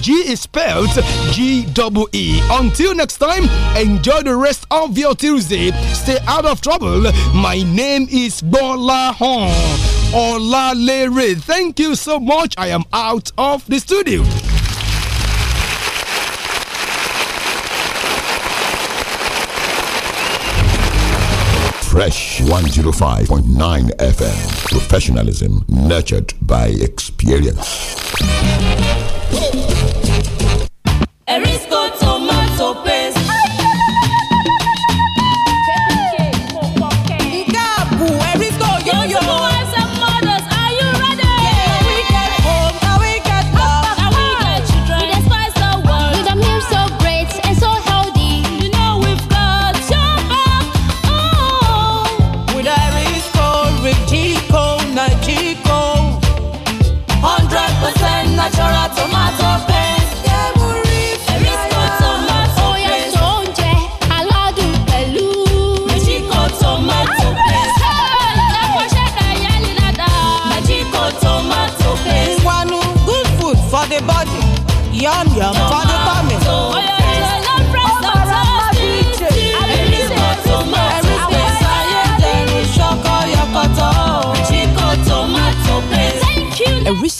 G is spelled G double E. Until next time, enjoy the rest of your Tuesday. Stay out of trouble. My name is Bola Hong. Ola Lere. Thank you so much. I am out of the studio. Fresh 105.9 FM. Professionalism nurtured by experience.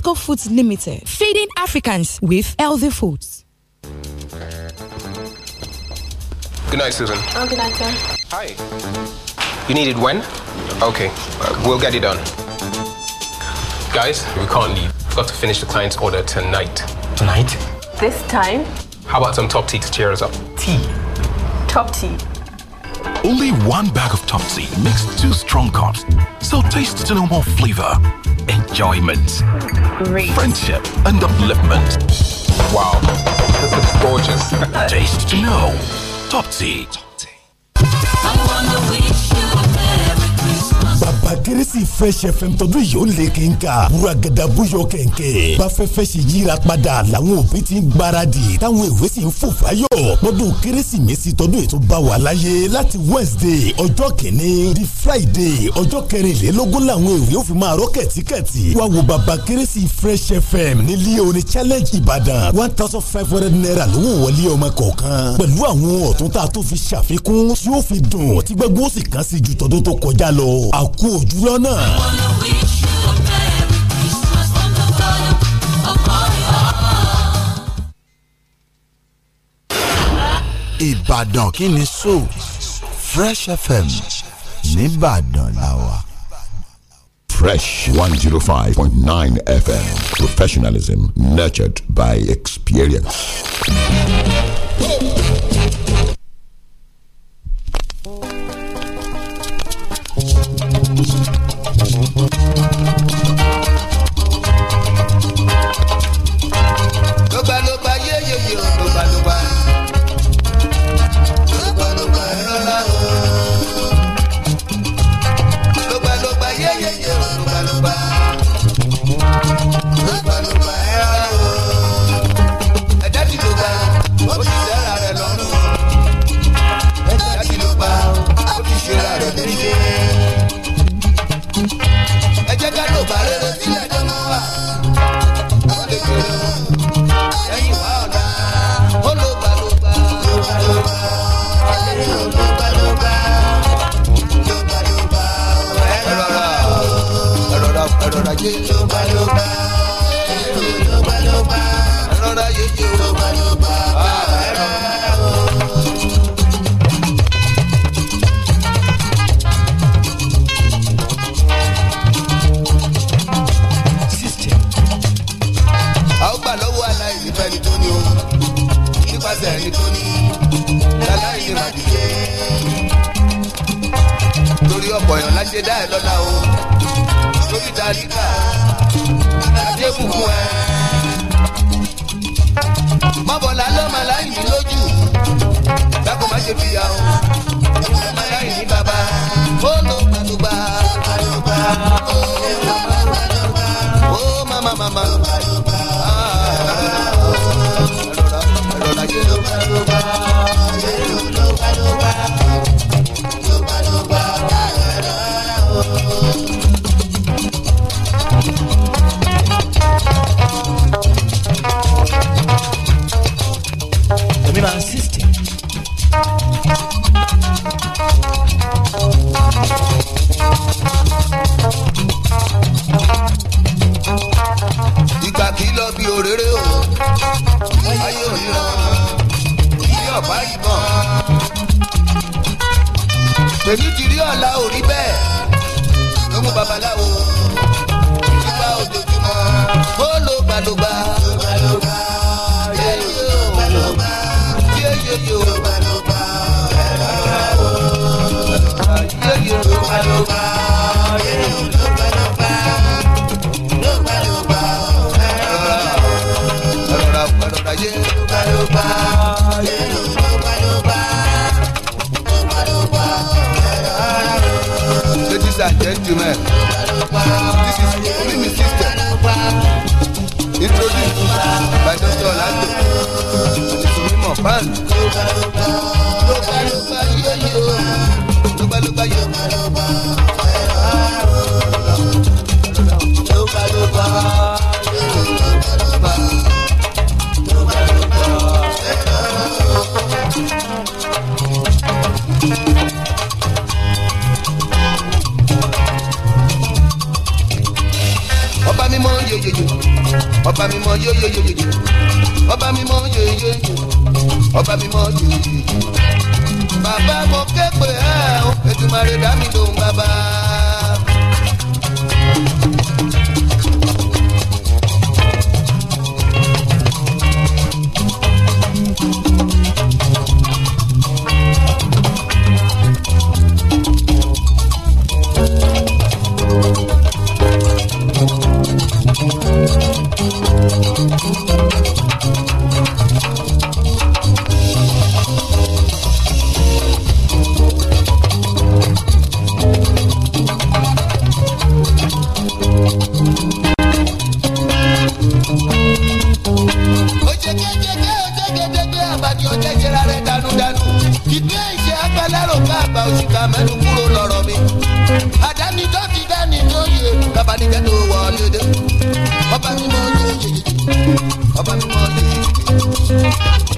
Tesco Foods Limited, feeding Africans with healthy foods. Good night, Susan. Oh, good night, sir. Hi. You needed when? Okay, uh, we'll get it done. Guys, we can't leave. We've got to finish the client's order tonight. Tonight? This time? How about some top tea to cheer us up? Tea. Top tea. Only one bag of Topsy makes two strong cups. So taste to know more flavor, enjoyment, Great. friendship, and upliftment. Wow, this is gorgeous. taste to know. Topsy. Topsy. ìjọba kérésì Fresh FM tọdún yìí ó lè kínka wúragàdà búyọ kẹ̀kẹ́ báfẹ́fẹ́ ṣe yíra padà làwọn òbí ti ń gbáradì táwọn èwe sì ń fò fáyọ̀ lọ́dún kérésìmesì tọdún ètò bá wà láyé láti Wednesday ọjọ́ kìíní di Friday ọjọ́ kẹrìnlélógún làwọn èwe ó fi máa rọ́ kẹ̀tíkẹ̀tì wá wo bàbá kérésì Fresh FM nílé orin challenge Ìbàdàn one thousand five hundred naira lówó wọlé ọmọ kọ̀ọ̀kan pẹ̀lú àwọn ọ̀tún tá a tó fi ṣàfikún tí ó fi dùn tí gbẹ́gbó ju tọdún tó kọjá lọ àkó ojú lọ́nà. àwọn náà Ìbàdàn kí ni sọ Fresh FM nìbàdàn la Fresh one zero oh five point nine FM professionalism nurtured by experience. Thank you.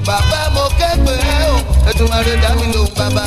bàbá mo kẹ́gbẹ̀ẹ́ o ẹ̀dùn àrẹ̀dá mi lò bàbá.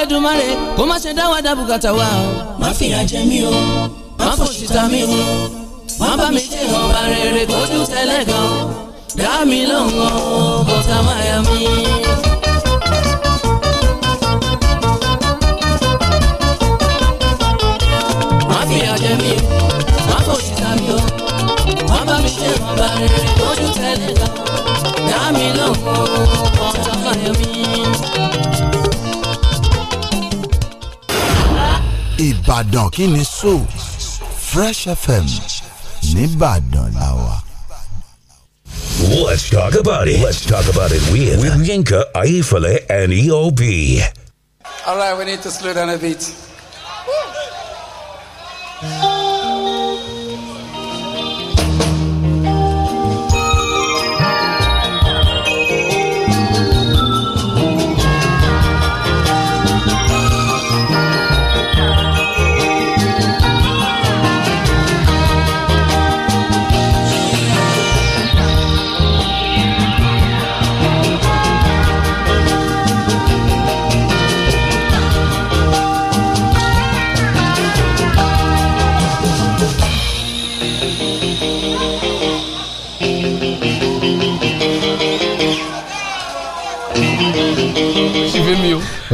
Elédùmarè kó má ṣe dá wa dá bùkátà wa o. má fìyà jẹ mí o má fòṣìta mí o má bá mi jẹ́ ọba rere tó dùn tẹ́lẹ̀ gan dá mi lóhùn bọ́tà máyà mi. má fìyà jẹ mí o má fòṣìta mí o má bá mi jẹ́ ọba rere tó dùn tẹ́lẹ̀ gan dá mi lóhùn ìbàdàn kí ni so fresh fm nìbàdàn la wà. let's talk about it let's talk about it with, with yinka ayifale and eob. all right we need to slow down a bit.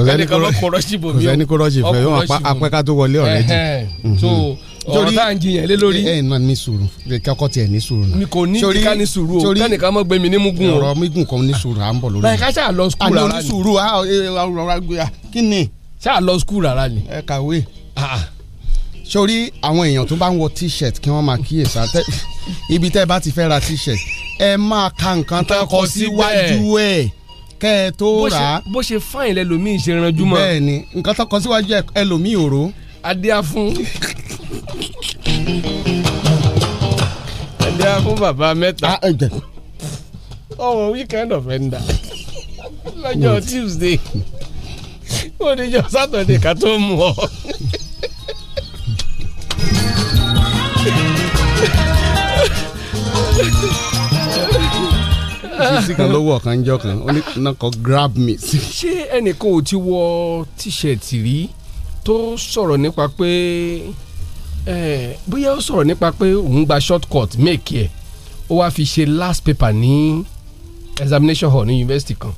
sẹ́ni kó rọ́ọ̀ṣì bò mí o kò tó wọlé ọ̀rẹ́ jì. Mhm. so tá à ń jiyàn lé lórí. ẹ ẹ náà ní sùúrù kọ́kọ́ tiẹ̀ ní sùúrù náà. mi kò ní kíkà ní sùúrù o kánìkan mọ́ gbẹmí ní mugun o. ọ̀rọ̀ migun kan ní sùúrù à ń bọ̀ lórí. báyìí ká ṣáà lọ skul rárá ni. àní onísùúrù kí ni. ṣáà lọ skul rárá ni. ẹ kàwé. Ah, ah. sórí àwọn èèyàn tó bá ń wọ t-shirt kí wọ́n máa kíyèsí àtẹ ibi tẹ́ ẹ bá ti fẹ́ ra t-shirt ẹ máa ka nǹkan tó kọ síwájú ẹ̀ kẹ́ ẹ tó rà á. bó ṣe fáìn lẹlòmíì ṣe ranjú mọ́. bẹ́ẹ̀ni nǹkan tó kọ síwájú ẹlòmíì òró. adíá fún. adíá fún bàbá mẹ́ta. ọ̀hún ah, oh, weekend offender lọ́jọ́ tuesday ó ní jọ sátọ̀dẹ̀ ká tó mú ọ. bísí kan ló wọ̀ kan jọ kan ó ní náà kọ grab me. ṣé ẹnìkan ò ti wọ tíṣẹ̀tì rí tó sọ̀rọ̀ nípa pé bóyá ó sọ̀rọ̀ nípa pé òun gba short cut make ẹ̀ ó wáá fi ṣe last paper ní examination hall ní yunifásitì kan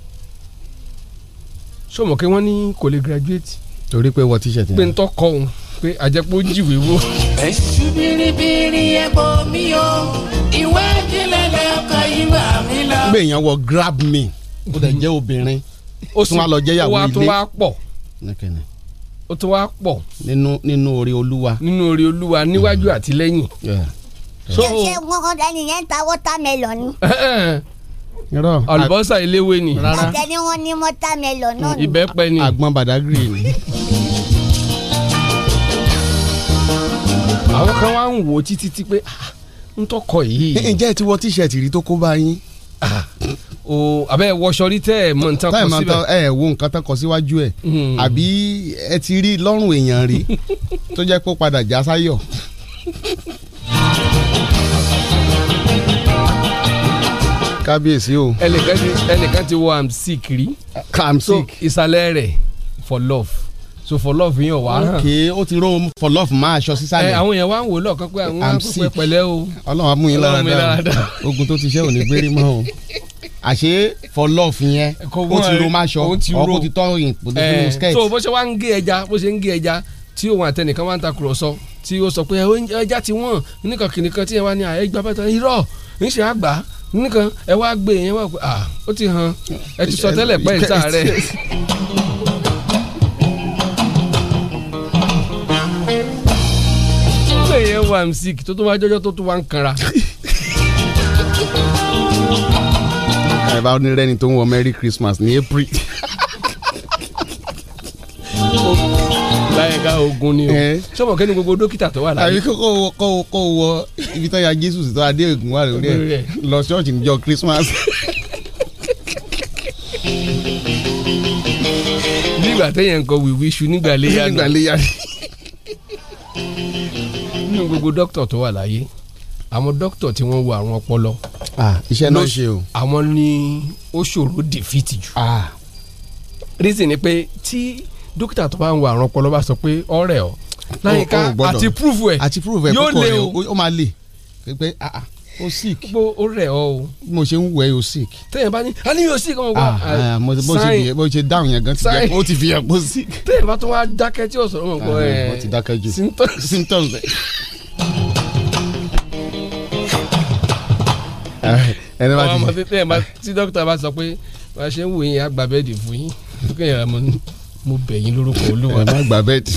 ṣọmọkẹ́ wọ́n ní kò lè graduate. torí pé wọ tíṣẹ̀tì yẹn pé ń tọ́ kọ́ òun pé àjẹpọ̀ ń jìwé wò. èṣù bìrìbìrì ẹ̀bọ̀ mi o ìwé ìjìnlẹ̀ lẹ́ọ̀kan ìgbà mi lọ. gbé èèyàn wọ grab me ó dẹ̀ jẹ́ obìnrin ó tún wá lọ jẹ́ ìyàwó ilé ó tún wá pọ̀ ó tún wá pọ̀. nínú nínú oore olúwa. nínú oore olúwa níwájú mm. àti lẹ́yìn. ṣé ṣé wọ́n ẹni yẹn ń ta watermelon irọ́ àlùbọ́sà eléwé ni. àtẹni wọn ní mọ́tàmẹ́lọ̀ náà. ìbẹ́pẹ ni. àgbọn bàdágìrì ni. àwọn kan wá ń wò ó títí tí pé ń ah, tọkọ yìí. ǹjẹ́ ẹ ti wọ tíṣẹ̀tì rí tó kó bá yín. abẹ́ ah, wọṣọ rí tẹ́ ẹ̀ mọ̀ nǹkan kọ síbẹ̀. ẹ wo nǹkan tán kọ síwájú ẹ̀ hmm. àbí ẹ ti rí lọ́rùn èèyàn rí tó jẹ́ kó padà já sáyọ̀. kábíyèsí o. ẹnìkan ti wọ am sick rí. am sick. ìsàlẹ̀ rẹ̀ for love so for love yẹn wà. ok ó ti ró for love máa aṣọ sísàlẹ̀. ẹ eh, àwọn yẹn wá ń wò lọ́ọ̀kan pé àwọn akókò pẹ̀lẹ́ o. ọlọ́run amú yín lára dáa ogun tó ti ṣe ò ní gbérí mọ́ o. àṣé for love yẹn eh, ó ti ró máa aṣọ ọkọ ti tọ́ ìpòdókòwò eh, skirt. so bó ṣe wá ń gé ẹja bó ṣe ń gé ẹja tí òun àtẹnìkan wá ń ta kùrọ̀sọ tí ó sọ pé ẹja ti wọ́n nìkan kìnìkan tí ẹ wá ní àyẹ̀gbá ah, bẹ́tọ̀ irọ́ ńṣe àgbà nìkan ẹ wá gbé yẹn e, wá pé ah ó ti hàn ẹ ti sọ tẹ́lẹ̀ pẹ́ẹ́ta rẹ̀. tún wà ń sick tó tún wà jọjọ tó tún wà ń kanra. ẹ bá ní rẹ́ni tó ń wọ merry christmas ní april. láyé ká ogun ni o sọmọ kẹ́ni gbogbo dókítà tó wà láyé. àbí kò kò kò wọ ibi tó ya jésù tó adé ògùn wà lórí ẹ lọ ṣọ́ọ̀ṣì níjọ́ christmas. nígbà téèyàn ń kọ wíwíṣu nígbà léyà náà nínú gbogbo dókítà tó wà láyé àwọn dókítà tí wọ́n wo àrùn ọpọlọ. iṣẹ́ náà ṣe o. àwọn ni ó ṣòro dìfìtì jù. reason ni pé tí dókítà tó bá ń wo àrùn ọpọlọ bá sọ pé ọ̀rẹ́ ọ láyìíká àti proof ẹ yóò lé o. ó máa lè pé ah ah o sick. bó o rẹ̀ ọ o. mo ṣe ń wẹ̀ o sick. téèyàn bá ní a ní o sick ọmọ gbà. Ah, ah, ah, mo ṣe bó ṣe dáhùn yẹn gan ti jẹ o ti fi hàn bó sick. téèyàn bá tún wá dákẹ́ tí o sọ̀rọ̀ mọ̀ kọ́ ẹ̀. mo ti dákẹ́ jù symptoms. symptoms. ẹni bá ti. ọmọ tètè ma tí dókítà bá sọ pé bá ṣe ń wò yín àgbà bẹ́ẹ̀dì fún yín kéèyàn mo bẹ̀ yín lórúkọ olúwa. ẹ má gbà bẹ́ẹ̀dì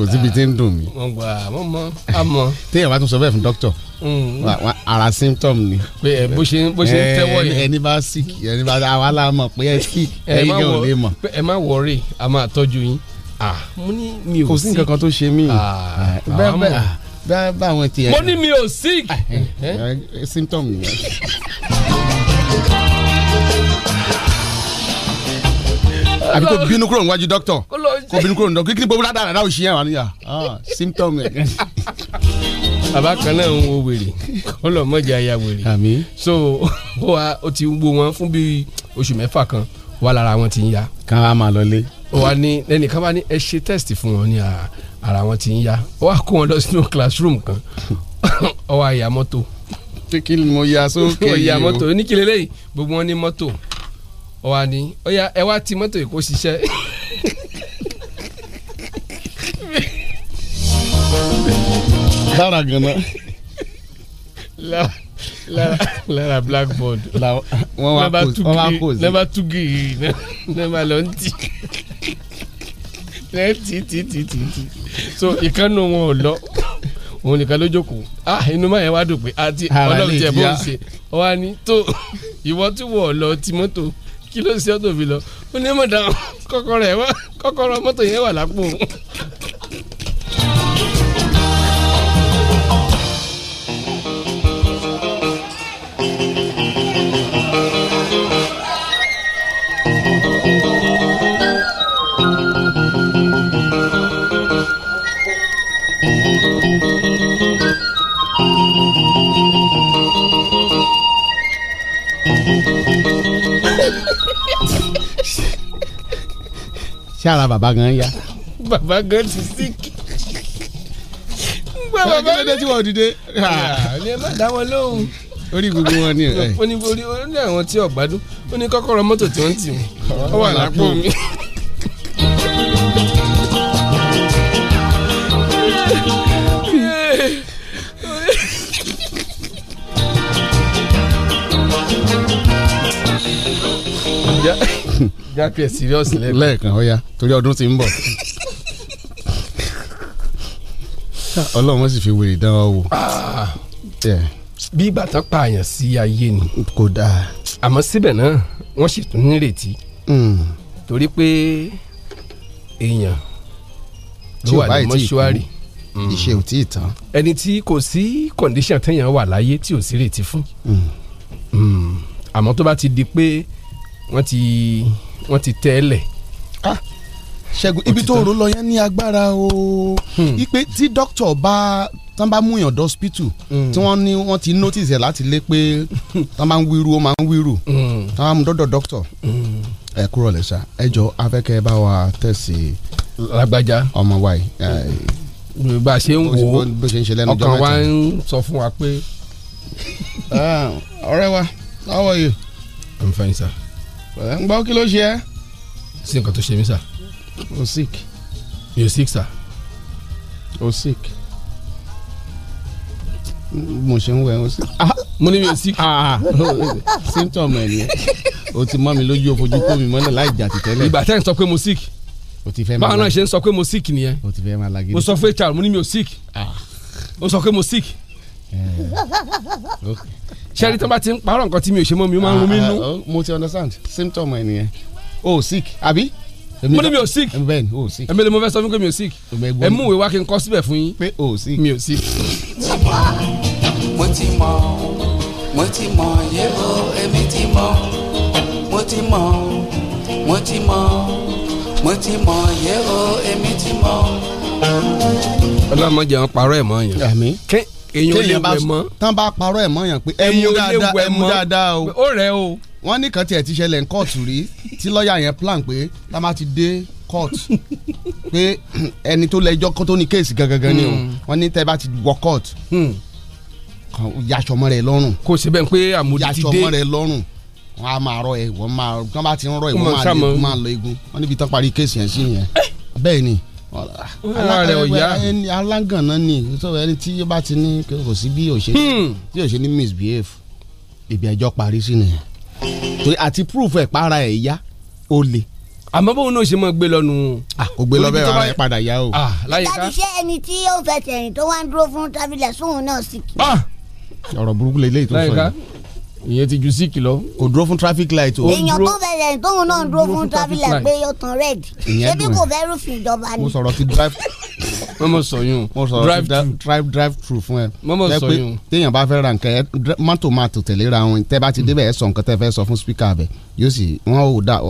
kò síbi tí ń dùn mí. mo gbà mo mọ àmọ́. téèyàn bá tún sọ bẹ́ẹ̀ fún dókítà Mm. ara symptom ni. pé ẹ bó ṣe bó ṣe ń eh, tẹ́wọ́ yìí. ẹni bá sick ẹni bá àwa la mọ̀ pé ẹ sick eh, ẹyin kẹ́ ò lè mọ̀. ẹ má wọrí a máa tọ́jú yín. mo ní mi ò sick. kò sí nǹkan kan tó ṣe mí. bẹ́ẹ̀ bá àwọn tiẹ̀. mo ní mi ò sick. Ah, eh, symptom ni. àbí kò bínú kúrò níwájú dókítà kò bínú kúrò níwájú kí ni gbogbo ládàá rà náà ò ṣe yẹn wà níyà symptom. bàbá náà ń wo wèrè ọlọmọdé aya wèrè so ó ti wo wọn fún bíi oṣù mẹ́fà kan wà lára wọn ti ń ya. kàn á máa lọ lé. ó wà ẹnìkan bá ní ẹ ṣe test fún wọn ní ara wọn ti ń ya ó kó wọn lọ sínú classroom kan ó wà ya mọ́tò. mo ya sókè yìí o. ó ya mọ́tò oníkìlẹ̀ gbogbo wọn ní mọ́tò ó wà ní ẹ wá ti mọ́tò yìí kó ṣiṣẹ́. Thank you lára ganan. lára blackboard. wọ́n wá kó wọ́n wá kó sí. túgì yìí lẹ́bàá lọ ń tì lẹ́ẹ̀ tì tì tì so ìkànnì wọn ò lọ òun nìkan ló jókòó ah inú máa yẹn wá dùn pé àti ọlọ́run tiẹ̀ bó ń ṣe wá ní tó ìwọ tí wọ̀ lọ ti mọ́tò kí ló ṣe ọ́ tó lọ ó ní mọ̀dà kọ́kọ́rọ́ mọ́tò yẹn wà lápò ṣára bàbá gan ya bàbá gan ti sick gbọ́ bàbá mi. tí wọ́n dìde. Ah, ẹ má dá wọn lóhùn. orí gbogbo wọn ni. ó ní orí ó ní àwọn tí ọ̀gbádùn ó ní kọ́kọ́rọ́ mọ́tò tí wọ́n ti mú ó wà lápò mi. jápẹ́ serious lẹ́ẹ̀kan ọ̀ya torí ọdún ti ń bọ̀ ọlọ́run sì fi wèrè dán ọ wò. Ah. bí ìgbà tán pààyàn sí ayé ni. kò dáa. àmọ́ síbẹ̀ náà wọ́n sì tún nírètí. Hmm. torí pé èèyàn ló wà ní mọ́ṣúárì. Hmm. iṣẹ́ ò tí ì tán. ẹni tí kò sí kọ̀ǹdíṣàn téèyàn wà láyé tí ò sí rètí fún. Hmm. àmọ́ tó bá ti di pé wọ́n ti. Mm wọ́n ti tẹ́ ẹ Ah, ṣẹ́gun ibi tó rò lọ yẹn ní agbára o hmm. ipe tí dókítà bá tán bá mú yàn dọ́sípítù hmm. tí wọ́n ní wọ́n ti notice ẹ̀ láti lé pé tán bá ń wíru ó máa ń wíru hmm. tán bá mú dọ́dọ̀ dókítà ẹ kúrò lẹ́sà ẹ jọ afẹ́kẹ́ bá wa tẹ̀sí. lágbájá ọmọ wa yìí. bá a ṣe ń wo ọkàn wa ń sọ fún wa pé. Ah, ọ̀rẹ́ wa how are you. I'm fine sir ẹ ń gbọ́ kí ló ṣe ẹ́. sí nǹkan tó ṣe mí sà. o sick. mi ò sick sà. o sick. mo ṣe ń wẹ̀ o sick. Ah, mo ní mi ò sick. Ah, ah. symptom ẹ̀ nìyẹn o ti mọ́ mi lójú o fojú kó mi mọ́lẹ̀ láì jà tìtẹ́lẹ̀. ìgbà tẹ́ ń sọ pé mo sick. o ti fẹ́ máa báwọn náà ṣe ń sọ pé mo sick nìyẹn. o ti fẹ́ máa lagiri. mo sọ fún HR mo ní mi ò sick. o sọ pé mo sick. Eh. ṣẹ́ni tó bá ti ń parọ́ nǹkan tí mi ò ṣe mọ́ mi ó máa ń rún mi ah, ah, oh, mo ti understand symptom ẹ nìyẹn o sick àbí. mo ní mi ò sick bẹ́ẹ̀ ni o sick. èmi ni mo fẹ́ sọ fún mi ò sick ẹ mú ìwé wá kí n kọ síbẹ̀ fún yín. pé o sick mi ò sick. mo ti mọ̀ mo ti mọ̀ yẹ́bọ̀ èmi ti mọ̀ mo ti mọ̀ mo ti mọ̀ mo ti mọ̀ yẹ́bọ̀ èmi ti mọ̀. ọlọ́mọdé àwọn parọ́ ẹ̀ mọ́ yẹn. àmín èyàn ò lè wẹ̀ mọ́ tán bá parọ́ ẹ̀ mọ́ yàn pé ẹ mú dáadáa ẹ mú dáadáa o ó rẹ o. wọ́n ní kan tiẹ̀ ti ṣẹlẹ̀ ní kóòtù rí tí lọ́ọ̀yà yẹn plan pé tá a máa ti dé kóòtù pé ẹni tó lẹ́jọ́ kó tó ní kéèsì gangan ni o hmm. wọ́n ní tẹ́ bá ti wọ kóòtù hmm. yasọmọ rẹ lọ́rùn. kò sí bẹ́ẹ̀ pé àmúdi ti dé yasọmọ rẹ lọ́rùn wọn a máa rọ ẹ wọn máa kí wọn bá ti ń rọ ẹ wọn máa lọ egun wọn níbi tán parí kéèsì yẹn sí yẹn bẹ́ẹ̀ ni aláàrẹ ọ̀yá alágànná ni ẹni tí yóò bá ti ní kò sí bí òṣè hmm. tí òṣè ní misbehave ibi ẹjọ́ parí sí nìyẹn àti proof ẹ̀ para ẹ̀ yá ó le. àmọ́ bóun náà ṣe mọ́ gbé lọ́nu. kò gbé lọ́bẹ̀ ara ẹ̀ padà yá o. láyìíká ṣé ẹni tí ó fẹsẹ̀ rìn tó wá ń dúró fún tábìlẹ̀ sóhun náà sì kì í. ọ̀rọ̀ burúkú lélẹ́yìí tó sọ yìí ìyẹn ti ju síìkì lọ kò dúró fún traffic light o. èèyàn tó fẹsẹ̀ tóun náà dúró fún traffic light pé yóò tán red ṣébí kò fẹ́ rúfin ìjọba ni. mo sọ̀rọ̀ ti drive mo mọ̀ sọ̀yún mo sọ̀rọ̀ ti drive drive through fún ẹ. mo mọ̀ sọ̀yún. téèyàn bá fẹ́ ra nǹkan ẹ mọ́tò máa tò tẹ̀lé ra wọn tẹ́ bá ti débẹ̀ ẹ sọ nǹkan tẹ́ fẹ́ sọ fún spíkà bẹ̀ yóò sì wọ́n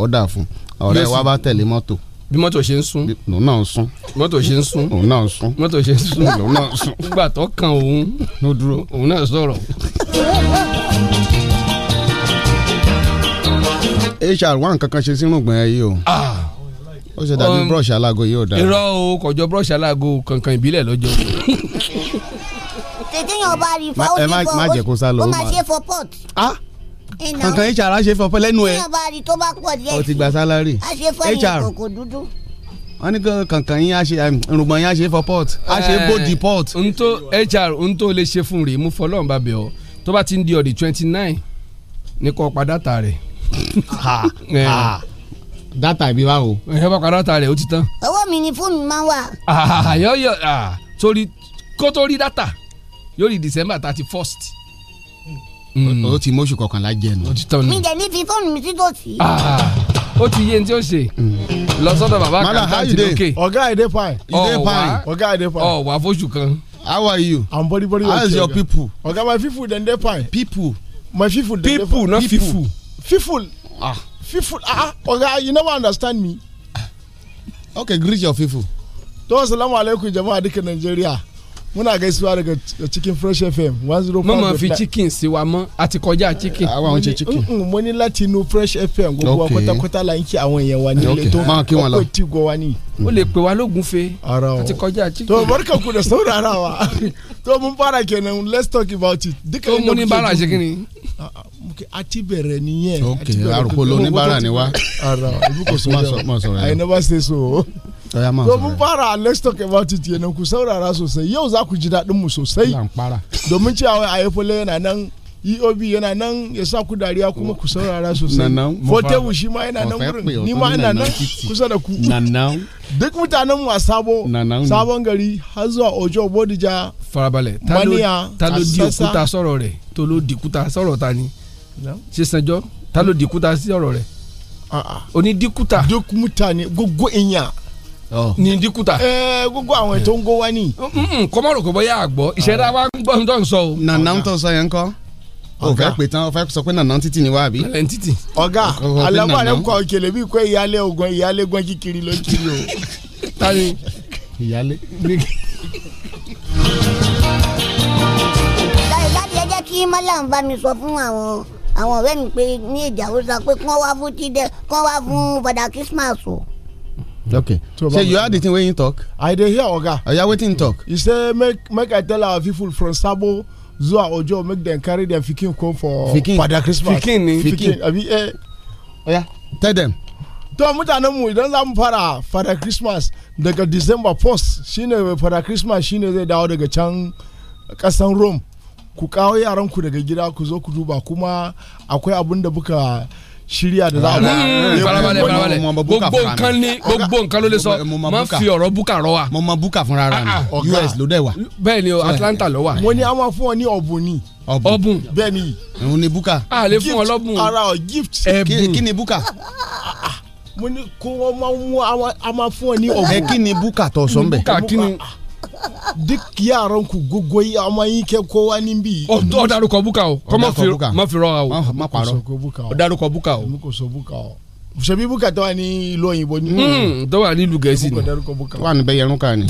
ò dà fún ọ̀rẹ́ wa bá tẹ̀lé mọ́tò bí mọ́tò ṣe ń sún. lòun náà ń sún. mọ́tò ṣe ń sún. òun náà ń sún. mọ́tò ṣe ń sún. lòun náà ń sún. nígbà tó kan òun ló dúró òun náà sọ̀rọ̀. hr one kankan ṣe sírùngbọ̀n ẹ yìí o. Ah. ó ṣe dàbí um, brush alago yìí ó dára. irọ́ o kò jọ brush alago kankan ìbílẹ̀ lọ́jọ́. tètè yàn bá rí fa ó ti bọ̀ ó máa ṣe for pot. Ah! kankan hr á ṣe fún ọ ẹ. níyàbá gba sálárì. a wọ́n ní kankan yín á ṣe rùgbọ̀n yín á ṣe fún port á ṣe eh, body port. n tó hr n tó lè ṣe fún rèé mú fọlọ́run bá bẹ̀ ọ́ tó bá ti ń di ọ̀dì twenty nine ní kò pa dátà rẹ̀. Eh. dátà ibi báwo. ẹ bá pa dátà rẹ̀ ó ti tán. owó mi ni fóònù máa wà. àyọ̀yọ̀ ah, torí ah, kó tó rí dátà yóò rí December thirty first o mm. ti mọ́ṣù kọkànlá jẹnu. o ti tán ni. mi jẹ ní fi fóònù mi sí tòsí. Ah, ó ti yé ní tí ó ṣe mm. lọ sọ́dọ̀ bàbá àkàntà ti lókè. ọ̀gá èdè fine. ìdè fine. ọ̀gá èdè fine. ọ̀ wà fóṣù kan. how are you. i'm body very well. how's your people. ọ̀gá my people dem dey fine. people. my people dem dey fine. people not fifu. fifu. ah. fifu ah, ah ọ̀gá you never understand me. okay greet your people. tó salamu alaikum jama'a adike Nigeria muna gaisuwa daga cikin fresh fm one zero five. mama fi chicken si wa mọ àti kọjá chicken. àwa àwọn ṣe chicken. mo ní láti inú fresh fm gbogbo wa kọ́tàkọ́tà la ń kí àwọn èèyàn wa nílé tó ọkọ̀ tí gbọ́ wa nìyí ó lè pè wá lógúnfe tó ti kọjá chicken. tó mọ́ríkà kò dẹ̀ sọ́wọ́n rárá wa tó mú bára kẹ̀nẹ̀ let's talk about it. tó mú ní bára ṣe kíni. Ah, ah, a ti nìyẹn. ok arúgbó ní bára ni wa. ibi kò sí yẹn. I never say so. to mun fara let's talk about it kenan ku saurara sosai yau za ku ji daɗin mu sosai domin cewa a yana nan EOB yana nan ya sa ku dariya kuma ku saurara sosai Fotewu shi ma yana nan wurin ni ma ina nan kusa da ku duk mutanen mu a sabo sabon gari har zuwa Ojo Bodija farabalẹ̀ maniya ta ló di òkúta sọ̀rọ̀ rẹ̀ tó ló di òkúta sọ̀rọ̀ ta ni sísanjọ́ ta ló di òkúta sọ̀rọ̀ rẹ̀ oní ah, ah. dikuta. dikumuta ni gbogbo ìyàn. Oh. ní kuta ẹẹ eh, gbogbo àwọn ètò ń gó wá ní. kọ́mọ́rò kò bọ́ yà á gbọ́ ìṣẹ̀dá wa ń gbọ́ ń tọ́ ń nana ń tọ́ sọ yẹn kọ́ o fẹ́ pè tán o fẹ́ sọ pé nànà títì ni wá àbí. nànà títì. ọ̀gá alábàárẹ̀ kọ òkèlè bíi pé ìyálé ogun ìyálé gan kíkiri ló kiri o. tani ìyálé. láti ẹ kí mọ́lá bá mi sọ fún àwọn àwọn ọ̀rẹ́ mi pé ní èdè Haúsá pé kí wá fún tíde kí wá fún bàdà Christmas o. okay so, you hear the thing wey you talk. i dey hear oga. oya wetin him talk. he say make make i tell our people from Sabo zuwa ojo make dem carry their pikin come for fikin. father christmas pikin ne pikin abi eh oya tell them to mutanen mu idan za mu fara father christmas daga december 1st shine father christmas shine zai dawo daga can kasan rome ku kawo yaranku daga gida ku zo ku duba kuma akwai abin da buka síríà ni láwọn. gbogbo nǹkan ni gbogbo nǹkan ló lè sọ máa fi ọ̀rọ̀ búkà rọ wa. mo ma búkà fúnra rà mi ah, ah. us ló dẹ̀ wà. bẹ́ẹ̀ Atlanta ló wà. mo ní àwọn fún ọ ní ọ̀bùn ni ọ̀bùn bẹ́ẹ̀ ni. òun ni búkà. a lè fún ọ lọ́bùn. ara ọ gift. ẹ̀bùn kí ni buka. mo ní kó wọn máa mú a máa fún ọ ní ọ̀bùn. ẹ kí ni búkà tó sọ ń bẹ. kí ni ah, duk yaran ku gogoi ọmọ yín kẹ kó wa ní bí. ọ dárúkọ o kọ́ mọ̀ fi rọra o má parọ́ ọ dárúkọ o. sẹbi búkà tó wà ní ìlú òyìnbó ni. Hmm, tó wà ní ìlú gẹ̀ẹ́sì ni tó wà ní bẹ́ẹ̀ yẹrun kan ni.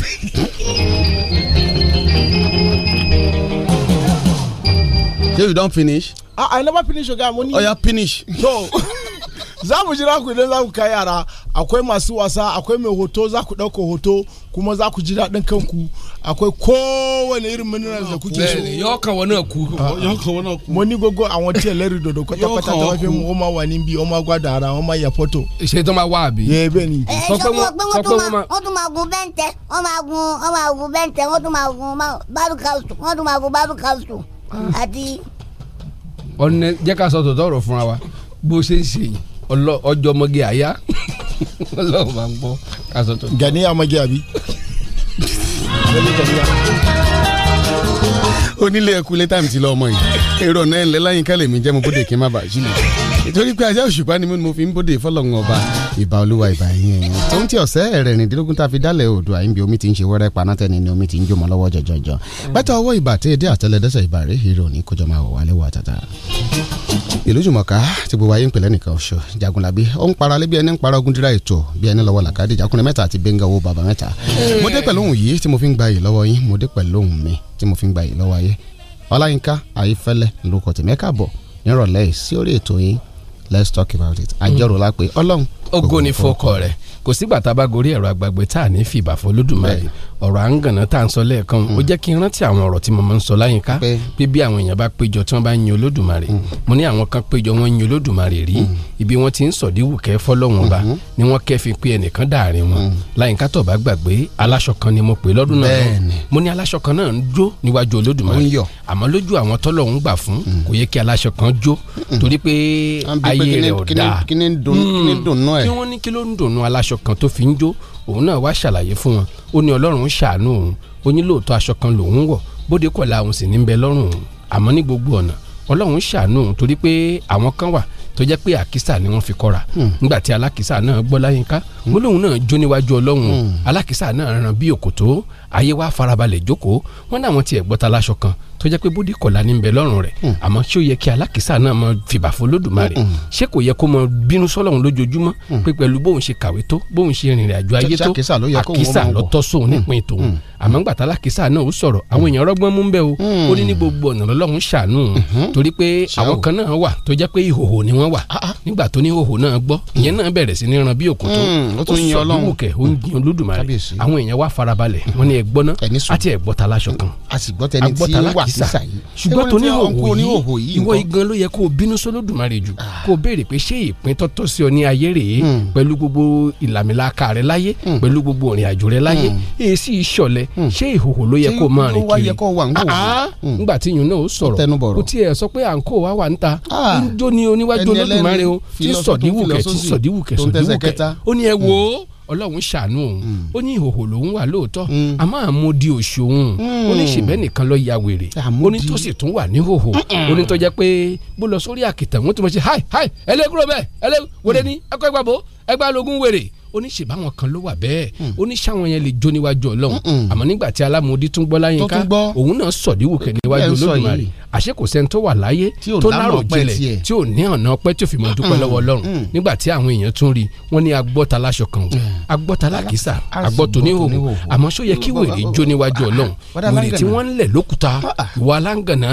so you don finish. ah i never finish oga mo ni. oya oh, finish. so. za mu jira ku idan za ku kai yara akwai masu wasa akwai mai hoto za ku ɗauka hoto kuma za ku ji daɗin kanku akwai kowane irin minerals da kuke so yoka wani aku yoka wani aku mo ní gbogbo àwọn tí ẹlẹ́rì dòdò kọ́tà pátá tó bá fẹ́ mu ó máa wà níbi ó máa gbádùn ara ó máa yẹ fọ́tò. ṣé tó máa wá àbí. yẹ bẹ́ẹ̀ ni. ẹ eh, sọ pé wọ́n tún máa gun bẹ́ńtẹ́ wọ́n máa gun wọ́n máa gun bẹ́ńtẹ́ wọ́n tún máa gun bárúkàsù wọ́n tún máa gun bárúkàsù àti. ọ̀nẹ́ jẹ́ ká sọ tòótọ́ ọ̀rọ̀ fúnra wa bó ṣe ń ṣe yìí ọjọ́ ọmọge àyà ọlọ́run máa ń gbọ́ aṣọ tó. Gani ọmọge àbí. onílé ẹkú létà mi ti lọ ọmọ yìí èrò ọ̀nà ẹ̀ ńlẹ́ láyínká lèmi jẹ́ mo bóde kí n má bàa jí lè torí pé ajá òṣùpá ni mo fi ń bóde fọlọ́run ọba ìbà olúwa ìbà yẹn tó ń tí ọ̀sẹ́ rẹ̀ rìndínlógún tá a fi dálẹ̀ odò àyínbí omi ti ń ṣe wẹ́rẹ́ panátẹ́ni ni omi ti ń jòmọ́ lọ́wọ́ jọjọjọ mm. bàtà ọwọ́ ìbà tẹ́ dé àtẹlẹdẹsẹ̀ ìbà rẹ̀ hero ní kójọ máa wọ̀ wálé wà tàtà. ìlú jùmọ̀ká ti gbogbo ayé ń pèlẹ́ nìkan ọ̀ṣọ́ jagunlabi ó ń para lé bí ẹni ń para ogun dira ètò bí ẹni lọ́wọ́ làkàdé jakunlẹ̀ mẹ́ta àti bẹ́ńgà owó bàbá mẹ́ta. mo dé pẹ̀lú òun yìí tí mo fi ń gba yìí lọ́wọ́ yín mo dé pẹ̀lú òun mi tí mo fi ń gba yìí lọ́wọ́ ayé ọláyínká ayífẹ́lẹ́ lórúkọ tèmi ẹ káàbọ̀ nírọ̀lẹ́ sí orí ètò yín let's talk about it àjọrò la pé ọlọ́run. ògo ni fọkọ rẹ kò sígbà tá a bá gorí ẹ̀rọ àgbàgbé tá a ní fìbà fọlódùmarè ọ̀rọ̀ à ń gànà tá a ń sọ lẹ́ẹ̀kan ó mm. jẹ́ kí n rántí àwọn ọ̀rọ̀ tí mo máa ń sọ láyínká pé bí àwọn èèyàn bá péjọ tí wọ́n bá ń yin olódùmarè mm. mo ní àwọn kan péjọ wọ́n ń yin olódùmarè rí mm. ibi wọ́n ti ń sọ̀díwù kẹ́ fọ́lọ́wọ́n ba mm-hmm. ni wọ́n kẹ́fin pé ẹnìkan dàárín wọn láyínká tó bá gbàgbé aláṣọ kan ni mo pè lọ́dún náà mo ní aláṣọ kan náà ń jó níwájú olódùmarè àmọ́ lójú àwọn tọ́lọ̀ ń gbà fún kò yẹ kí aláṣọ kan jó torí pé ayé rẹ̀ ọ̀dà kí wọ́n ní kí ló aṣọ kan tó fi ń jó òun náà wá ṣàlàyé fún wọn ó ní ọlọ́run ṣàánú òun ó ní lóòótọ́ aṣọ kan lòun wọ̀ bóde kọ̀la òun sì ní bẹ lọ́rùn òun àmọ́ ní gbogbo ọ̀nà ọlọ́run ṣàánú òun torí pé àwọn kan wà tó jẹ́ pé àkísà ni wọ́n fi kọ́ra hmm. nígbà tí alákísà náà gbọ́ láyínká gbólóhùn hmm. náà jó níwájú ọlọ́run hmm. alákísà náà ràn bí òkòtó ayé wa farabalẹ̀ jókòó wọ́n náà wọ́n tiẹ̀ gbọ́ta láṣọ kan tó jẹ́ pé bódì kọ̀lá ní bẹ lọ́rùn rẹ̀ hmm. àmọ́ ṣé ó yẹ kí alákìsà náà máa fìbà fún Olódùmarè hmm, hmm. ṣé kò yẹ kó máa bínú sọ́lọ́run lójoojúmọ́ pé pẹ̀lú bóun ṣe kàwé tó bóun ṣe rìnrìn àjò ayé tó àkìsà lọ́tọ́ sóun nípìn tòun àmọ́ gbàtà alákìsà náà ó sọ̀rọ̀ àwọn èèyàn rọ́gbọ́n mú bẹ́ẹ̀ o ó ní ní gbogbo ọ̀nà lọ́lọ́run ṣàánú torí pé àwọn kan náà wà tó jẹ́ pé ìhòhò ni wọ́n wà ah, ah. nígbà tó ní ìhòhò náà gbọ́ ìyẹn náà bẹ̀rẹ̀ sí ní ran bí òkòtó ó sọ bí wùkẹ́ ó ń gbin Olódùmarè àwọn èèyàn wá farabalẹ̀ wọ́n ní ẹ̀gbọ́n náà àti ẹ̀gbọ́ta aláṣọ kan àgbọ́ta àkísà ṣùgbọ́n tó níhòòhò yìí ìwọ igan ló yẹ kó o bínú sólódùmarè jù ah. kó o béèrè pé ṣé ìpín tọ́tọ́ sí ọ ní ayé rèé hmm. pẹ̀lú gbogbo ìlàmìlaka rẹ láyé hmm. pẹ̀lú gbogbo ìrìn àjò rẹ láyé hmm. èyí sì ìṣọ̀lẹ̀ ṣé ìhòhò ló yẹ kó o máa rìn kiri ah, ah. nígbà tí yun náà ó sọ̀rọ̀ kò tiẹ̀ sọ pé à ń kó wa wà ń ta ń jó ni oníwájú olódùmarè o ti sọ̀díwùkẹ̀ ti sọ̀díwùkẹ̀ sọ̀díwùkẹ̀ ó ní ẹ wo ọlọ́run ṣàánú òun hmm. ó ní ìhòhò lòun wà lóòótọ́ àmọ́ hmm. àmúdi òṣòun hmm. ó ní ṣèbẹ́ nìkan lọ ya wèrè ó ní tó sì tún wà ní hòhò ó ní tó jẹ́ pé bó lọ sórí àkìtàn wọn tó mọ̀ ṣe háì háì ẹlẹ́kúrò bẹ́ẹ̀ ẹlẹ́wọ̀dẹ ní ẹkọ ẹgbàbọ ẹgbàlógún wèrè oníṣèbá wọn kan ló wà bẹ́ẹ̀ oníṣàwọn yẹn lè jó níwájú ọlọ́run àmọ́ nígbà tí alámòdì tún gbọ́ láyínká òun náà sọ̀díwù kẹ̀ níwájú olódùmarè àṣé kò sẹ́ni tó wà láyé tó lárò jinlẹ̀ tí ò ní ọ̀nà ọpẹ́ tí ò fi mọ̀ dúpẹ́ lọ́wọ́ mm, ọlọ́run mm. nígbà tí àwọn èèyàn tún rí wọ́n ní agbọ́ta láṣọ kan wò mm. agbọ́ta lákìsà agbọ́tò níhòòhò àmọ́ sọ yẹ kí wèrè jó níwájú ah, ọlọ́run wèrè tí wọ́n ń lẹ̀ lókùúta ah, ah. ìwà aláǹgànà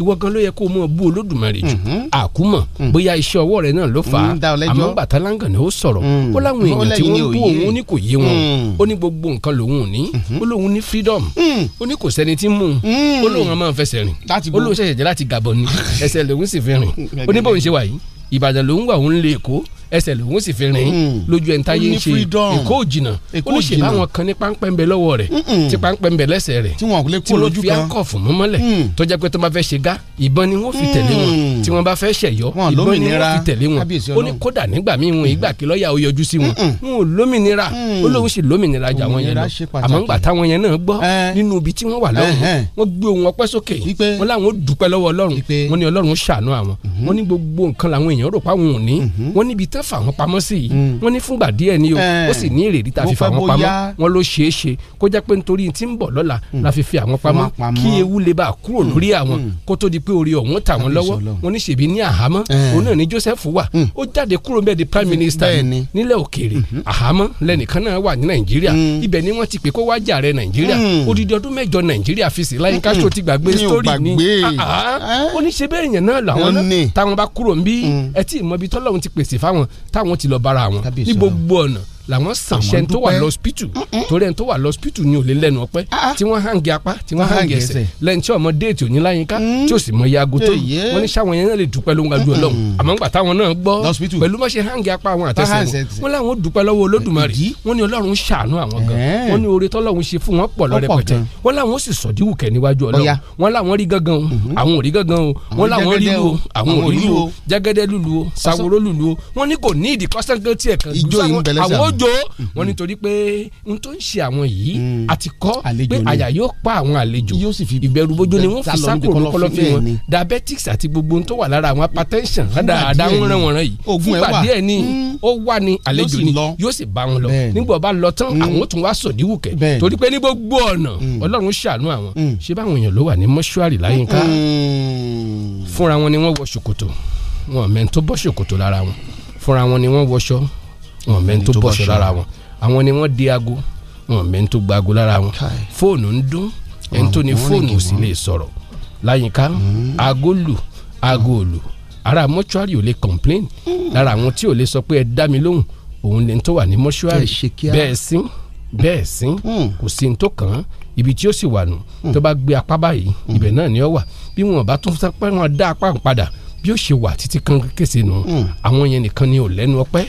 ìwọ gan ló yẹ kó mọ bú olódùmarè jù mm-hmm. àkúmọ̀ bóyá iṣẹ́ ọwọ́ rẹ náà ló fà á àmọ́ mm-hmm. freedom ó ní kò sẹ́ni tí mú un ṣẹ̀ṣẹ̀ jẹ́ láti gàbọ̀ ni ẹsẹ̀ lòun sì fi rìn oníbòun wà yìí ìbàdàn lòun wà òun lè kó ẹsẹ̀ lòun sì fi rìn lójú ẹni táyé ń ṣe èkó òjìnà ó ní ṣe báwọn kan ní páńpẹ́ ń bẹ lọ́wọ́ rẹ̀ tí páńpẹ́ ń bẹ lẹ́sẹ̀ rẹ̀ tí wọ́n fi akọ̀fù mú mọ́lẹ̀ mm. tó jẹ́ pé tó bá fẹ́ ṣe gá ìbọn ni wọ́n fi mm. tẹ̀lé wọn tí wọ́n bá fẹ́ ṣẹ̀yọ́ ìbọn ni wọ́n fi tẹ̀lé wọn ó ní kódà nígbà míì wọn mm. ìgbà kí lọ́ọ̀yà ó yọjú sí wọn wọn ò lómìnira ó lóun sì lómìnira jà wọn yẹn lọ àmọ́ ńgbà táwọn yẹn náà gbọ́ eh. nínú tán fà wọ́n pamọ́ sí yìí mm. wọ́n ní fúngbà díẹ̀ ni o eh. ó sì ní ìrètí tá fi fà wọ́n pamọ́ wọ́n ló ṣeé ṣe kó jẹ́ pé nítorí tí ń bọ̀ lọ́la mm. la fi fi àwọn pamọ́ kí ewu lè bá kúrò lórí mm. àwọn kó tó di pé orí ọ̀hún tà wọ́n lọ́wọ́ wọ́n ní ṣèbí ní àhámọ́ eh. òun náà ni Joseph wà ó jáde kúrò bẹ́ẹ̀ di prime minister nílẹ̀ òkèèrè mm-hmm. àhámọ́ lẹ́nìkan náà wà ní Nàìjíríà ibẹ̀ ni wọ́n ti pè kó wá jàre Nàìjíríà odidi ọdún mẹ́jọ Nàìjíríà fi sí láyé ká ṣó ti gbàgbé story ni ah, ah. Eh? ó ní ṣe bẹ́ẹ̀ yẹn náà làwọn náà táwọn bá kúrò ń bí ẹ tí tọ́lọ́run ti pèsè fáwọn táwọn ti lọ bára wọn ní gbogbo ọ̀nà làwọn sàn ṣẹ́ni tó wà lọ́spítù torí ẹni tó wà lọ́spítù ni ò lè lẹ́nu ọpẹ́ ah, ah. tí wọ́n hàngi apá tí wọ́n hàngi ẹsẹ̀ lẹ́ni tí ọmọ déètì òní láyínká mm. tí ò sì mọ yago tó wọ́n ní sáwọn yẹn lè dúpẹ́ lóhun àjò ọlọ́run mm. àmọ́ ńgbà táwọn náà gbọ́ pẹ̀lú má ṣe hàngi apá àwọn àtẹsẹ̀ wọn láwọn dúpẹ́ lọ́wọ́ olódùmarè wọ́n ní ọlọ́run ṣàánú àwọn gan jó mhm. wọn nítorí pé n tó ń ṣe àwọn yìí àti mm. kọ́ pé àyà yóò pa àwọn àlejò ìbẹ̀rù bójú ni wọ́n fi sákòrò kọlọ́fín wọn diabetics àti gbogbo tó wà lára àwọn hypertension àdá wọ́nrẹ́wọ̀nrẹ́ yìí fúgbà díẹ̀ ni mm. ó wà ní àlejò ni yóò sì bá wọn lọ nígbà bá lọ tán mm. àwọn tún wá sọ̀ níwùkẹ́ torí pé ní gbogbo ọ̀nà ọlọ́run ṣàánú àwọn ṣé báwọn èèyàn ló wà ní mọ́ṣúárì láyínká fúnra wọn ni wọ́n wọ ṣòkòtò wọn mẹ́ni bọ́ ṣòkòtò lára wọn fúnra wọn ni wọ́n wọṣọ wọn mẹ́ni tó bọ̀ṣọ lára wọn àwọn ni wọ́n di aago wọn mẹ́ni tó gba aago lára wọn fóònù ń dún ẹni tó ní fóònù sì lè sọ̀rọ̀ láyìnká aago hmm. lù aago hmm. lù ara mọ́ṣúárì ò lè complain hmm. lára àwọn tí ò lè sọ pé ẹ dá mi lóhùn òun lè tó wà ní mọ́ṣúárì bẹ́ẹ̀ sín bẹ́ẹ̀ sín kò sí ní tó kàn án ibi tí ó sì wà nù tó bá gbé apá báyìí ibẹ̀ náà ni ó wà bí wọn bá tún sọ wọn dá apá ń padà bí ó ṣe wà títí kan kése nù hmm. àwọn yẹn nìkan ni ò lẹ́nu ọpẹ́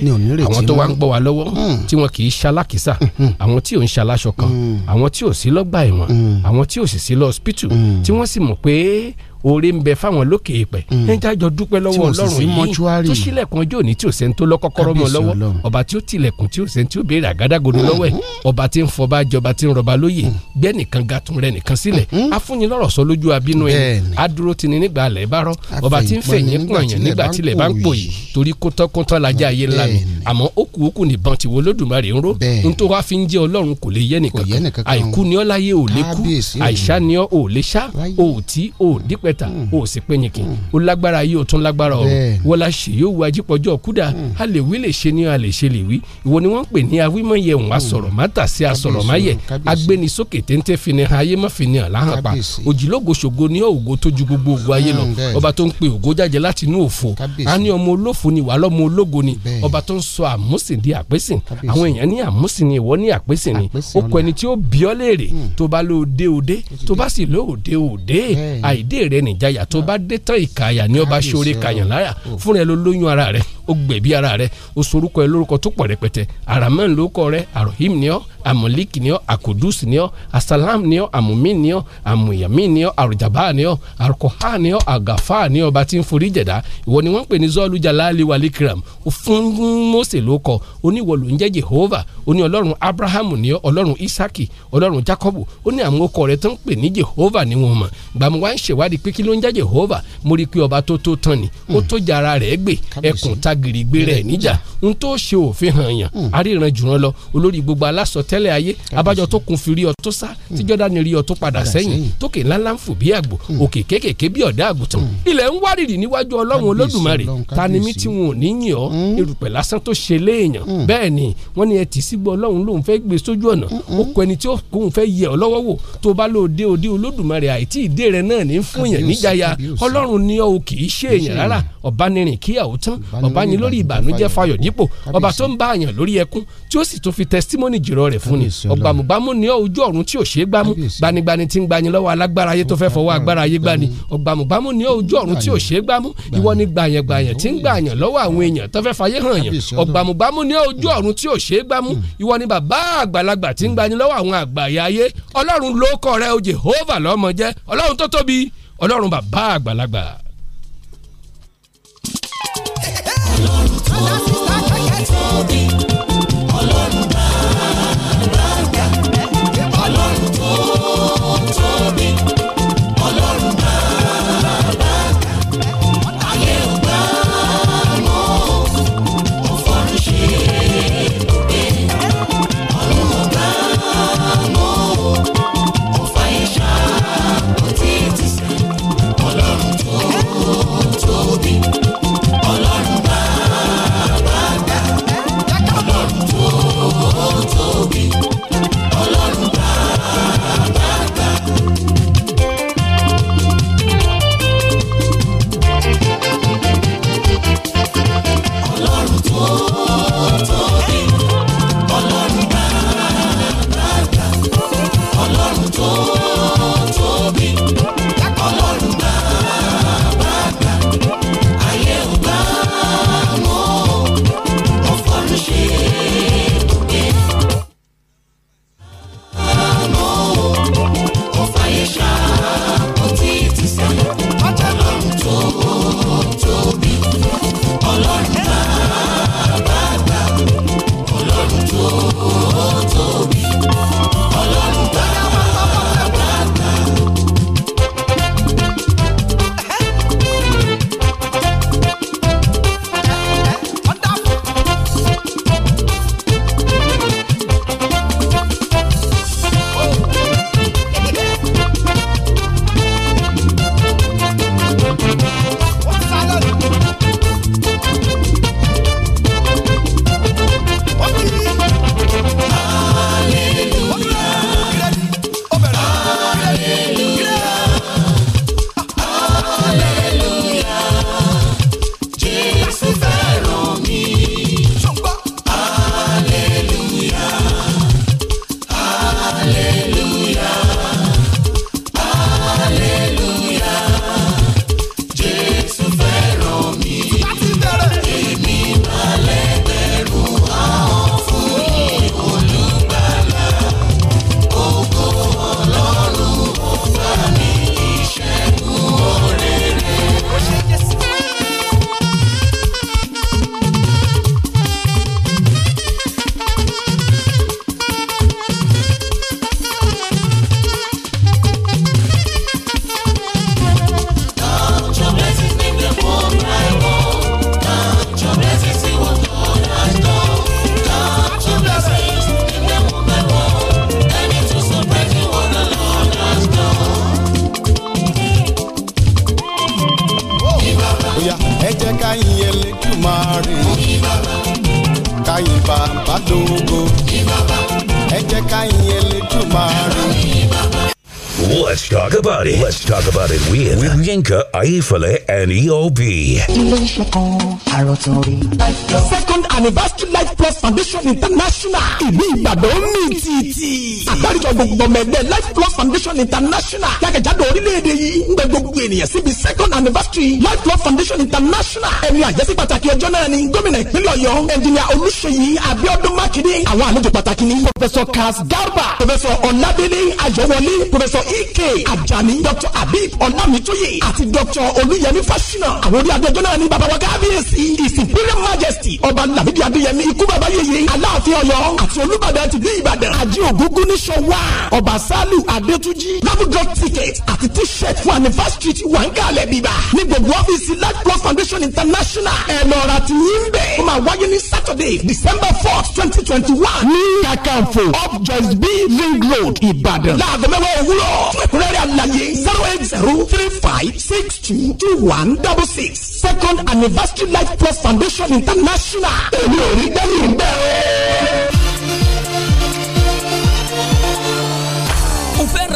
àwọn tó wá ń gbọ́ wa lọ́wọ́ hmm. tí wọn kì í ṣalákìsà hmm. àwọn tí ò ń ṣaláṣọ kan àwọn tí ò sí lọ́gbà ẹ̀wọ̀n àwọn tí ò sì sí lọ tí wọ́n sì mọ̀ pé oore ń bẹ fáwọn lókè èèpẹ̀ mm. ẹ jájọ dúpẹ́ lọ́wọ́ ọlọ́run yìí tó sílẹ̀kùn ọjọ́ òní tí ò sẹ́ni tó lọ́kọ́kọ́rọ́ mọ́ lọ́wọ́ ọba tí ó tilẹ̀kùn tí ò sẹ́ni tí ó béèrè àgádágodo lọ́wọ́ ẹ̀ mm. ọba tí ń fọba jọba tí ń rọba lóyè mm. gbẹ́ ga tún rẹ̀ nìkan sílẹ̀ afúnilọ́rọ̀ sọ lójú abínú ẹ̀ adúró tini nígbà alẹ́ bá rọ ọba tí ń fẹ̀yìn pọ̀nyìn nígbà tilẹ̀ bá ń pò yìí torí kótọ́kótọ́ lajá ayé ńlá mi àmọ́ ókù ókù nìbọn tìwọ́ lódùmarè ń ró n tó wá fi ń jẹ́ ọlọ́run kò lè yẹ mẹ́ta hmm. o sì pé nìkin hmm. o lágbára yìí o tún lágbára ọ̀rọ̀ wọlá ṣe yóò wá jípọ̀jọ́ kúdà hmm. a lè wí lè ṣe ni a lè ṣe lè wí ìwọ ni wọ́n ń pè ní awímọ̀ yẹ òun asọ̀rọ̀ má tà sí asọ̀rọ̀ má yẹ agbénisókè téńté fini hàn ayé má fini hàn láhàn pa òjìlógo ṣògo ní ògo tó ju gbogbo ògo ayé lọ ọba tó ń pe ògo jáde láti inú òfo a ní ọmọ olófo ni wàá lọ́mọ ológo ni ọba tó ń sọ àmúsìn di àpésìn àwọn èèyàn ní àmúsìn ni ìwọ ní àpésìn ni ó kọ ẹni tí ó bí léèrè tó bá lóde òde tó bá sì lóde òde àìdè rẹ níjàyà tó bá dé tán ìkàyà ni ó bá ṣoore kàyàn lára fúnra ẹ ló lóyún ara rẹ ó gbẹ̀bí ara rẹ ó sorúkọ ẹ lórúkọ tó pọ̀ rẹpẹtẹ aramẹ́n ló kọ rẹ arohim ni ọ́ amọ̀líkì ni ọ́ akudus ni ọ́ asalam ni ọ́ amumi ni ọ́ amuyami ni ọ́ arujaba ni ọ́ arukoha ni ọ́ agafa ni ọ́ bá ti ń forí jẹ̀dá ìwọ ni wọ́n pè ní zọ́ọ̀lù jalali walikiram fún Mósè ló kọ oníwọ̀ ń jẹ́ Jehova oní ọlọ́run Abrahamu ni ọ́ ọlọ́run Isaki ọlọ́run Jacobu ó ní àwọn ọkọ rẹ tó ń pè ní Jehova ni wọ́n mọ̀ gbàmú wá ń ṣèwádìí pé pé kí ló ń já Jehova mo rí i pé ọba tó tó tán ni ó hmm. tó jara rẹ̀ gbé ẹkùn tagiri gbé rẹ̀ níjà n tó ṣe òfin hàn yàn hmm. aríran jùlọ lọ olórí gbogbo alásọtẹ́lẹ̀ ayé abájọ tó kun fi rí ọ tó sá hmm. tí Jọ́dánì rí ọ tó padà sẹ́yìn tókè ńláńlá ń fò bí àgbò òkè kékèké bí ọ̀dà àgùntàn ilẹ̀ ń wárìrì níwájú Ọlọ́run Olódùmarè ta ni tí wọn ò ní yìn ọ́ erùpẹ̀ lásán tó ṣe léèyàn bẹ́ẹ̀ ni wọ́n ní ẹ tì sígbó Ọlọ́run lòun fẹ́ gbé sójú ọ̀nà ó kọ ẹni tí ó fẹ́ yẹ ọ tó bá lóde òde Olódùmarè àìtí ìdè rẹ náà ní fún yẹn rẹ̀ níjàyà ọlọ́run ni ó kì í ṣe èèyàn rárá ọ̀bánirin kíyàwó tán ọ̀bánin lórí ìbànújẹ́ fayọ̀ dípò ọba tó ń bá àyàn lórí ẹkún tí ó sì tó fi testimony jìrọ̀ rẹ̀ fún ni ọ̀gbàmùgbàmù ni ó ojú ọ̀run tí ò ṣeé gbámú gbanigbani tí ń gbani lọ́wọ́ alágbára ayé tó fẹ́ fọwọ́ agbára ayé gbani ọ̀gbàmùgbàmù ni ó ojú ọ̀run tí ò ṣeé gbámú ìwọ ni gbàyàn tí ń gbàyàn lọ́wọ́ àwọn èèyàn tó fẹ́ fayé hàn yàn ọ̀gbàmùgbàmù ni ó ojú ọ̀run tí ò ṣeé gbámú mm. ìwọ ni bàbá àgbàlagbà tí ń gbani lọ́wọ́ àwọn àgbàyà ayé ọlọ́run ló kọ́ o Jehovah lọ́mọ jẹ́ ọlọ́run tó tóbi ọlọ́run bàbá àgbàlagbà. ọlọ́run tó tóbi. EOB. second anniversary life plus foundation international ìlú ìbàdàn ní títì. àgbáríjọ gbogbo mẹ́gbẹ́ life plus foundation international jákèjádò orílẹ̀-èdè yìí ń gbẹ gbogbo ènìyàn síbi second anniversary life plus foundation international ẹni àjẹsí pàtàkì ọjọ́ náà ni gómìnà ìpínlẹ̀ ọ̀yọ́ ẹnjìnìà olùṣèyí abiodun makinde àwọn àlejò pàtàkì ni professor kaz garba professor ọ̀làdélé ayọ̀wọlé professor ike ajani Doctor abib ọ̀làmítúyè àti dr olúyẹmí fáṣínà àwọn orí adéjọ́ náà ní baba wa kábíyèsí his imperial majesty ọba lamidi adéyẹmí ikú baba yeye aláàfin ọ̀yọ́ àti olúbàdàn ti bí ìbàdàn àjí ògúngún ní sọ wá ọba sálù adétúnjì double drop ticket àti t-shirt fún anniversary ti wà ń kalẹ̀ bíbá. ní gbogbo ọ́fíìsì life plus foundation international ẹ lọ ra ti yín bẹ́ẹ̀. ó máa wáyé ní saturday december fourth twenty twenty one ní kakanfo up just be ring road ìbàdàn. láàbọ̀ mẹ́wàá òwúrọ̀ fún ẹ̀kúnrẹ́rẹ́ àlàyé zero eight zero three five six two two one double six second anniversary life plus foundation international. èmi ò rí dẹ́rù bẹ́ẹ̀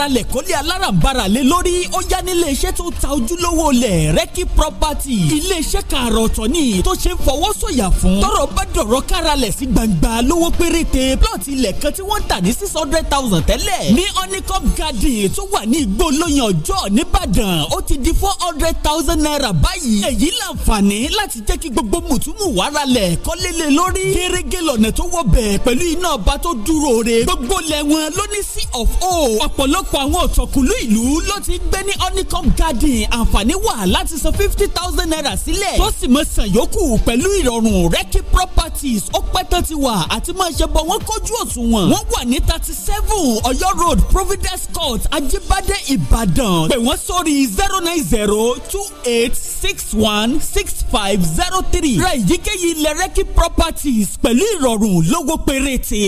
ralẹ̀ kọ́lé alárànbarà lé lórí ó yá nílé iṣẹ́ tó ta ojúlówó lẹ̀ rẹ́kí property ilé iṣẹ́ kààrọ̀ ọ̀tọ̀ ni tó ṣe ń fọwọ́ sọ̀yà fún tọ́rọ̀ bá dọ̀rọ̀ káralẹ̀ sí gbangba lówó péréte plọ̀tì ilẹ̀ kan tí wọ́n tà ní six hundred thousand tẹ́lẹ̀ ní honeycomb garden tó wà ní igbó lóyìn ọjọ́ nìbàdàn ó ti di four hundred thousand naira báyìí èyí láǹfààní láti jẹ́ kí gbogbo mùtúmù wá ralẹ̀ kọ́lé lé lórí gẹ́gẹ́ lọ́nà tó wọ bẹ̀ pẹ̀lú iná ọba tó dúró re gbogbo lẹ̀ wọn lóní of all ọ̀pọ̀lọpọ̀ àwọn òtọ̀kùlú ìlú ló ti gbé ní honeycomb garden àǹfààní wà láti san fifty thousand naira sílẹ̀ tó sì mọ san yòókù pẹ̀lú ìrọ̀rùn rẹ́kì properties ó pẹ́ tán ti wà àti máa ṣe bọ̀ wọ́n kójú òṣùwọ̀n wọ́n wà ní thirty seven ọ̀yọ́ road providence court ajibade ìbàdàn pè wọ́n sórí zero nine zero two eight six one six five zero three ra èyíkéyìí ilẹ̀ rẹ́kì properties pẹ̀lú ìrọ̀rùn lówó péréte.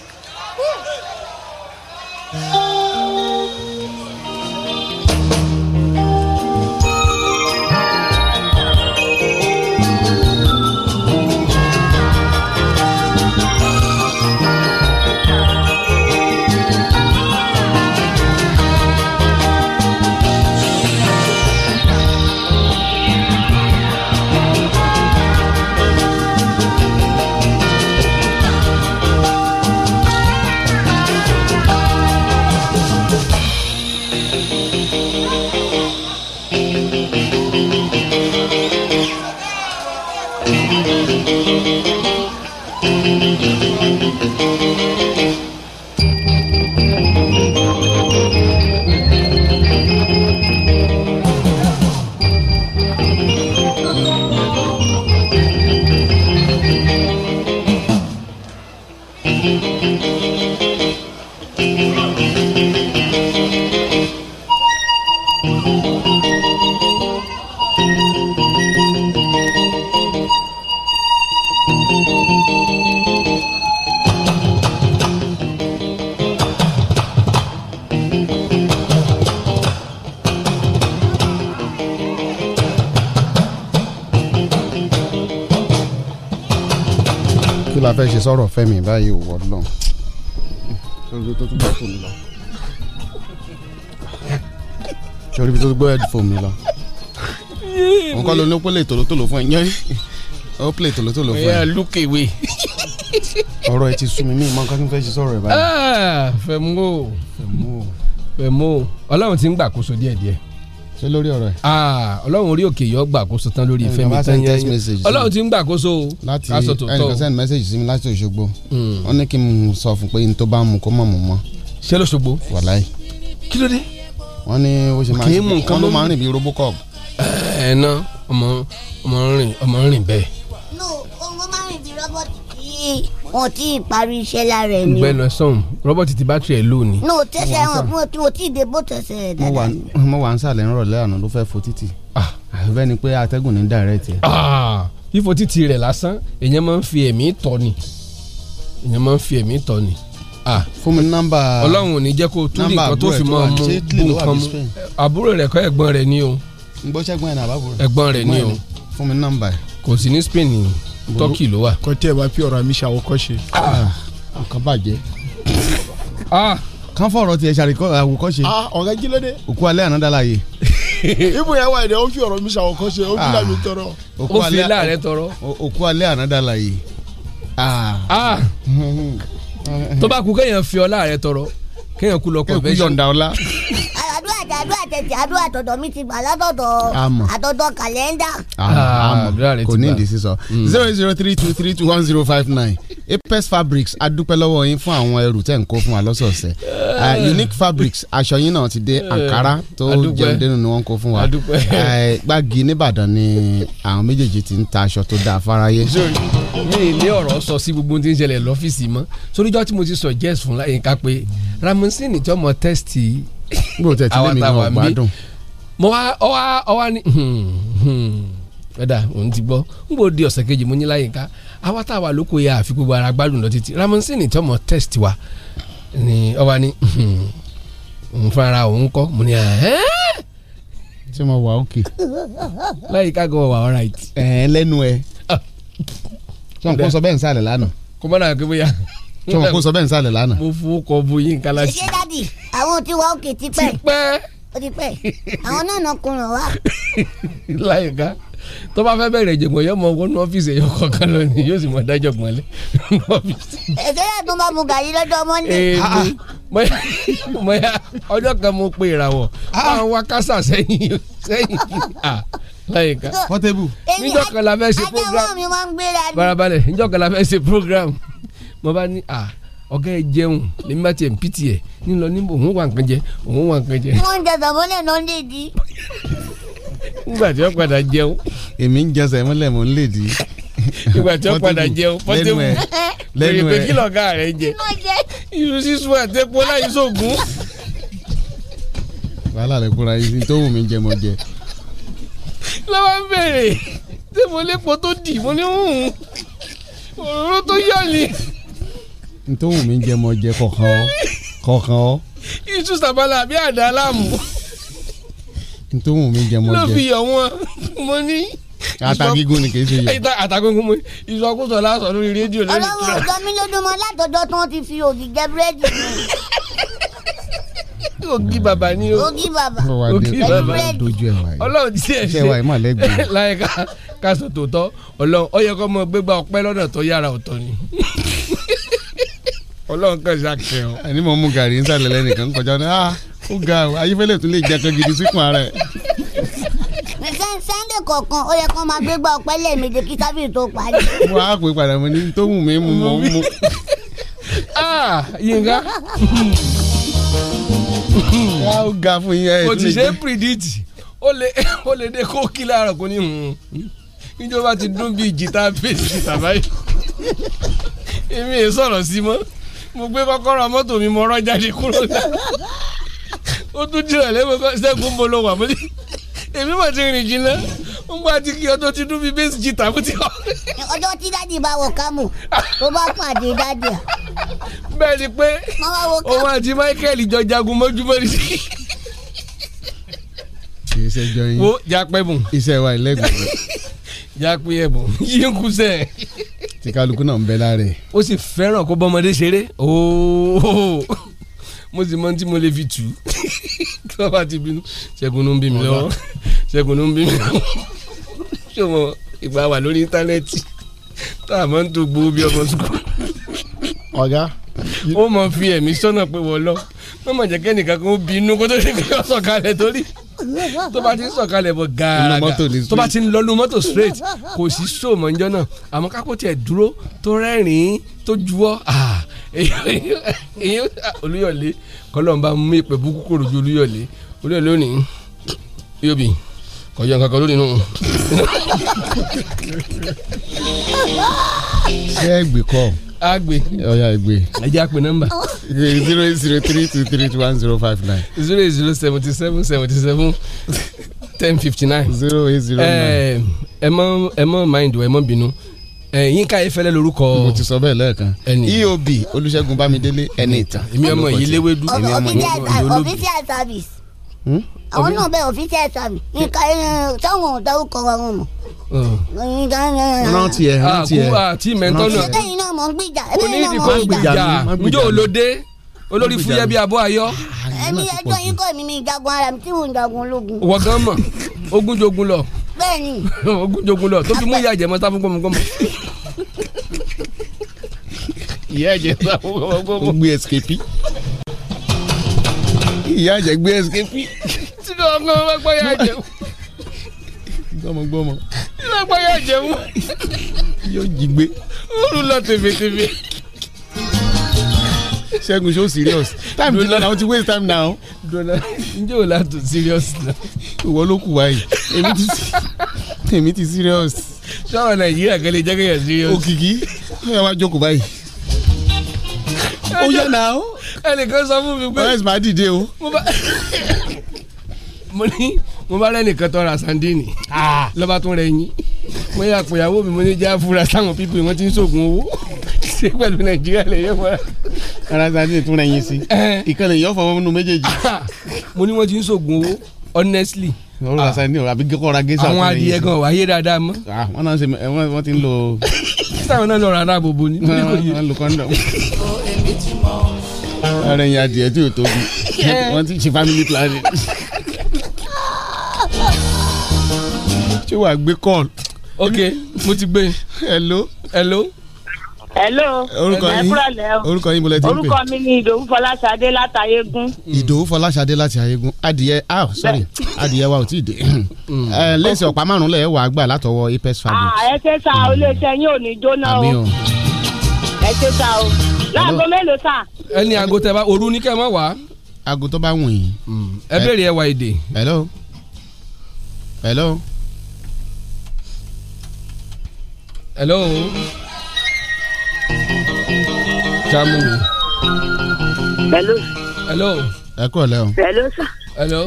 la fẹ́ ṣe sọ̀rọ̀ fẹ́mi báyìí ò wọ́n lọ. sori ibi tó gbọ́ headphone mi lọ. n kọ́ ló ní ó pélé tòlótòló fún ẹ yẹn ó pélé tòlótòló fún ẹ. ẹ look away. ọ̀rọ̀ ẹ ti sú mi ní ìmọ̀ nǹkan tí mo fẹ́ ṣe sọ̀rọ̀ ẹ báyìí. Ah, fẹ̀mú o fẹ̀mú o ọlọ́run ti ń gbàkóso díẹ̀díẹ̀ ṣé lórí ọ̀rọ̀ ẹ̀. Ah, ọlọ́run orí òkè yọ gbàkóso tán lórí ìfẹ́ mi tán yẹn ọlọ́run ti ń gbàkóso. láti ẹnìkan send message sí mi láti Òṣogbo hmm. wọ́n ní kí n sọ fún pé n tó bá mu kó mọ̀ mọ́ mọ́. ṣé lóṣogbo. wàláì. kí ló dé. wọ́n ní ó ṣe máa ń rìn wọ́n ló máa ń rìn bíi robocop. ẹ eh, ẹ ná ọmọ ọmọ rìn ọmọ rìn bẹ́ẹ̀. no ó máa ń rìn bíi robot wọn ti parí iṣẹ́ lára ẹ̀ ni. gbẹ́nu sọ̀n rọ́bọ̀tì ti bátìrì ẹ̀ lónìí. ní o tẹ́sẹ̀ wọn fún o tí ì dé bó tẹ̀sẹ̀ ẹ̀ dáadáa ni. mo wà ń sàlẹ̀ ńrọ̀lẹ́ àná ló fẹ́ fo títì. Ah. àbẹ́ ni pé atẹ́gùn ní direct ẹ̀. Ah, fífo títì rẹ̀ lásán èèyàn máa ń fi ẹ̀mí tọ̀ ni èèyàn máa ń fi ẹ̀mí tọ̀ ni. Ah. fún mi nọ́mbà ọlọ́run ò ní jẹ́ kó tún nǹkan tó fi máa mú nǹkan mú àbúrò rẹ̀ kọ́ ẹ̀gbọ́n rẹ̀ ni o. ń gbọ́ sẹ́gbọ́n ẹ̀ ní àbábọ̀ rẹ̀. ẹ̀gbọ́n rẹ̀ ni o. fún mi nọ́mbà kò sí ní Spain nìyẹn tọ́kì ló wà. kọ́ tí ẹ bá fi ọ̀rọ̀ àmì ṣàwọ́ kọ́ ṣe. Ah, ah, nǹkan bàjẹ́. Ah, kán fọ̀rọ̀ tiẹ̀ ṣàríkọ́ àwòkọ́ṣe. ọ̀gá jí lóde. òkú alẹ́ àná dára yìí ibu yẹn wà ní o fi ọ̀rọ̀ mi ṣàwọn kan ṣe o fi láàmì tọrọ. o fi láàrẹ tọrọ. òkú alẹ́ ànádà láàyè. tó bá kú kéèyàn fi ọlá rẹ tọrọ kéèyàn kú lọ convention. àdúrà tẹ̀tẹ̀ àdúrà tọ̀dọ̀ mi ti gbà látọ̀dọ̀ àtọ̀dọ̀ kàlẹ́ndà. Ah, ah, àmọ́ kò ní ìdí sísọ hmm. zero zero three two three two one zero five nine apes fabrics adúpẹ́ lọ́wọ́ yín fún àwọn ẹrù tẹ̀ ń kó fún wa lọ́sọ̀ọ̀sẹ̀ eh. ah, unique fabrics aṣọ yín náà ti dé àǹkárá eh. tó jẹun dénú ni wọ́n kó fún wa eh, gbági nìbàdàn ni àwọn méjèèjì ti ń ta aṣọ tó dáa fáráyé. mi ì ní ọ̀rọ̀ sọ sí gbogbo ohun tí ń ṣẹlẹ̀ lọ́fíìsì mọ́ sóríjọ́ tí mo ti suggest fún láyínká pé ramonsin ìjọmọ tẹ́sítì bó tẹ̀ tí lèmi náà gbádùn. mo wá ọ wá ọ wá ní hmm, hmm, òun ti gbọ́ n bò di ọ̀sẹ̀ kejì mo ní láyé ká ya àfi gbogbo ara gbádùn lọ títí ramonsini tọmọ test wa ni ọ wá ní hmm, n fara òun kọ́ mo ní tí tí wọn kún sọ bẹ́ẹ̀ nsàlẹ̀ lánàá. mo fún kọ bu yín kala sí. ṣe dadi àwọn tí wà òkè ti pẹ́. ti pẹ́. o ti pẹ́ àwọn náà nà kùnà wá. láyìíká tó bá fẹ́ bẹ̀rẹ̀ ìjẹ̀gbọ̀n yóò mọ wọnú ọ́fíìsì ẹ̀yọ kọ̀ọ̀kan lọ ni yóò sì mọ dájọ́ gbọ́n lé. ẹ̀sẹ̀ yà tó bá mu gàrí lọ́jọ́ mọ́ndé. mọ̀yá ah, ah. ọjọ́ kan mo pe ìràwọ̀ ah, máa ń wá kásà sẹ́yìn sẹ́yìn láyìíká. pọ́tébù. níjọ́ kan la fẹ́ ṣe program. ajá wọn mi máa ń gbéra ní. barabalẹ̀ níjọ́ kan la fẹ́ ṣe program mo bá ní à ọgá ẹ jẹun lèmi bá tiẹ̀ ń pìtì ẹ̀ nílọ níbo òun wà nǹkan jẹ òun wà nǹkan jẹ. wọ́n ń jẹ sàmúlẹ̀ náà lè di. nígbà tí wọ́n padà jẹun. èmi ń jẹ sàmúlẹ̀ mò ń lè di. nígbà tí wọ́n padà jẹun pọ́tẹ́mù lẹ́nu ẹ̀ kí lọ́gá rẹ̀ jẹ. iṣu sísun àtẹ́pọ́ láyé sóògùn. wàhálà rẹ̀ kúra yìí tó wù mí jẹ mọ́ jẹ. lọ́wọ́ ń bèrè tí mo tó dì mo ní ntòun mi jẹ mọ jẹ kọ̀ọ̀kan ọ́ kọ̀ọ̀kan ọ́. yusuf sabala àbí àdá láàmú. ntòun mi jẹ mọ jẹ. ló fi mo ní. atagígún ni kìí ṣe yọ. atagígún mo ìsọkúsọ lásọ lórí rédíò lórí ìtura. ọjọ́ mi lódún mọ́ látọjọ́ tí wọ́n ti fi ògì jẹ búrẹ́dì ogi baba ni o ogi baba ogi baba Ọlọ́run ti ẹ ṣe láyé ká sọ tòótọ́ Ọlọ́run ó yẹ mọ gbégbá ọpẹ́ lọ́nà tó yára ọ̀tọ̀ ni. ọlọ́run kan ṣàkẹ́ ọ. àní mo mú gàrí ń sàlẹ̀ lẹ́nìkan kọjá ní ah, ó ga o ayéfẹ́lẹ́ tún lè jẹ́ kan gidi síkùn ara ẹ̀. sẹ́ńdẹ̀ kọ̀ọ̀kan ó yẹ kó máa gbégbá ọpẹ́ lẹ́ẹ̀mejì kí sábì tó parí. mo á pè padà mo ní tó wù mí mu mo mu. Ah, yínká wá ó ga fún yín ẹ̀. kò tí ṣe é predict ó lè ó lè dé kó kí láàárọ̀ kó ní hmm, níjọba ti dún bíi jìtá bèjì tàbáyé èmi ì sọ̀rọ̀ sí mọ́ mo gbé kọ́kọ́rọ́ mọ́tò mi mo rọ́ jáde kúrò náà ó tún jìnnà lẹ́mọ̀ sẹ́gun mo lọ wà mo ní èmi mọ̀ ti rìn jìnnà ń gbà tí kí ọdún ti dún bíi bẹ́ẹ̀sì jìtà mo ti hàn. ọjọ́ tí dáàdì bá wọ kámù tó bá pàdé dáàdì à. bẹ́ẹ̀ ni pé òun àti Michael jọ jagun mọ́júmọ́ ni kì í ṣe jọyìn. wo jápẹ́ bùn. iṣẹ́ wa ìlẹ́gbẹ̀ẹ́ jápé ẹ̀bùn yín kú sẹ́. tí kálukú náà ń bẹ lára ẹ̀. ó sì fẹ́ràn kó bọ́mọdé ṣeré ooo mo sì mọ tí mo lè fi tù ú tí wọ́n bá ti bínú ṣẹ́gun ló ń bí mi lọ́wọ́ ṣẹ́gun ló ń bí mi lọ́wọ́ ṣọmọ ìgbà wà lórí íńtánẹ́ẹ̀tì tá a máa ń tó gbowó bí ọmọ sùkúl. ọ̀gá. ó mọ fi ẹ̀mí sọ́nà pé wọ́n lọ wọ́n mọ̀ jẹ́ kẹ́nìkan kó bínú kó tó ṣe pé ọ̀sán kalẹ̀ torí tó bá ti ń sọ̀kalẹ̀ bọ̀ gàràgà tó bá ti ń lọ́nu mọ́tò straight kò sí show mọ́njọ́ náà àmọ́ kápò tiẹ̀ dúró tó rẹ́rìn-ín tó juwọ́ olúyọ̀lé kọ́lọ́mbà mú ìpè búkúkú rojú olúyọ̀lé olúyọ̀lé ò ní yóbi kọjá nǹkan kan lónìí nù. ṣé ẹgbẹ́ kọ́. Agbe. gbé. ọ̀ya ìgbé. ẹ jẹ́ zero zero three two three two one zero five nine. zero eight zero seventy seven seventy seven ten fifty nine. zero eight zero nine. ẹ mọ ẹ mọ mind o ẹ mọ bínú yínká efẹlẹ lórúkọ. mo ti sọ bẹ́ẹ̀ lẹ́ẹ̀kan eob olùṣègùn bámidélé ẹni ìtàn. èmi ọmọ yìí léwédú. èmi ọmọ yìí olódù. official service. Hmm? àwọn náà bẹ official service nǹkan sọ́wọ́n dárúkọ wọn mọ̀. rántí ẹ rántí ẹ àti ah, ah, mẹ́tọ́nù. ẹ̀yin náà mọ̀ ń gbìjà ẹ̀yin náà mọ̀ ń gbìjà njẹ́ olóde olórí fúyẹ́ bíi abọ́ ayọ́. ẹni ẹjọ́ yín kọ́ mi mi jagun ara mi tí mò ń jagun ológun. wọ̀gán mọ̀ ogun jogun lọ. bẹ́ẹ̀ni. ogun jogun lọ tó fi mú ìyá ìjẹmọ́ sáfún gbọmọgbọmọ ìyá ẹ̀jẹ̀ sáfún gbọmọgbọmọ. ó gbé ìyá àjẹ gbé skp. sínú ọgbọ́n wọn gbọ́ yà jẹ mú. gbọ́mọ gbọ́mọ. sínú ọgbọ́n yà jẹ mú. yóò jí gbé. oorun lọ tèfètèfè. Ṣẹ́gun so serious time ti now ti waste time now. dọ́là njẹ́ o la tún serious náà. ìwọ ló kù wáyé èmi ti èmi ti serious. sọ̀rọ̀ nàìjíríà kẹ́lẹ́ jẹ́ kẹ́yà serious. òkìkí ó wá jókòó báyìí ó yẹ náà. ẹnìkan sọ fún mi pé. ọ̀rẹ́ ìsìnbá dìde o. mo ní mo bá rẹ́nìkan tó ra sandini ah. lọ́ba tún rẹ̀ yín mo yà pé ìyàwó mi mo ní jẹ́ àfúrà táwọn pípé wọn ti ń ṣoògùn owó ṣe pẹ̀lú nàìjíríà lè yẹ wọn. ara sandini tún rẹ̀ yín sí eh. ìkànnì yóò fọwọ́ nínú méjèèjì. Ah. mo ní wọ́n ti ń ṣoògùn owó honestly wọ́n lọ sani o àbí kọ́ra gẹ́sà. àwọn adìyẹ gan wà á yé dáadáa mọ́. Ah, wọ́n náà ń ṣe wọ́n ti ń lo táwọn náà lọ ra dáàbòbò ni. Ah, alùpàdà ara ẹ̀yìn adìẹ tí o tóbi wọ́n ti ṣe family planning. ṣé wàá gbé call. ok mo ti gbé. hello. hello hello orúkọ yín orúkọ yín bọlẹ tí n pè orúkọ mi ni ìdòwú fọláṣadé láti ayégún. ìdòwú fọláṣadé láti ayégún adìyẹ ah sorry adìyẹ wa ò tí ì dé lẹ́sìn ọ̀pá márùn lẹ̀ wà á gbà látọwọ́ apex fabric. Ah, ẹ ṣe sá o lè ṣe yín ò ní jóná o ẹ ṣe sá o láago mélòó sá. ẹ aago tẹ bá òru ní kẹ́ ẹ wá. aago tó bá wù yín. Mm. ẹ béèrè ẹwà èdè. hello hello. hello. hello? jámù hello. hello. ẹ kú ọ̀lẹ́ hello sir. hello.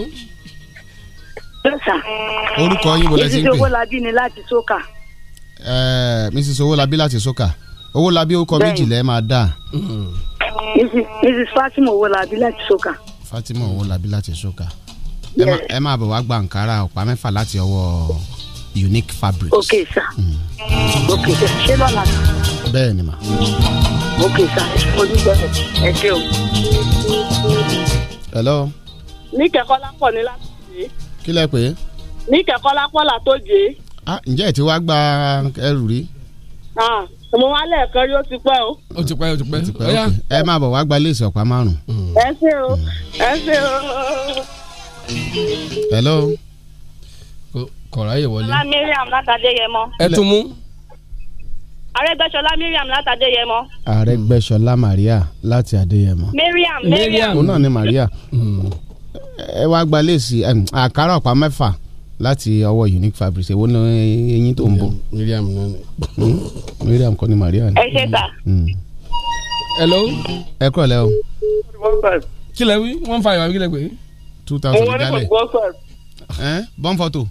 hello sir. orúkọ yín wọlé sí pé. mrs owolabi ni láti soka. ẹẹ mrs owolabi láti soka owolabi ó kọ méjìlá máa dà. mrs fatima owolabi láti soka. fatima owolabi láti soka ẹ máa bọ̀ wá gba nkárà ọ̀pá mẹ́fà láti ọwọ́ unique fabrics. ok sir mm. ok sir ṣé lọ́la. bẹ́ẹ̀ ni ma. ok sir onígbọ̀rọ̀ ẹ ṣe o. hello. ní kẹ́kọ́lá pọ̀ ní láti jẹ́. kí lẹ pè é. ní kẹ́kọ́lá pọ̀ là tó jẹ́. ah ǹjẹ́ ẹ ti wá gba ẹrù rí. ah mo wá lẹ́ẹ̀kan rí ó ti pẹ́ o. ó ti pẹ́ ó ti pẹ́ ó ti pẹ́ ok ẹ máa bọ̀ wá gba ilé ìsọ̀pá márùn-ún. ẹ ṣe o hmm. ẹ ṣe o. hello kọ̀ráyè wọlé. ṣọlá miriam látàdéyẹmọ. ẹ tún mú. Arẹ́gbẹ́ṣọlá Miriam láti Adéyẹmọ. Maria láti Adéyẹmọ. Miriam Miriam. òun náà ni Maria. Hmm. ẹ wá gba léèsì àkàrà ọ̀pá mẹ́fà láti ọwọ́ Unique Fabrics èwo ni eyín tó ń bọ̀. Miriam náà ni. Hmm. Miriam kọ́ ni Maria ni. ẹ ṣe ta. Hmm. hello. ẹ kúrò lẹ́wọ̀. kílẹ̀ wí wọ́n fa ìwà kílẹ̀ pé. two thousand dálẹ̀. mo wọlé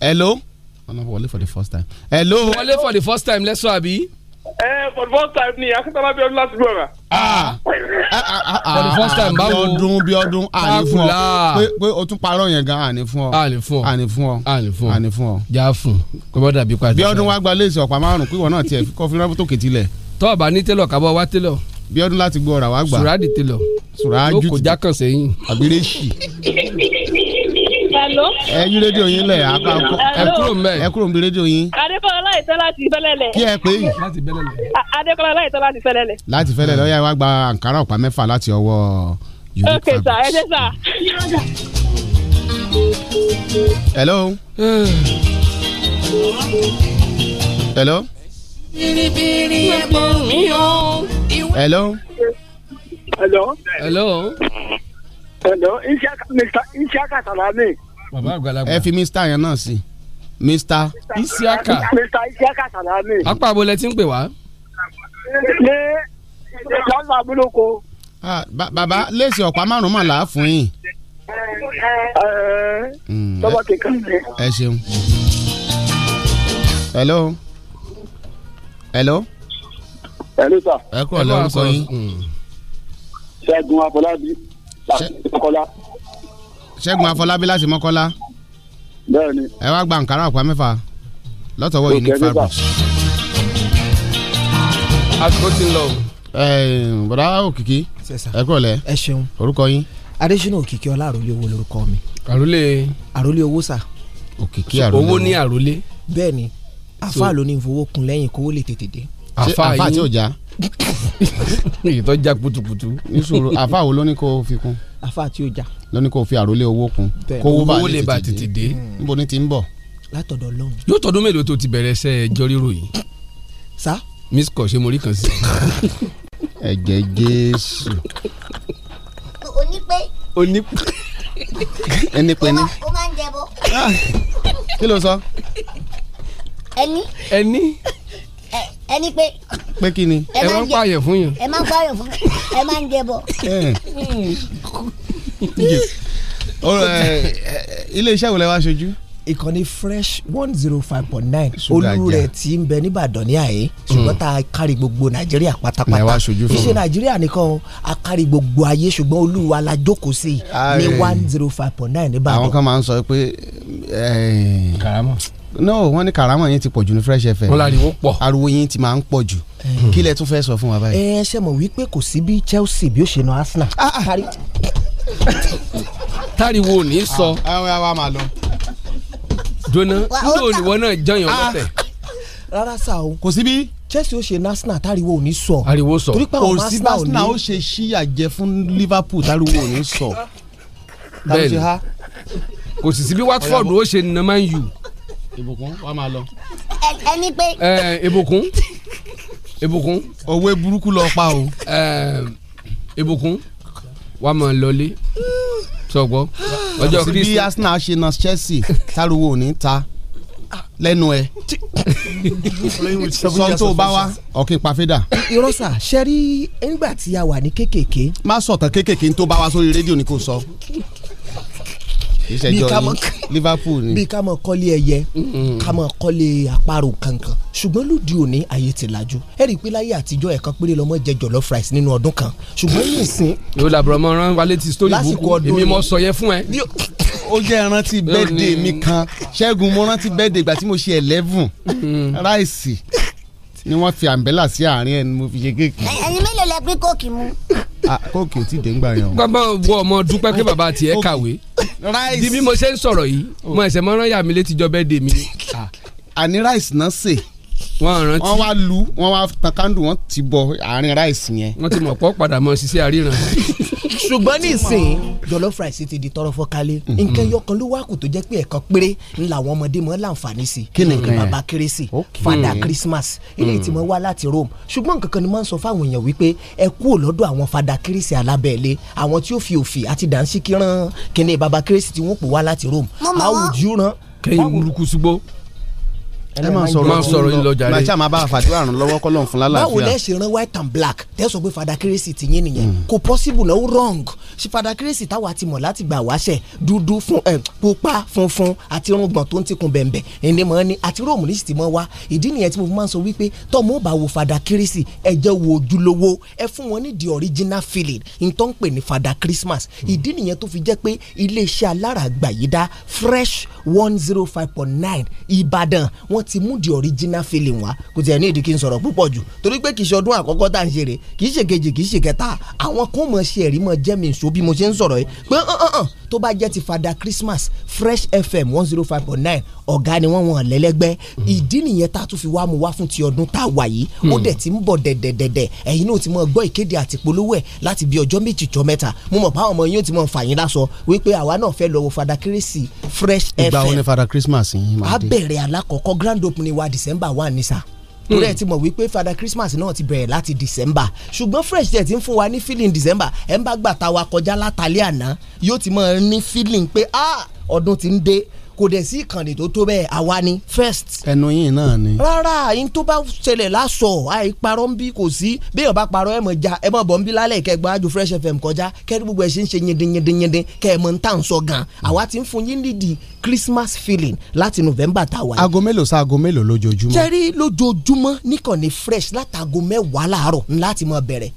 hello wọn náà wọlé for the first time. hello. wọlé for the first time lẹ́sọ̀ àbí. ẹ eh, for the first time ni akíntàlá bí ọdún láti gbọ̀ngàn. Ah! Ah, ah, for the first time báwo. bí ọdún bí ọdún àní fún ọ pé pé o tún parọ́ yẹn gan àní fún ọ. àní fún ọ àní fún ọ àní fún ọ àní fún ọ. já fún kó bọ́ dàbí padà. bí ọdún wa gba léèsì ọ̀pá márùn-ún kí ìwọ náà tiẹ̀ kọ́ fi rọ́bù tó kè tilẹ̀. tọ́ọ̀ ní télọ̀ kábọ̀ wá télọ̀ bí ọdún láti gbọ́ ọ̀rà wá gbà. sùràdì télọ̀ sùràjù ló kọjá kàn sẹ́yìn. àbírèṣì hello. ẹ yí rédíò yín lẹ̀ apá ẹ kúrò mbẹ ẹ kúrò mbẹ rédíò yín. adékọlá láìsọ láti fẹlẹlẹ. kí ẹ pé yìí. adékọlá láìsọ láti fẹlẹlẹ. láti fẹlẹlẹ ó yá gba àǹkárá ọ̀pá mẹ́fà láti ọwọ́ yorùbá. ok sir ẹ ṣe sir. hello. hello. bìrìbìrì ẹ̀gbọ́n mi o. hello. hello. hello. hello. Mr. Isiaka Salami bàbá àgbàlagbà ẹ fi mista yẹn náà sí mista isiaka mista isiaka salami. apá abolẹ ti ń pè wá. ní ìjọba abúlóko. bàbá léèsì ọ̀pá márùn-ún mà láà fún yín. Mm, ẹ ṣeun. hello. hello. hello sir. ẹ kúrò lórúkọ yín. ṣẹ́gun afọlábí ṣàkóso kọ́lá ṣẹ́gun afọlábí láti mọ́kọ́lá. bẹ́ẹ̀ni. ẹ wá gba nkàrà ọ̀pá mẹ́fà lọ́tọ̀wọ́ unique fabrics. àsìkò ti ń lọ. bọ̀dá òkìkí ẹ kúrò lẹ. ẹ ṣeun. orúkọ yín. adésínà òkìkí ọlá àròlé owó lorúkọ mi. àròlé. àròlé owó sà. òkìkí àròlé owó ní àròlé. bẹ́ẹ̀ni àfa ló ní ìfowókun lẹ́yìn kówó lè tètè dé. àfa tí ò já èyí tó já kutukutu. nísòro àfa wo ló ní kó fi kún. àfa tí ó já lóní kò fi àròlé owó kun kówó bá lè ti dé níbo ni ti ń bọ̀. látọ̀dọ̀ lọ́hùn. yóò tọdún mélòó tó ti bẹ̀rẹ̀ sẹ́ ẹjọ́ ríro yìí. sa. miss kọ ṣe mo rí kan sí. ẹ̀jẹ̀ jésù. onípe. onípe. ẹnipe ni. o máa ń jẹ bọ. kí ló sọ. ẹni. ẹni ẹni pé. pé kí ni. ẹ máa ń pààyàn fún yàn. ẹ máa ń pààyàn fún yàn ẹ máa ń jẹ bọ. iléeṣẹ́ wo lẹ wá ṣojú. ìkànnì fresh one zero five point nine olú rẹ̀ ti ń bẹ nìbàdàn ní àyè ṣùgbọ́n mm. tá a kárí gbogbo nàìjíríà pátápátá iṣẹ́ nàìjíríà nìkan a kárí gbogbo ayé ṣùgbọ́n olú wa la jókòó sí ní one zero five point nine nìbàdàn. àwọn kan máa ń sọ pé eh, no wọn ní karamọ yín ti pọ̀ jù ní fresh fm wọn láriwo pọ̀ ariwo yín ti máa ń pọ̀ jù eh. kí lẹ tún fẹ́ sọ fún wa báyìí. Eh, ẹ ṣe mọ̀ wípé kò sí bí Chelsea bí ó ṣe na Arsenal. Ah, ah táriwo ní sọ. àwọn ah, ah, àwa máa lọ. jona níbo ìwọ náà jọyàn ah. lọ́tẹ̀. rárá sá o. kò síbí. Chelsea ó ṣe Arsenal táriwo ò ní sọ. ariwo sọ torí pé àwọn Arsenal ò ní. Arsenal ó ṣe ṣíyà jẹ fún Liverpool táriwo ò ní sọ. bẹ́ẹ̀ni kò sì síbí Watford ó ṣe nà Man U. ìbùkún wàá máa lọ. ẹni pé. ẹ ìbùkún ìbùkún. òwe burúkú lọ pa o. ìbùkún wà á máa lọlé sọgbọ ọjọ́ kristu. bí Arsenal ṣe na Chelsea táriwo ò ní ta lẹ́nu ẹ̀ sọ tó bá wa ọ̀kìn pàfẹ́dà. irọ́ sà ṣe rí nígbà tí a wà ní kéékèèké. má sọ̀tàn kéékèèké tó bá wa sórí rédíò ni kò sọ ìṣẹ́jọ́ yìí Liverpool ni. bí ká mọ̀ kọ́lé ẹyẹ mm-hmm. ká mọ̀ kọ́lé àparò kankan ṣùgbọ́n lóde òní ayé ti làjú ẹ rí i pé láyé àtijọ́ ẹ̀kan péré lọ́mọ jẹ jollof rice nínú ọdún kan ṣùgbọ́n ní ìsìn. yóò làbúrò mọ rán wálé ti sítórì bùkún èmi mọ sọ yẹ fún ẹ. ó jẹ́ rántí bẹ́ẹ̀dẹ̀ mi kan ṣẹ́gun mo rántí bẹ́ẹ̀dẹ̀ ìgbà tí mo ṣe eleven mm-hmm. ráìsì ni wọ́n fi àǹbẹ́là sí àárín ẹni mo fi ṣe kéèkì. ẹni mélòó lẹ gbé kóòkì mu. Ah, kóòkì ò tí ì dé ń gbà yẹn o. gbọ́dọ̀ wọ ọmọ dúpẹ́ pé bàbá tiẹ̀ kàwé rice di bí mo ṣe ń sọ̀rọ̀ yìí oh. mo ẹ̀sẹ̀ mọ́rán yà mí létí jọ bẹ́ẹ̀ dè mí. àní rice náà sè wọ́n rántí wọ́n wá lu wọ́n wá tan kándù wọ́n ti bọ àárín rice yẹn. wọ́n ti mọ̀ pọ́ padà mọ́ ṣiṣẹ́ àríran. ṣùgbọ́n nísìnyí jollof rice ti di tọrọ fọkalẹ̀ nǹkan mhm. yọkan ló wá kù tó jẹ́ pé ẹ̀kan péré ńlá àwọn ọmọdé mọ́ láǹfààní sí i kí ni nǹkan bàbá kérésì fada christmas eléyìí ti mọ wá láti rome ṣùgbọ́n nǹkan kan ni máa ń sọ fáwọn èèyàn wípé ẹ kú lọ́dọ̀ àwọn fada kérésì alábẹ́ẹ̀lé àwọn tí ó fi òfì àti dànsíkí rán kíní bàbá kérésì tí wọ́n pò wá láti rome àwùjọ ẹ máa sọ̀rọ̀ máa sọ̀rọ̀ ìlọjà rẹ màá ṣáà máa bá fàdúrà ràn lọ́wọ́ kọ́ lọ́n fún lálàáfíà. báwo lẹ ṣe rán white and black tẹ́sán pé fada kérésì ti yín nìyẹn hmm. kò possible náà ó wrong ṣe fada kérésì táwa ti mọ̀ láti gbà wáṣẹ̀ dúdú fún ẹ eh, pupa funfun àti irùngbọ̀n tó ń tikun bẹ̀m̀bẹ̀ ẹni mọ̀ ni àti róòmù ní ti mọ̀ wá ìdí nìyẹn tí mo fi máa ń sọ wípé tọ́mọ ò bá wo fada kérésì ẹ jẹ́ wo ojúlówó ẹ fún wọn ní the original feeling n tó ń pè ní fada Christmas hmm. ìdí nìyẹn tó fi jẹ́ pé iléeṣẹ́ alára àgbàyídá fresh one zero five point nine Ìbàdàn wọ́n ti mú di original feeling wa kò tiẹ̀ ní ìdí kí n sọ̀rọ̀ púpọ̀ jù torí pé kì í ṣe ọdún àkọ́kọ́ tá à ń ṣe rè kì í ṣe kejì kì ṣe kẹta àwọn kan mọ̀ ṣe ẹ̀rí mọ̀ jẹ́ mi ìṣó bí mo ṣe ń sọ̀rọ̀ yìí pé tó bá jẹ́ ti fada Christmas Fresh FM one zero five point nine ọ̀gá ni wọ́n wọ̀n lẹ́lẹ́gbẹ́ ìdí nìyẹn tá a tún fi wá mu wá fún ti ọdún tá a wà yìí ó hmm. dẹ̀ ti ń bọ̀ dẹ̀dẹ̀dẹ̀dẹ̀ ẹ̀yin náà ti mọ̀ gbọ́ ìkéde àti polówó ẹ̀ láti bí ọjọ́ méjì jọ mẹ́ta mo mọ̀ báwọn ọmọ yín ó ti mọ̀ fà yín lásọ wípé àwa náà fẹ́ lọ wo fada kérésì fresh fm ìgbà wo ni fada christmas yín máa dé a bẹ̀rẹ̀ alákọ̀ọ́kọ́ grand opening wa december one ni sà torí hmm. ẹ ti mọ̀ wípé fada christmas náà ti bẹ̀rẹ̀ láti december ṣùgbọ́n fresh jẹ́ ti ń fún wa ní feeling december ẹ̀ ń bá gbà ta wa kọjá látàlẹ́ àná yóò ti mọ̀ ní feeling pé ah ọdún ti ń dé kò dẹ̀ sí ìkànnì tó tó bẹ́ẹ̀ àwa ni first. ẹnu yìí náà ni. rárá yín tó bá ṣẹlẹ̀ lásọ àì parọ́ ń bí kò sí bí yóò parọ́ ẹ̀ mọ̀ ja ẹ̀ mọ̀ bọ̀ ń bí lálẹ́ kẹgbọ́n àjò fresh fm kọjá kẹ́rì gbogbo ẹ̀ ṣe ń ṣe yindin yindin yindin mọ̀ ń tà ń sọ gan àwa ti ń fún yín nídìí christmas feeling láti november tá a wà. aago mélòó sa aago mélòó lójoojúmọ́. jẹ́rí lójoojúmọ́ níkànnì fresh látàgo mẹ́wàá láàárọ̀ ńlá ti mọ̀ bẹ̀rẹ̀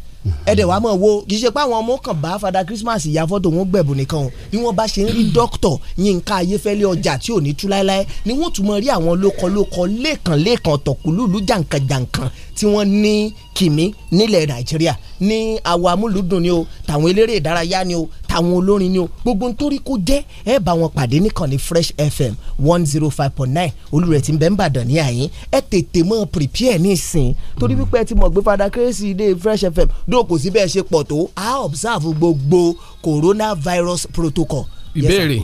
ẹ̀dẹ̀ wàá mọ̀ wo kì í ṣe pé àwọn ọmọ kan bá fada Christmas ìyá fọ́tò wọn gbẹ̀bùn nìkan o bí wọ́n bá ṣe ń rí dókítọ̀ Yínká Ayéfẹ́lẹ́ ọjà tí ò ní tú láéláé ni wọ́n tún mọ rí àwọn lókọlókọ lẹ́ẹ̀kanlẹ́ẹ̀kan tọ̀kùlùlù jàǹkànjàǹkàn tí wọ́n ní kìmí nílẹ̀ Nàìjíríà ní àwa amúlùdùn ni o tàwọn eléré ìdárayá ni o àtàwọn olórin ni o gbogbo nítorí kó jẹ́ ẹ bá wọn pàdé nìkan ní Fresh FM one zero oh five point nine olùrẹ̀ tí ń bẹ ń bàdàn ní àyín ẹ tètè mọ́ prepare ní ìsìn torí wípé ẹ ti mọ̀ pé fada kérésì dé Fresh FM dóò kò sí bẹ́ẹ̀ ṣe pọ̀ tó a observe gbogbo coronavirus protocol. ìbéèrè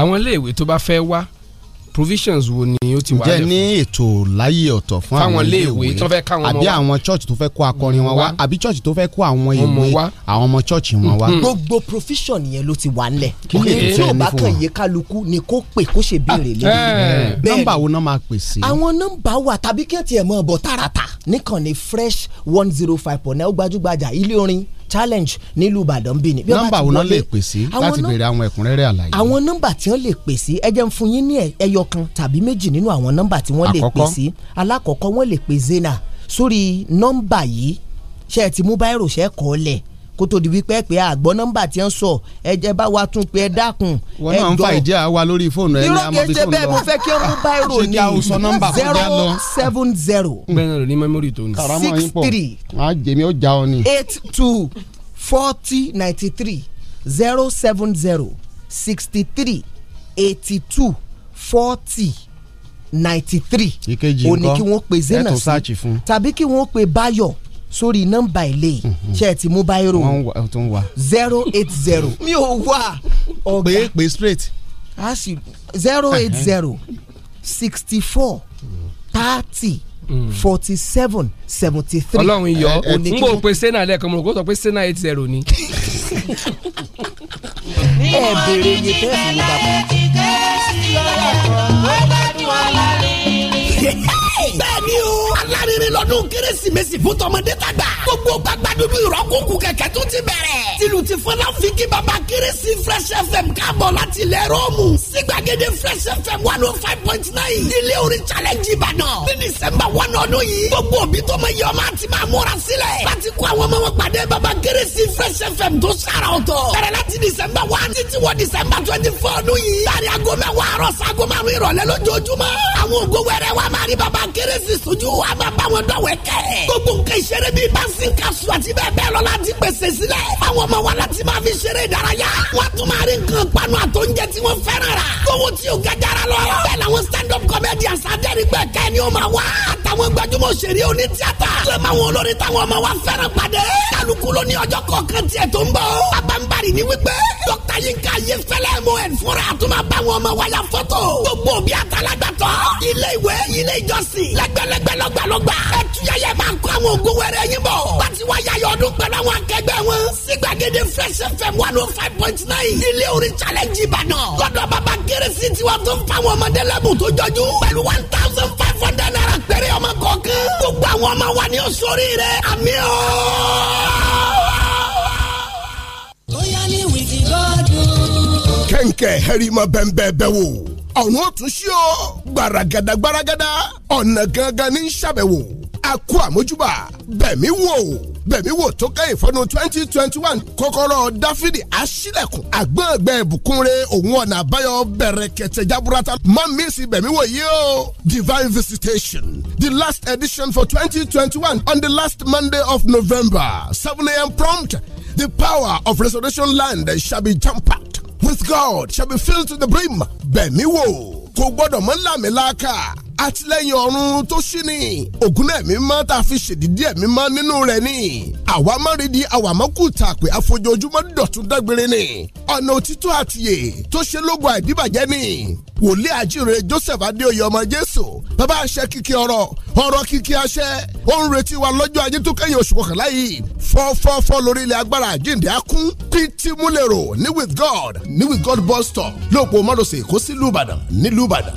àwọn iléèwé tó bá fẹ́ wá provisions wo ni ó ti wà lẹ́fọ̀. ǹjẹ́ ní ètò láyé ọ̀tọ̀ fún àwọn iléèwé àbí àwọn church tó fẹ́ kó akọrin wọn wá àbí church tó fẹ́ kó àwọn ìwé àwọn ọmọ church wọn wá. Mm-hmm. gbogbo provision yẹn ló ti wà nílẹ̀ kí ni ètò yóò bá kàn yé kálukú ni kó pè kó ṣe béèrè ah, lẹ́yìn. Eh. nọ́mbà wo náà máa pè sí. àwọn nọ́mbà wà tàbí kí ẹ tiẹ̀ mọ̀ bọ̀ tààràtà níkànnì fresh one zero five point nine ó gbajúgbajà ilé orin challenge nílùú ìbàdàn bí ni. nọ́mbà wo náà lè pè sí láti béèrè àwọn ẹ̀kúnrẹ́rẹ́ àlàyé. àwọn nọ́mbà tí wọ́n lè pè sí ẹ jẹ́ n fún yín ní ẹyọ kan tàbí méjì nínú àwọn nọ́mbà tí wọ́n lè pè sí alákọ̀ọ́kọ́ wọ́n lè pè zena sórí nọ́mbà yìí ṣe ti mú báírò ṣe kọ́ lẹ̀ kó tó di wípé pé àgbọ̀ nọ́mbà tí ń sọ ẹ̀jẹ̀ bá wa tún pé ẹ dákun wọn náà ń fa ìdí àwa lórí fóònù ẹ̀ ní amọ̀bí tó lọ ìrọ̀kẹ́ ṣe bẹ́ẹ̀ mo fẹ́ kí ó mú báírò ní zero seven zero hmm. six three eight two forty ninety three zero seven zero sixty three eighty two forty ninety three ìkejì nǹkan ẹ̀ tún sáàchì fún tàbí kí wọ́n pe báyọ̀ sórí nọ́mbà ilé mhm. ṣe é ti mobile báyìrò zero eight zero mi ò wá ọ̀gá pé pé straight a sì zero eight zero sixty four thirty mm. forty seven seventy three. ọlọ́run iyọ̀ n bò pe sena lẹ́ẹ̀kan mọ̀ kó sọ pé sena eight zero ni. ẹ bèrè iye tẹ́ ẹ̀ fún bàbá. yìí. bẹ́ẹ̀ni o alárinrin lọ́dún kérésìmesì fún tọmọdé tàgbà. gbogbo gbàgbádùn bí ìrọ́kùnkùn kẹ̀kẹ́ tún ti bẹ̀rẹ̀. tìlù ti fọlá fíkì baba kérésì fresh fm káàbọ̀ láti ilẹ̀ rọ́ọ̀mù sí gbàgede fresh fm one oh five point nine ilé orin challenge ìbàdàn ní december one ọdún yìí gbogbo òbí tó mọ iye ọmọ àti máa múra sílẹ̀ láti kó àwọn ọmọ wọn pàdé bàbá kérésì fresh fm tó sára ọ̀tọ̀ bẹ̀rẹ̀ láti december one títí wọ december twenty four ọdún yìí láàrin aago mẹ́wàá àárọ̀ sago márùn-ún ìrọ̀lẹ́ lójoojúmọ́ àwọn ògo wẹrẹ wa máa rí bàbá k kérésì sojú wa máa bá wọn dọ̀wẹ́ kẹ́. gbogbo nǹkan ìṣeré bíi báńsì kaṣu àti bẹ́ẹ̀ bẹ́ẹ̀ lọ láti pèsè sílẹ̀. àwọn ọmọ wa láti máa fi ṣeré ìdárayá. wọ́n tún máa rí nǹkan panu àtọ́njẹ tí wọ́n fẹ́ràn rà. kówó tí o ga lọ. bẹ́ẹ̀ làwọn stand up comedians adẹ́rìgbẹ́ kẹ́ ni ó máa wá. àtàwọn gbajúmọ̀ òṣèré oní tíátà. lọ́mọ àwọn olórin táwọn ọmọ wa fẹ́ràn pàdé. kálukú ló ní ọjọ́ kọ̀ọ̀kan tiẹ̀ tó ń bọ̀. abambari ni wípé. dókítà Yinka Ayéfẹ́lẹ́ mo ẹ̀ fúnra àtúmọ̀ bá ilé ìwé ilé ìjọsìn lẹ́gbẹ̀lẹ́gbẹ̀ lọ́gbàlọ́gbà. ẹ tuyẹyẹ máa ń àwọn ogun wẹrẹ yín bọ̀. láti wá yayọ̀ ọdún pẹ̀lú àwọn akẹgbẹ́ wọn. sígbàgede fresh fm one oh five point nine. ilé orin challenge ìbàdàn. lọ́dọ̀ bàbá kérésì tiwa tó ń fa àwọn ọmọdé lẹ́bùn tó jọjú. pẹ̀lú one thousand five hundred naira péré ọmọ kọ̀ọ̀kan. gbogbo àwọn ọmọ wa ni ó sórí rẹ̀. àmì ọ̀. ó wìkì gọ́dùn kẹ̀ǹkẹ̀ hẹ́rì máa bẹ́ẹ̀ bẹ́ẹ̀ bẹ́ẹ̀ wò ọ̀nà ó tún ṣí o gbaragada gbaragada ọ̀nà gangan ní ṣàbẹ̀wò àkó àmójúbà bẹ̀mí wò bẹ̀mí wò tó kẹ́ ìfọ́nù twenty twenty one kọ́kọ́rọ́ dáfídì aṣílẹ̀kùn àgbọ̀ngbẹ̀ bukunre òun ọ̀nà àbáyọ bẹ̀rẹ̀ kẹtẹ jaburata má mi bẹ̀mí wò yìí o divine visitation the last edition for twenty twenty one on the last monday of november seven a.m. prompt the power of restoration land shall be jam packed with God shall be filled to the brim bẹ̀mí wò kò gbọ́dọ̀ mọ́ lámìláàkà àtìlẹ́yìn ọ̀run tó ṣí ni ògùn ẹ̀mí mọ́ tá a fi ṣèdídí ẹ̀mí mọ́ nínú rẹ̀ ni àwa má rí di àwa má kù tàpé àfojoojúmọ́ dọ̀tún dágbére ni ọ̀nà òtítọ́ àtìyè tó ṣe lógun àìdíbàjẹ́ ni wòlíì àjíire Joseph Adéoyè ọmọ Jésù bàbá àṣẹ kìkì ọ̀rọ̀ ọ̀rọ̀ kìkì àṣẹ ó ń retí wa lọ́jọ́ ajé tó kẹ́yìn oṣù kọkànlá yìí fọ́fọ́fọ́ lórí ilẹ̀ agbára àjíǹde akún pt múlẹ̀rọ̀ ní with God ní with God bus stop lóòpọ̀ mọ́dọ̀sẹ̀ kó sí lùbàdàn ní lùbàdàn.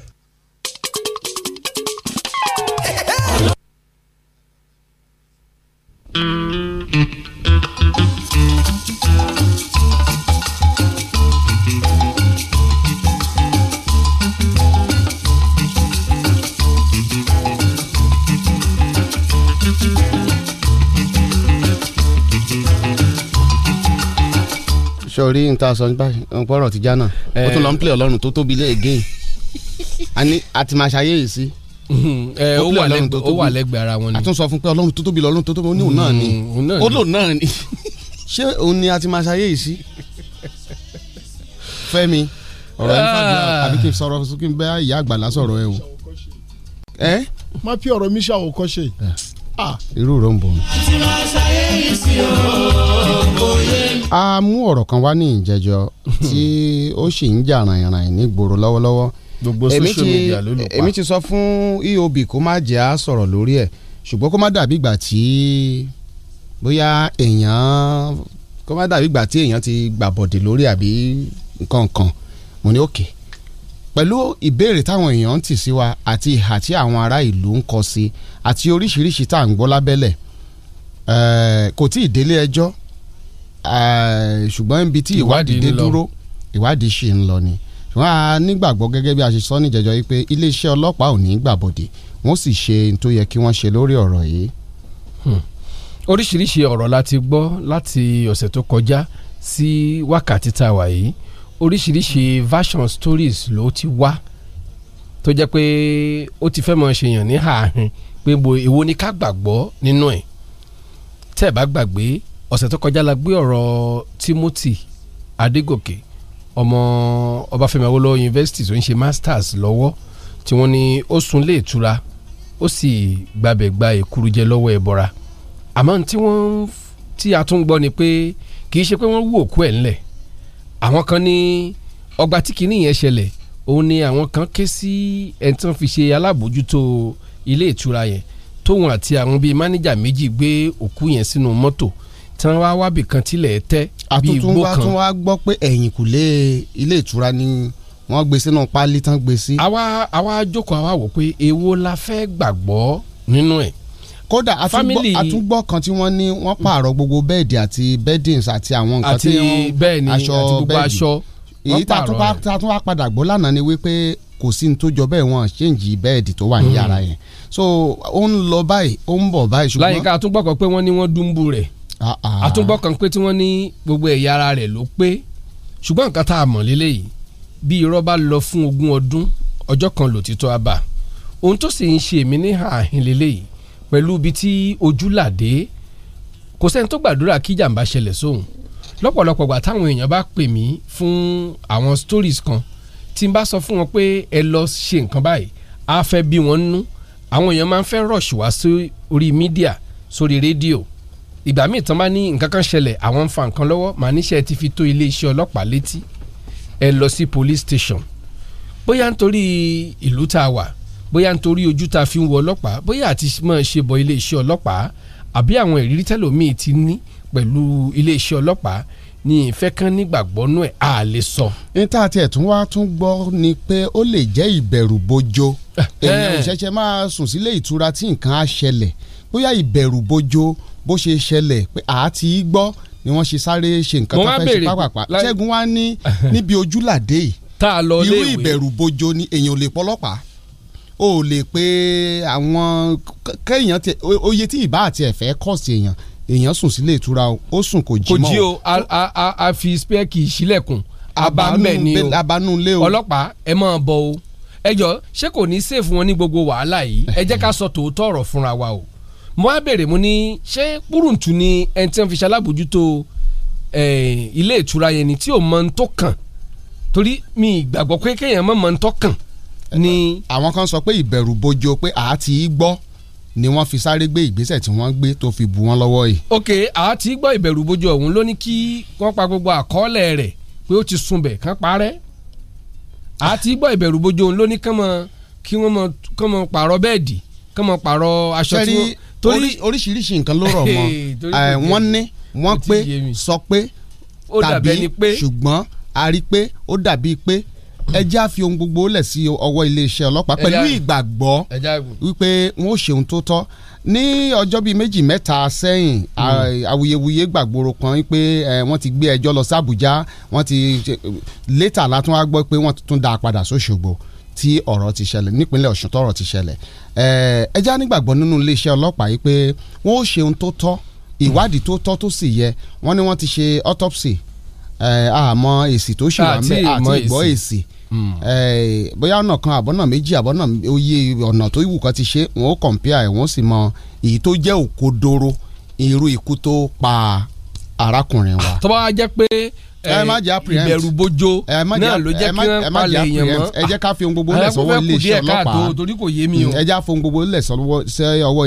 sórí n ta sọ nípa ọpọlọ ti já náà ó tún lọ ń play ọlọ́run tó tóbi lé again a ti máa ṣayé yìí sí ó wà lẹ́gbẹ̀ẹ́ ó wà lẹ́gbẹ̀ẹ́ ara wọn ni. a tún sọ fún pé ọlọ́run tó tóbi lọ́run tó tóbi oníhùn náà ni olóhùn mm, náà ni ṣé òun ni a ti máa ṣayé yìí sí. fẹ́mi ọ̀rọ̀ yìí fàdúrà ah. àbí kí n sọ̀rọ̀ sókè bẹ́ẹ̀ ìyá àgbàlá sọ̀rọ̀ ẹ o. má fi ọ̀rọ̀ mi ṣàwòkọ́ṣe irú rẹ̀ ń bọ̀. a mú ọ̀rọ̀ kan wá ní ìjẹ́jọ́ tí ó sì ń jà ràìnràìn nígboro lọ́wọ́lọ́wọ́ gbogbo social media ló lò pa èmi ti sọ fún EOB kó má jẹ́ á sọ̀rọ̀ lórí ẹ̀ ṣùgbọ́n kó má dàbí ìgbà tí bóyá èèyàn kó má dàbí ìgbà tí èèyàn ti gbàbọ̀dè lórí àbí nǹkan kan mo ní òkè. Okay pẹ̀lú ìbéèrè táwọn èèyàn ń tì sí wa àti ìhà tí àwọn ará ìlú ń kọ sí àti oríṣiríṣi tá à ń gbọ́ lábẹ́lẹ̀ eh, kò tí ì délé ẹjọ́ eh, ṣùgbọ́n ibi tí ìwádìí dé dúró ìwádìí ṣì ń lọ ni ṣùgbọ́n a nígbàgbọ́ gẹ́gẹ́ bí a ṣe sọ ní jẹjọ́ yìí pé iléeṣẹ́ ọlọ́pàá ò ní gbàbọ̀dè wọ́n sì ṣe n tó yẹ kí wọ́n ṣe lórí ọ̀rọ̀ yìí. Hmm. oríṣiríṣi ọ̀rọ̀ la ti gbọ́ láti ọ̀sẹ̀ tó kọjá sí wákàtí tá a wà yìí oríṣiríṣi version stories ló ti wá tó jẹ́ pé ó ti fẹ́ mọ̀ ṣèyàn ní ààrin pé bo èwo ni ká gbàgbọ́ nínú ẹ̀ tẹ́ ẹ̀ bá gbàgbé ọ̀sẹ̀ tó kọjá la gbé ọ̀rọ̀ Timothy Adégòkè ọmọ Ọbáfẹ́mi Awólọ́wọ̀ University tó ń ṣe masters lọ́wọ́ tí wọ́n ní ó sùn lé ìtura ó sì gbabẹ̀ gba èkúrú jẹ lọ́wọ́ ẹbọra àmọ́ tí wọ́n tí a ni pé kì í ṣe pé wọ́n wú òkú ẹ̀ ńlẹ̀ àwọn kan ní ọgbà tí kìíní yẹn ṣẹlẹ̀ òun ni àwọn kan ké sí ẹni tí wọ́n fi ṣe alábòójútó ilé ìtura yẹn tóun àti àwọn bíi mánéjà méjì gbé òkú yẹn sínú mọ́tò tí wọ́n wá wábì kan tilẹ̀ tẹ́ bíi igbó kan. àtúntún wa gbọ́ pé ẹ̀yìn kùlé ilé ìtura ni wọ́n gbé sínú pálí tán gbé sí. àwa àwa jókòó àwa wò pé èwo la fẹ́ gbàgbọ́ nínú ẹ̀ kódà àtúgbọ́ kan tí wọ́n ní wọ́n pààrọ̀ gbogbo bẹ́ẹ̀dì àti beddings àti àwọn nǹkan tí wọ́n aṣọ bẹ́ẹ̀dì èyí tatún wá padà gbọ́ lánàá ni wípé kò sí ní tó jọ bẹ́ẹ̀ wọ́n ṣéǹjì bẹ́ẹ̀dì tó wà ní hmm. yàrá yẹn so ó ń lọ báyìí ó ń bọ̀ báyìí ṣùgbọ́n. láyìíká àtúgbọ́ kan pé wọ́n ní wọ́n dúńbú rẹ̀ àtúgbọ́ ah, ah. kan pé tí wọ́n ní gbogbo ẹ̀yà ara rẹ̀ ló pé ṣùgbọ́n nǹkan tá a mọ̀ lélẹ́yìí bí irọ́ bá lọ fún ogún ọdún ọjọ́ kan lòtítọ́ abà ohun tó sì ń ṣe èmi ní àhìn lélẹ́yìí pẹ̀lú ibi tí ojú là dé kò sẹ́ni tó gbàdúrà kí jàǹbá ṣẹlẹ̀ sóhun lọ́pọ̀lọpọ̀ gbà táwọn èèyàn bá pè mí fún àwọn stories kan tí n bá sọ fún wọn pé ẹ lọ ṣe nǹkan báyìí á fẹ́ bí wọ́n nú àwọn èèyàn máa ń fẹ́ rush wá sórí mídíà sórí rédíò ìgbà míì tán bá ní nǹkan kan ṣẹlẹ̀ àwọn ń fa nǹkan lọ́wọ́ màá níṣẹ́ ti fi tó iléeṣẹ́ ọlọ́pàá létí ẹ lọ sí police station bóyá nítorí ìlú tá a wà bóyá nítorí ojú tá a fi ń wo ọlọ́pàá bóyá àti máa ṣe bọ iléeṣẹ́ ọlọ́pàá àbí àwọn ìrírí tẹ́lòmíì ti ní pẹ̀lú iléeṣẹ́ ọlọ́pàá ní ìfẹ́ kan nígbàgbọ́ nú ẹ̀ lè sọ. ní tá a tiẹ̀ tún wá tún gbọ́ ni pé ó lè jẹ́ ìbẹ̀rù bojo eh, èèyàn ìṣẹ̀ṣẹ̀ eh. máa sùn sílé ìtura tí nǹkan á ṣẹlẹ̀ bóyá ìbẹ̀rù bojo bó ṣe ṣẹlẹ̀ pé àá ti gbọ́ ni wọ́n ṣe sáré ṣe nǹkan tó fẹ́ ṣe pápápá ṣẹ́gun wá ní níbi ojúlàdé yìí irú ìbẹ̀rù bojo ni èèyàn ò lè pọ́lọ́pàá o lè pe àwọn kéèyàn tí oyè tí ìbá àti ẹ̀fẹ́ kọ̀ sí èèyàn èèyàn sùn sílé ìtura o ó sùn kò jí mọ́ kò jí o a a a fi spẹ́ẹ̀kì ìṣílẹ̀kùn abanubẹ ni o abanulé o ọlọ́pàá ẹ máa bọ̀ o ẹ jọ ṣé kò ní sèfù wọn ní gbogbo wàhálà yìí ẹ jẹ́ ká sọ tòótọ́ ọ̀rọ̀ fúnra wa o mo á bèrè mo ní ṣé púrùntù ni ẹni tí wọ́n fi ṣalábòjútó ilé ìtura yẹn ni tí ò mọ ń tó kàn torí mi ìgbàgbọ́ pé kéèyàn mọ̀ mọ̀ ń tó kàn ni. àwọn kan sọ pé ìbẹ̀rù bojo pé àá ti gbọ́ ni wọ́n fi sáré gbé ìgbésẹ̀ tí wọ́n gbé tó fi bu wọn lọ́wọ́ yìí. ok àá ti gbọ́ ìbẹ̀rù bojo ọ̀hún ló ní kí wọ́n pa gbogbo àkọọ́lẹ̀ rẹ̀ pé ó ti sunbẹ̀ kán parẹ́ àá ti gbọ́ ìbẹ̀rù bojo ọ̀hún ló ní kán mọ kí wọ́n mọ kán mọ pààrọ̀ bẹ́ẹ̀dì kán mọ pààrọ̀ aṣọ tí wọ́n. torí oríṣiríṣi nǹkan ló rọ̀ mọ́ wọ́n ní wọ́n pé sọ pé tàbí ṣùgbọ́n a rí pé ó dàbí pé ẹ jẹ́ á fi ohun gbogbo lẹ̀ sí ọwọ́ iléeṣẹ́ ọlọ́pàá pẹ̀lú ìgbàgbọ́ wípé wọ́n ó ṣe ohun tó tọ́ ní ọjọ́ bíi méjì mẹ́ta sẹ́yìn hmm. awuyewuye gbàgbóró kan wípé wọ́n ti gbé ẹjọ́ lọ sí Àbújá wọ́n ti létà látún wá gbọ́ pé wọ́n tún dá a padà sóṣogbo tí ọ̀rọ̀ ti ṣẹlẹ̀ nípínlẹ̀ Ọ̀ṣun tọ̀rọ̀ ti ṣẹlẹ̀ ẹ nígbàgbọ́ nínú iléeṣẹ́ ọlọ́pàá pé wọ́n ó ṣe ohun tó tọ́ ìwádìí tó tọ́ tó sì yẹ wọ́n ní wọ́n ti ṣe autopsy àmọ́ èsì tó ṣì wà ń àti ìgbọ́ èsì bóyá ọ̀nà kan àbọ̀nà méjì àbọ̀nà oyè ọ̀nà tó wù kan ti ṣe wọn ó kọ̀ǹpìà ẹ̀ wọ́n sì mọ èyí tó jẹ́ òkodoro irú ikú tó pa arákùnrin wa. tó bá jẹ́ pé ìbẹ̀rù bojo náà ló jẹ́ kí wọ́n palẹ̀ èèyàn mọ́ ẹ jẹ́ ká fi ohun gbogbo lẹ̀ iléeṣẹ́ ọlọ́pàá ẹ jẹ́ ká fi ohun gbogbo lẹ̀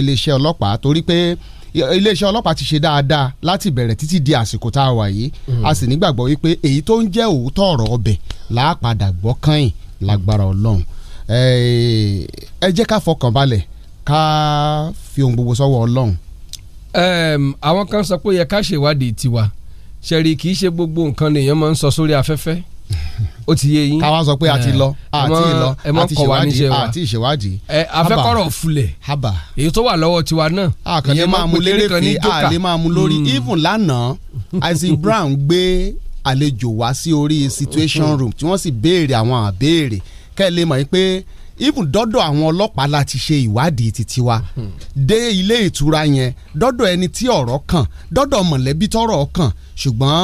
iléeṣẹ́ ọlọ́pàá torí pé iléeṣẹ́ ọlọ́pàá ti ṣe dáadáa láti bẹ̀rẹ̀ títí di àsìkò tá a wà yìí a sì nígbàgbọ́ wípé èyí tó ń jẹ́ òótọ́ ọ̀rọ̀ ọbẹ̀ làápadà gbọ́ kàn lágbára ọlọ́run ẹ jẹ́ ká fọkàn balẹ̀ ká fi ohun gbogbo sọ́wọ́ ọlọ́run. àwọn kan sọ pé ó yẹ ká ṣèwádìí tiwa ṣẹ̀rí kì í ṣe gbogbo nǹkan lèèyàn máa ń sọ sórí afẹ́fẹ́ ó ti yé yín. káwa sọ pé a ti eh. lọ a ti lọ a ti ṣèwádìí eh, a ti ṣèwádìí. ẹ afẹ́kọ̀rọ̀ fulẹ̀ haba èyí tó wà lọ́wọ́ tiwa náà. a kàn lè máa mu lérèfé a lè máa mu lórí hmm. even lánàá Isaac Brown gbé àlejò wá sí orí situation hmm. room tí wọ́n sì béèrè àwọn àbéèrè kẹ́ ẹ lè mọ̀ pé even dọ́dọ̀ àwọn ọlọ́pàá la ti ṣe ìwádìí títí wa hmm. dé ilé ìtura yẹn dọ́dọ̀ ẹni tí ọ̀rọ̀ kàn dọ́dọ̀ mọ̀lẹ́bí tọ́rọ̀ kàn ṣùgbọ́n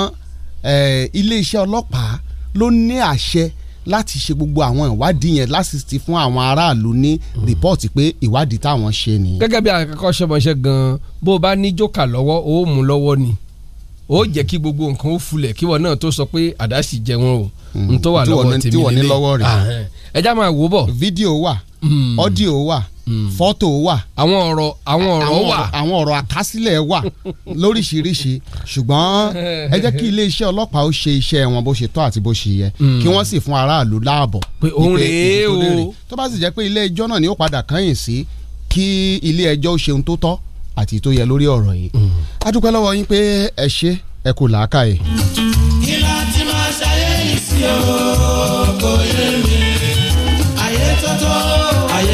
eh, ilé iṣẹ́ ọlọ́pàá ló ní àṣẹ láti ṣe gbogbo àwọn ìwádìí yẹn lásìsì fún àwọn aráàlú ní mm. rìpọ́ọ̀tì pé ìwádìí táwọn ṣe ni. gẹ́gẹ́ bí akẹ́kọ̀ọ́ṣẹ́mọṣẹ́ gan-an bó o bá ní jókà lọ́wọ́ o ó mú lọ́wọ́ ni ó jẹ́ kí gbogbo nǹkan ó fulẹ̀ kíwọ náà tó sọ pé àdáṣì jẹ wọn o mm. n tó wà lọ́wọ́ tèmi nílé ah, eh. ẹja máa wò bọ̀. fídíò wà mm. ọ́díò wà Hmm. fọ́tò wà. àwọn ọ̀rọ̀ àwọn ọ̀rọ̀ wà. àwọn ọ̀rọ̀ àkásílẹ̀ wà lóríṣiríṣi ṣùgbọ́n ẹ jẹ́ kí iléeṣẹ́ ọlọ́pàá ó ṣe iṣẹ́ wọn bó ṣe tọ́ àti bó ṣe yẹ hmm. kí wọ́n sì fún aráàlú láàbò. pé òun rèé o tó bá sì jẹ́ pé ilé ẹjọ́ náà ni ó padà kányìn sí kí ilé ẹjọ́ ó ṣe ohun tó tọ́ àti tó yẹ lórí ọ̀rọ̀ yìí. Hmm. a dúpẹ́ lọ́wọ́ yín pé ẹ ṣe ẹ kò yé mi àyè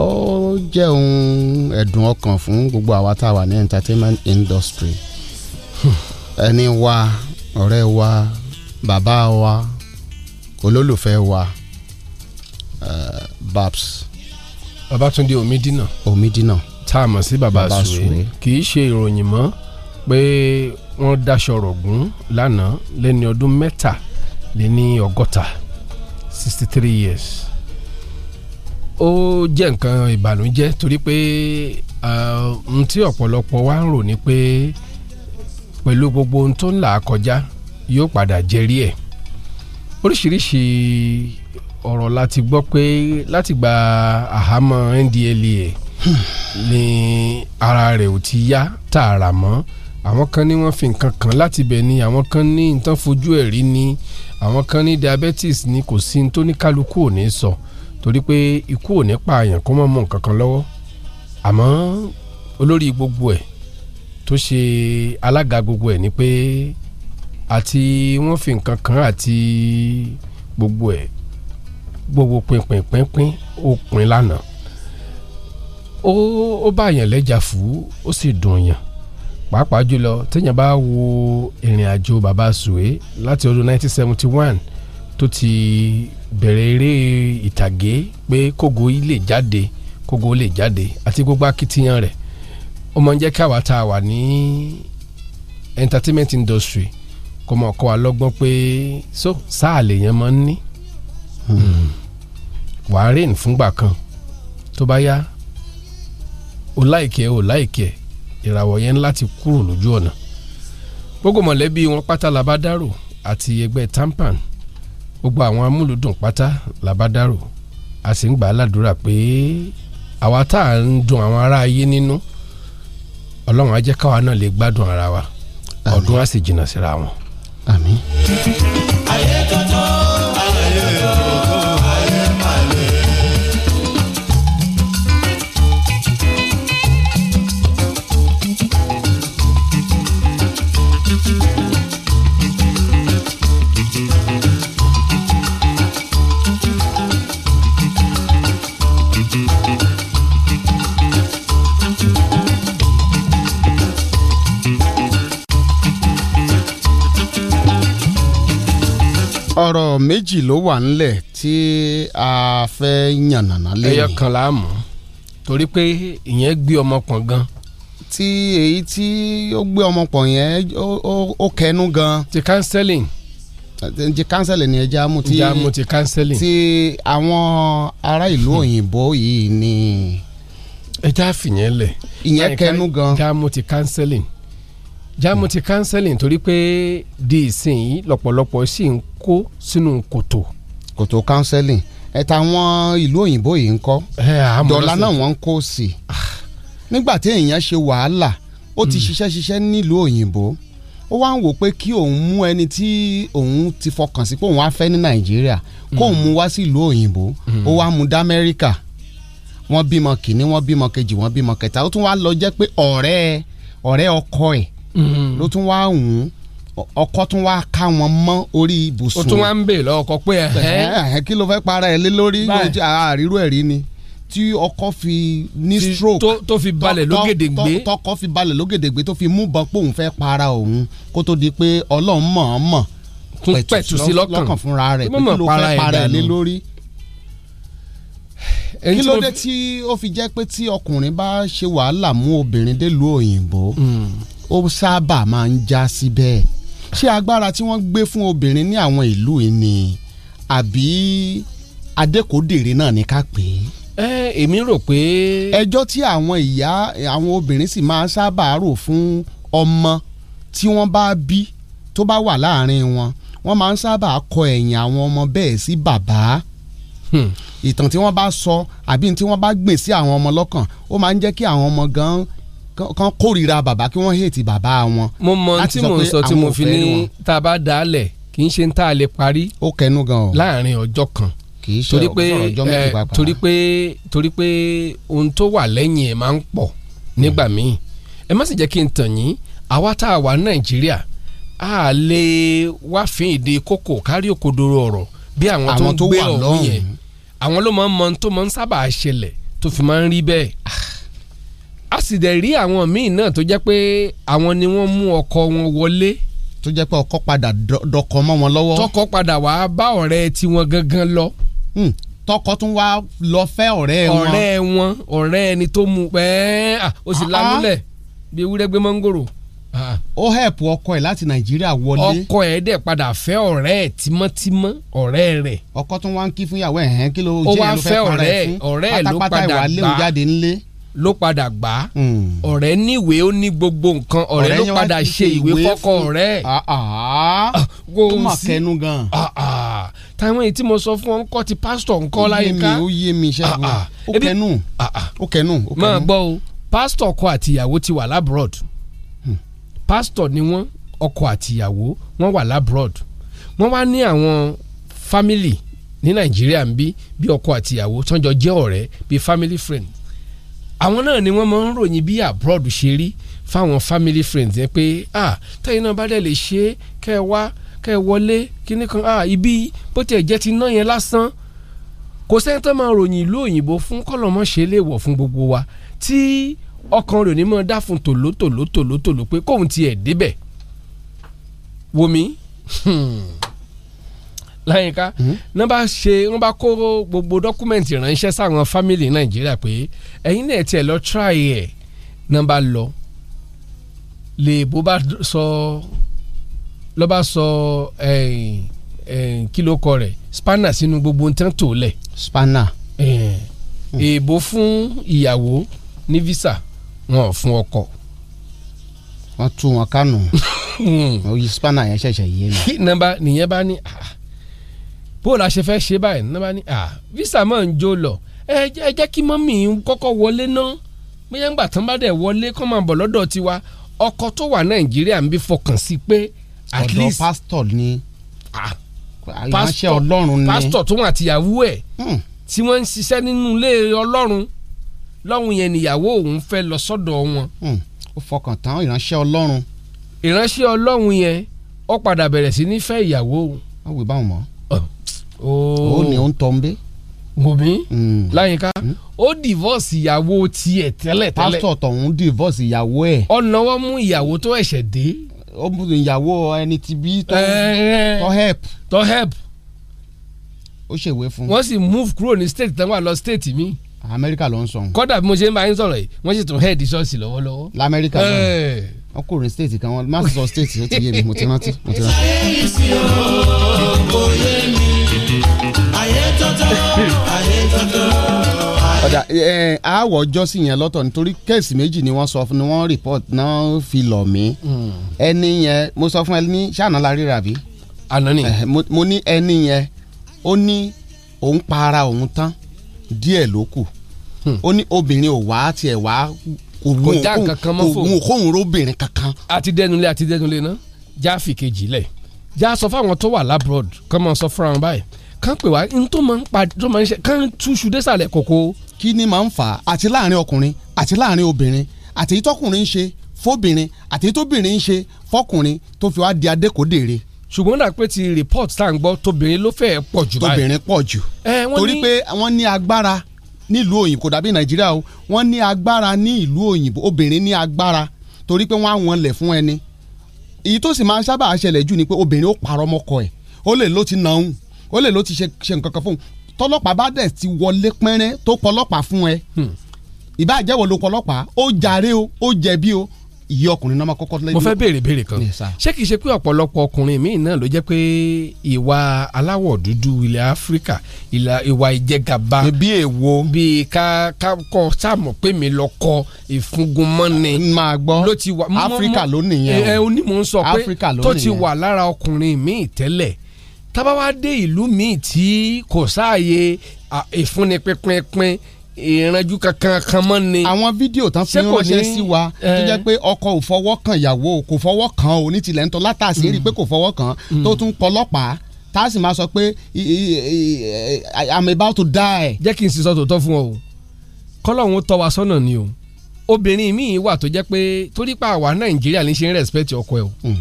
ó jẹ́ ohun ẹ̀dùn ọkàn fún gbogbo àwa tá a wà ní entertainment industry ẹni wa ọ̀rẹ́ wa bàbá wa olólùfẹ́ wa uh, babs. Babátúndé Omidina. Omidina. tá a mọ̀ sí baba Sùwé kì í ṣe ìròyìn mọ́ pé wọ́n daṣọ rọ̀gùn lánàá lẹ́ni ọdún mẹ́ta lé ọgọ́ta sixty three years ó jẹ́ nǹkan ìbànújẹ́ torí pé ohun tí ọ̀pọ̀lọpọ̀ wa ń rò ni pé pẹ̀lú gbogbo ohun tó ń là á kọjá yóò padà jẹ́rí ẹ̀ oríṣiríṣi ọ̀rọ̀ láti gbọ́ pé láti gba àhámọ́ NDLEA hmm. ni ara rẹ̀ ò ti yá tààrà mọ́ àwọn kan ní wọ́n fi nǹkan kan láti bẹ̀ ni àwọn kan ní nǹkan fojú ẹ̀ rí ni àwọn kan ní diabetes ni kò sí ní tóníkálukú ò ní sọ. So torí pé ikú ò ní pààyàn kó mọ̀ mọ̀ nǹkan lọ́wọ́ àmọ́ olórí gbogbo ẹ̀ tó ṣe alága gbogbo ẹ̀ ni pé àti wọ́n fi nǹkan kan àti gbogbo ẹ̀ gbogbo pínpínpínpín ó pin lánàá ó ó báyàn lẹ́jà fú ó sì dùn yàn pàápàá jùlọ téèyàn bá wo ìrìn àjò bàbá sùwé láti ọdún 1971 tó ti bẹ̀rẹ̀ eré ìtàgé pé kógo yìí lè jáde kógo lè jáde àti gbogbo akitiyan rẹ̀ ó máa ń jẹ́ káwa tá a wà ní entertainment industry kó máa kọ́ wa lọ́gbọ́n pé so sáà lèèyàn máa ń ní hmm. wàá rìn fúngbà kan tó bá yá o láìkẹ́ o láìkẹ́ ìràwọ̀ yẹn láti kúrò lójú ọ̀nà gbogbo mọ̀lẹ́bí wọn pátá la bá dárò àti ẹgbẹ́ tampan gbogbo àwọn amúlùdùn pátá la bá dárò a sì ń gbà á ládùúrà pé àwa tá à ń dun àwọn ará ayé nínú ọlọ́run á káwa náà lè gbádùn ara wa ọdún á sì jìnnà síra wọn. àmín. ayé tọ́tọ́. ọ̀rọ̀ méjì ló wà ńlẹ̀ tí a fẹ́ yànnàná lẹ́yìn. ẹyọ kan la mọ̀ torí pé ìyẹn gbé ọmọ pọ̀n gan. tí èyí tí ó gbé ọmọ pọ̀n yẹn ó kẹnu gan. ti counseling. ti counseling ni ẹja mú ti. ẹja mú ti counseling. ti àwọn ará ìlú hmm. òyìnbó yìí ni. ẹja fìyẹn lẹ̀. ìyẹn kẹnu gan. ẹja ti counseling jámù ti cancelling torí pé di ìsìn lọ́pọ̀lọpọ̀ sì ń kó sínú kòtò. kòtò cancelling ẹ̀ta àwọn ìlú òyìnbó yìí ń kọ́ dọ́là náà wọ́n ń kó sí i ah. nígbà tí èèyàn ṣe wàhálà ó ti hmm. ṣiṣẹ́ ṣiṣẹ́ nílùú òyìnbó ó wá ń wò pé kí òun mú ẹni tí òun ti fọkàn sí pé òun á fẹ́ ní nàìjíríà kó hmm. òun mú wá sí ìlú òyìnbó hmm. ó wá mú dá wọ́n bímọ kìíní wọ́n bímọ kejì wọ́n bímọ kẹta ó tún wá lọ jẹ́ pé ọ̀rẹ́ ọ̀rẹ́ ọkọ ẹ̀ Mm-hmm. ló tún wá hùn ọkọ tún wá ká wọn mọ́ orí ibùsùn. ó tún wá ń bè lọ́kọ pé ẹ̀hẹ́ kí ló fẹ́ para ẹ̀ lé lórí àrírú ẹ̀rí ni tí ọkọ fi ní stroke tó fi balẹ̀ lógèdègbé tọkọ fi balẹ̀ lógèdègbé tó fi mú bọ́n pé òun fẹ́ para òun kó tó di pé ọlọ́run mọ̀ ọ́n mọ̀ pẹ̀tù sí lọ́kàn fúnra rẹ̀ pé kí ló fẹ́ para ẹ̀ lé lórí kí ló dé tí ó fi jẹ́ pé tí ọkùnrin bá ṣe wàhálà mú obìnrin délùú òyìnbó mm ó sábà máa ń já sí bẹ́ẹ̀ ṣé agbára tí wọ́n gbé fún obìnrin ní àwọn ìlú yìí ni àbí adékòdèrè náà ni ká pè é. ẹ èmi rò pé. ẹjọ́ tí àwọn ìyá àwọn obìnrin sì máa ń sábà rò fún ọmọ tí wọ́n bá bí tó bá wà láàrin wọn wọ́n máa ń sábà kọ ẹ̀yìn àwọn ọmọ bẹ́ẹ̀ sí bàbá hmm. ìtàn tí wọ́n bá sọ àbí tí wọ́n bá gbìn sí àwọn ọmọ lọ́kàn ó máa ń jẹ́ kí àwọn ọmọ gan-an kan kórìíra bàbá kí wọ́n hètì bàbá wọn. mo mọ tí mo sọ tí mo fi ní tá a bá dá lẹ̀ kì í ṣe tá a lè parí. ó kẹnu gan o. láàrin ọjọ́ kan. kì í ṣe ọjọ́ méjì pàápàá. torí pé torí pé ohun tó wà lẹ́yìn ẹ̀ máa ń pọ̀ nígbà hmm. míì ẹ má sì jẹ́ kí n tàn yín àwa tá a wà nàìjíríà a lè wá fi ìdè kókò kárí òkodoro ọ̀rọ̀ bí àwọn tó ń gbé ọ̀hún yẹn àwọn ló máa ń mọ tó máa ń sábà ṣẹlẹ̀ tó fi máa ń rí bẹ́ẹ̀ ah a sì dẹ̀ rí àwọn míì náà tó jẹ́ pé àwọn ni wọ́n mú ọkọ wọn wọlé. tó jẹ́ pé ọkọ padà dọkọ mọ́ wọn lọ́wọ́. tọkọ padà wá bá ọ̀rẹ́ tiwọn gangan lọ. Hmm. tọkọ tún wá lọ fẹ́ ọ̀rẹ́ wọn. ọ̀rẹ́ wọn ọ̀rẹ́ ẹni tó mu pẹ́ẹ́ ó sì ah, lanúlẹ̀ ah. bí ewúrẹ́ gbé mọ́ngòrò. ó hẹ̀pù ọkọ ẹ̀ láti nàìjíríà wọlé. ọkọ ẹ̀ dẹ̀ padà fẹ́ ọ̀rẹ́ ẹ̀ tímọ́tímọ́ ọ̀rẹ́ rẹ̀. ọkọ tún wá ń kí fún ìyàwó ló padà gbà á hmm. ọ̀rẹ́ níwèé ó ní gbogbo nǹkan ọ̀rẹ́ ló padà ṣe ìwé fọ́kọ rẹ̀ kó o sí ah, ah. táwọn èyí tí mo sọ fún ọ ń kọ́ ti pásítọ̀ ń kọ́ láyìíká ó yé mi ṣẹ́gun ah, ó kẹnu ó kẹnu. máa gbọ́ o pásítọ̀ ọkọ àtìyàwó ti wà lábúrọ̀d hmm. pásítọ̀ ni wọ́n ọkọ àtìyàwó wọ́n wà lábúrọ̀d wọ́n wá ní àwọn fámìlì ní nàìjíríà ń bí bí ọkọ àtìyàwó tán jọ jẹ́ ọ̀rẹ́ bí family friends àwọn náà ni wọ́n máa ń ròyìn bí abroad ṣe rí fáwọn family friends yẹn pé ah tẹ́yìn náà bá dẹ̀ lè ṣe é kẹ́ ẹ wá kẹ́ ẹ wọlé kíní kan ah ibi bó tiẹ̀ jẹ́ ti ná yẹn lásán kò sẹ́ńtà máa ròyìn ìlú òyìnbó fún kọ́lọ́mọ́ ṣe lè wọ̀ fún gbogbo wa tí ọkàn rẹ̀ ní mọ́ dá fún tòlótòlótòlótòló pé kóun tiẹ̀ débẹ̀ wòmí. Hmm láyínká mhm. wọ́n bá ṣe wọ́n bá kó gbogbo dọ́kúmẹ̀ntì ránṣẹ́ sáwọn fámìlì nàìjíríà pé ẹ̀yin náà tiẹ̀ lọ try ẹ̀ náà bá lọ lè bó bá sọ lọ́ bá sọ kí ló kọ rẹ̀ spanner sínú gbogbo nǹkan tó lẹ̀. spanner. Hmm. èèbó fún ìyàwó ní visa wọn ò fún ọkọ wọ́n tú wọn kánú hmm. oyin spanner yẹn ṣẹ̀ṣẹ̀ yé mi. nọ́mbà nìyẹn bá ní ah, bó la ṣe fẹ́ ṣe báyìí ní bá ní à visa máa ń jó lọ ẹ jẹ́ kí mọ́mì kọ́kọ́ wọlé náà bóyá ńgbà tán bá dẹ̀ wọlé kọ́ máa bọ̀ lọ́dọ̀ tiwa ọkọ tó wà nàìjíríà ń bí fọkàn sí pé at least ọ̀dọ̀ pásítọ̀ ni ìránṣẹ́ ọlọ́run ni pásítọ̀ tó wọn àtìyàwó ẹ̀ hmm. tí wọ́n ń ṣiṣẹ́ nínú ilé ọlọ́run lọ́hùn yẹn níyàwó òun fẹ́ lọ sọ́dọ̀ wọn. Hmm. ó fọkàn tán ìránṣẹ́ ọlọ́run. ìránṣẹ́ ọlọ́run yẹn ó padà bẹ̀rẹ̀ sí ní fẹ́ ìyàwó. wọ́n wí báwọn mọ́ ó ní ó ń tọ́ ń bẹ́. Wùmí hmm. láyínká hmm. ó divorce ìyàwó tiẹ̀ tẹ́lẹ̀ tẹ́lẹ̀ pásítọ̀ tọ̀hún divorce ìyàwó ẹ̀. ọ̀nàwọ́ mú ìyàwó tó ẹ̀ṣẹ̀ dé. ó mú ìyàwó ẹni tí bí tó help. tó help. ó ṣèwé fún. wọ́n sì move kúrò ní state tán wà lọ state mi. amẹ́ríkà ló ń sọ̀hún. kọ́dà bí mo ṣe ń bá yín sọ̀rọ̀ yìí wọ́n sì tún head ṣọ́ọ̀ṣì lọ́wọ́lọ́wọ́. lamẹ́ríkà lọ́wọ́ wọn kò state kan wọn má sọ state ó ti yé mi mo ti rántí ọ̀dà àwọ̀ ọjọ́sí yẹn lọ́tọ̀ nítorí kẹ́ẹ̀sì méjì ni wọ́n sọ fún ni wọ́n rìpọ́t náà fi lọ̀ mí hmm. ẹni yẹn mo sọ fún ẹ ní ṣáàná la ríra bí. àná ni. mo ní ẹni yẹn ó ní òun pa ara òun tán díẹ̀ ló kù hmm. ó ní obìnrin ò wá tiẹ̀ wá kò mú òkóhùn róbìnrin kankan. àti dẹnulẹ àti dẹnulẹ náà jáfì kejì lẹ já sọ fáwọn tó wà lábúròd kọ́mọ sọ fúnra wọn báyìí kán pè wá n tó máa ń pa tó máa ń ṣe kán túṣu désàlẹ̀ kòkó. kí ni máa ń fà á àti láàrin ọkùnrin àti láàrin obìnrin àti ìtọ́kùnrin ń ṣe fóbìnrin àti ìtóbìnrin ń ṣe fọkùnrin tó fi wá di adékòdèrè ṣùgbọ́n dà pé ti report tá à ń gbọ́ tóbìnrin ló fẹ́ pọ̀ jù báyìí. tóbìnrin pọ̀ jù torí pé wọ́n ní agbára nílùú òyìnbó kò dàbí nàìjíríà o wọ́n ní agbára ní ìlú òyìnbó obìnrin ní agbára torí pé wọ́n á wọn lẹ̀ fún ẹni. èyí tó sì máa ń sábà ṣẹlẹ̀ jù ni pé obìnrin ó parọ́ mọ́kọ ẹ̀ ó lè ló ti nàún ó lè ló ti ṣe nǹkan kan fún un tọ́lọ́pàá bá dẹ̀ ti wọlé pẹ́rẹ́ tó pọlọ́pàá fún ẹ hmm. ìbá jẹ́wọ́ ló pọlọ́pàá ó jàre o ó jẹ̀bi o ìyá ọkùnrin náà máa kọ́kọ́ lẹ́yìn. mo fẹ́ béèrè béèrè kan ṣé kìí ṣe pé ọ̀pọ̀lọpọ̀ ọkùnrin míì náà ló jẹ́ pé ìwà aláwọ̀ dúdú ilẹ̀ Áfíríkà ìwà ìjẹgàba bí èwo bí ká ká kọ sáàmù pé mi lọ kọ ìfungunmọ́ni máa gbọ́ ló ti wà Áfíríkà ló nìyẹn o ẹ onímọ̀ sọ pé tó ti wà lára ọkùnrin míì tẹ́lẹ̀ tábà wá dé ìlú míì tí kò sáàyè ìfúnni pínpín ìrànjú kankan kan mọ́ ni. àwọn fídíò tán fi ránṣẹ́ sí wa tó jẹ́ pé ọkọ ò fọwọ́ kan ìyàwó kò fọwọ́ kan ò ní tilẹ̀ ń tọ́ látàsí rí i mm. pé kò fọwọ́ kan tó mm. tún pọlọ́pàá tá a sì máa sọ pé i'm about to die. jẹ́ kí n sì sọ tòótọ́ fún ọ kọ́lọ́hún tọ́ wa sọ́nà ni o obìnrin míì wà tó jẹ́ pé torí pa àwa nàìjíríà ní ṣe ń respect ọkọ ẹ̀ o mm.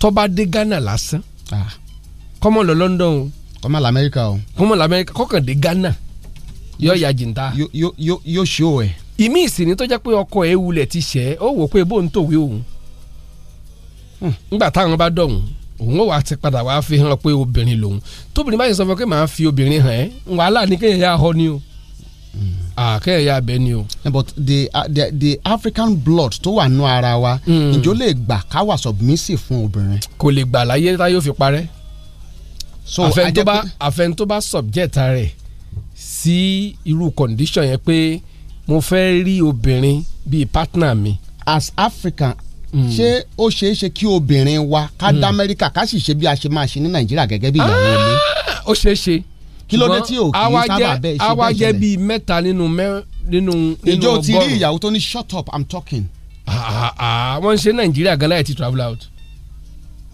tó bá dé Ghana lásán ah kọ́mọ lọ London o. kọ́mọ lọ o. kọ́mọ lọ kọ́kàn dé Ghana yóò ya jìntà. yóò ṣe o ẹ. ìmí ìsìnì tó jẹ́ pé ọkọ ẹ̀ wulẹ̀ ti ṣẹ́ ó wò pé bó ń tòwé òun. Hmm. nígbà táwọn bá dọ̀hún òun ó wà ti padà wá fi hàn pé obìnrin lòun tóbìnrin báyìí sọ fún pé màá fi obìnrin hàn ẹ́ wàhálà ní kéèyàn yá ọ ni o hmm. àkẹ́yẹ yá bẹ́ẹ̀ ni o. Eh, but the, uh, the the African blood tó wà nù ara wa hmm. ǹjọ́ lè gbà ká wà submissive fún obìnrin. kò lè gbà láyé táyé ó fi parẹ́ so àfẹntóbá àfẹntóbá subject rẹ̀ sí irú condition yẹn pé mo fẹ́ rí obìnrin bíi partner mi. as African hmm. ṣé ó ṣeé ṣe kí obìnrin wa ká dá hmm. Amẹ́ríkà ká sì ṣe bí a ṣe máa ṣe ní Nàìjíríà gẹ́gẹ́ bí ìyàwó ilé. Ah, ó ṣeé ṣe kí ló dé tí o kì í sábà bẹ́ẹ̀ ṣe bẹ́ẹ̀ ṣẹlẹ̀. àwa jẹ́ bíi mẹ́ta nínú nínú ọgọ́rùn-ún. ìjọ ti rí ìyàwó tó ní shut up i'm talking. Ah, ah, wọ́n ń ṣe Nàìjíríà gan láì ti travel out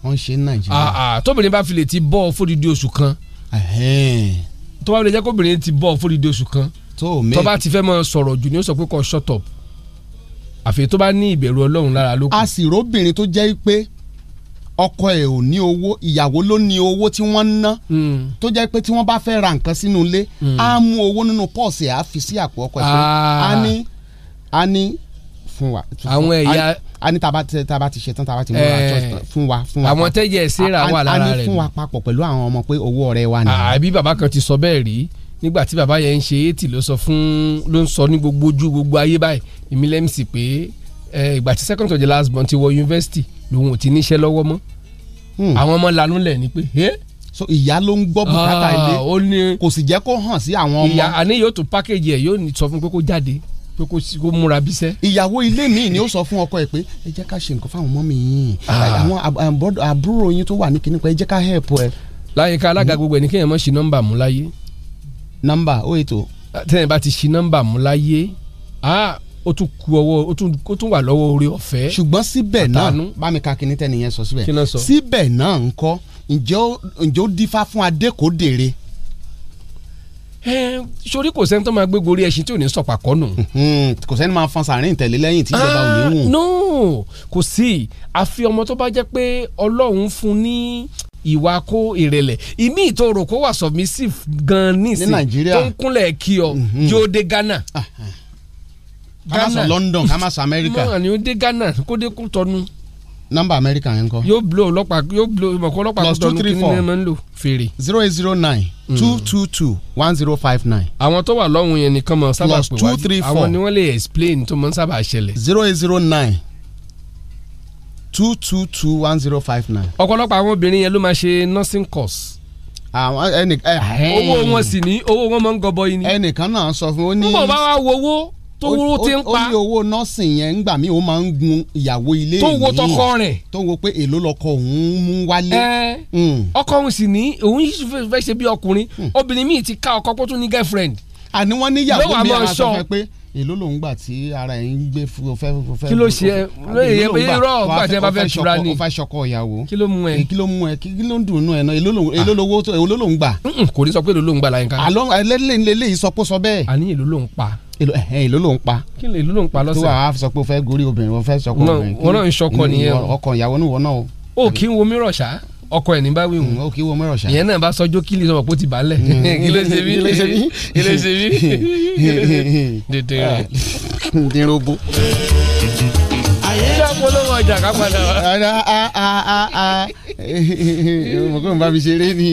wọ́n ṣe ní nàìjíríà. Ah, ah, tóbìnrin bá fi lè ti bọ́ fódìdí oṣù kan tó bá lè jẹ́ kóbìnrin ti bọ́ fódìdí oṣù kan tó bá ti fẹ́ mọ sọ̀rọ̀ jù ni ó sọ pé kó shut up àfi tó bá ní ìbẹ̀rù ọlọ́run lára ló kù. a sì róbìnrin tó jẹ́ pé ọkọ ẹ̀ ò ní owó ìyàwó ló ní owó tí wọ́n ń ná hmm. tó jẹ́ pé tí wọ́n bá fẹ́ ra nǹkan sínú ilé hmm. á mú owó nínú pọ́ọ̀sì á fi sí àpò ọkọ ẹ̀ pé ah. a ní a ní fún wa. àwọn ẹ̀yà a ní taba ti taba ti ṣetán taba ti múra eh, church tán fún wa fún wa. àwọn tẹ́jẹ̀ síra wà lára rẹ̀ a ní fún wa papọ̀ pẹ̀lú àwọn ọmọ pé owó ọ̀rẹ́ wa ni. àbí bàbá kan ti sọ bẹ́ẹ̀ rí nígbà tí bàbá yẹn ń ṣe é tì ló sọ fún ló ń sọ ní gbogbo ojú gbogbo ayé báyìí èmi lẹ́mìsì pé ìgbà tí second of the last born ti wọ yunifásitì lòun ò ti níṣẹ́ lọ́wọ́ mọ́ hmm. àwọn ọmọ lanú lẹ̀ ni pé so ìyá ló ń gbọ́ bùkátà ah, ilé kò sì jẹ́ kó hàn sí àwọn ọmọ. ìyá àní yóò tún pákéjì ẹ̀ yóò sọ fún pé kó jáde pé kó múra bíṣẹ́. ìyàwó ilé mi ni ó sọ fún ọkọ ẹ pé ẹ jẹ́ ká ṣe nǹkan fáwọn ọmọ mi yìí ah. àwọn àbúrò yín tó wà ní kíní pé ẹ jẹ́ ká help ẹ. láyìíká alága gbogbo ẹni kéèyàn mọ̀ ṣì nọ́mbà mú láyé. nọ́mbà ó ètò. Ah, tẹ́lẹ̀ bá ti ṣì nọ́mbà mú láyé ó tún ku ọwọ́ ó tún wà lọ́wọ́ orí ọ̀fẹ́. ṣùgbọ́n síbẹ̀ náà bá mi ka kíní tẹ́niyẹn sọ síbẹ̀ síbẹ̀ náà ńkọ́ ǹjẹ́ ó dífá fún adékòdèrè sori kò sẹ́ni tó máa gbé gorí ẹṣin tí ò ní sọ̀pà kọ́nù. Hmm, kò sẹ́ni máa fọn sàárín tẹ̀lé lẹ́yìn tí ìjọba ò ní ah, wù. no kò sí àfi ọmọ tó bá jẹ́ pé ọlọ́run fún ní ìwà kó ìrẹ̀lẹ̀ ìmí ìtòrò kó wà submissive gan nísìn tó ń kúnlẹ̀ kí ọ mhm. yóò dé Ghana. Ah, ah. Ghana kamaso London kamaso America. mọ̀ ni dé Ghana kó dé kú tọ́nu nọ́mbà amẹ́ríkà yẹn kọ́. yóò blow ọlọ́pàá yóò blow ìmọ̀kọ́ ọlọ́pàá kó dọ̀nù kí ni ẹ máa ń lò fèrè. zero eight zero nine mm. two two two one zero five nine. àwọn tó wà lọ́hùn yẹn nìkan mọ̀ sábà pè wájú àwọn ni wọ́n lè explain tó mọ̀ sábà ṣẹlẹ̀. zero eight zero nine two two two one zero five nine. ọ̀pọ̀lọpọ̀ àwọn obìnrin yẹn ló máa ṣe nursing course àwọn ẹnì. owó wọn sì ní owó wọn máa ń gọbọ yìí ni. ẹnìkan náà sọ fún ó ní. mo bá wa wo owó tówó ti ń pa ó ní owó nọ́ọ̀sì yẹn ńgbà mi ó máa ń gun ìyàwó ilé yìí tó wo tọkọ rẹ̀ tó wo pé èló lọkọ òun mú wálé. Hmm. ọkọ òun sì ní òun yìí fẹ́ ṣe bí ọkùnrin hmm. obìnrin míì ti ká ọkọ pọ̀ tún ní girlfriend. àní wọ́n ní ìyàwó mi àwọn sọ fẹ́ pé èló ló ń gbà tí ara ẹ̀ ń gbé fẹ́ fẹ́. kí ló ṣe ẹ lóye ẹ irọ́ ọgbà tí ẹ bá fẹ́ tura ni o fẹ́ ṣọkọ ìyàwó. kí ló mú ẹ kí ló mú ẹ kí ló ń dùn nù ẹ náà èló lówó ah. èló ló ń gbà. kò ní sọ pé èló ló ń gbà láyínká. àlọ́ ẹlẹ́lẹ́yìn sọ pé sọ bẹ́ẹ̀. àní èló ló ń pa èlò eh, eh, ló ń pa. kí ni èlò ló ń pa lọ́sẹ̀. tó wàá sọ pé o fẹ́ gorí obìnrin o fẹ́ sọ pé obìnrin. wọn náà ń sọkọ nìyẹn o ọkọ ìyàwó ni wọn náà o. o kì í wo mìíràn ṣá ọkọ ẹ̀ ní bá wíwù. o kì í wo mìíràn ṣá. ìyẹn náà bá sọjọ́ kí lè sọ pé ó ti bá lẹ̀. Mm. kí ṣe bí kí ṣe bí kí ṣe bí. dèdè rẹ̀. dèrò bo iṣẹ́ polówó ọjà ká padà wá. mo kò ń bá mi ṣeré ni.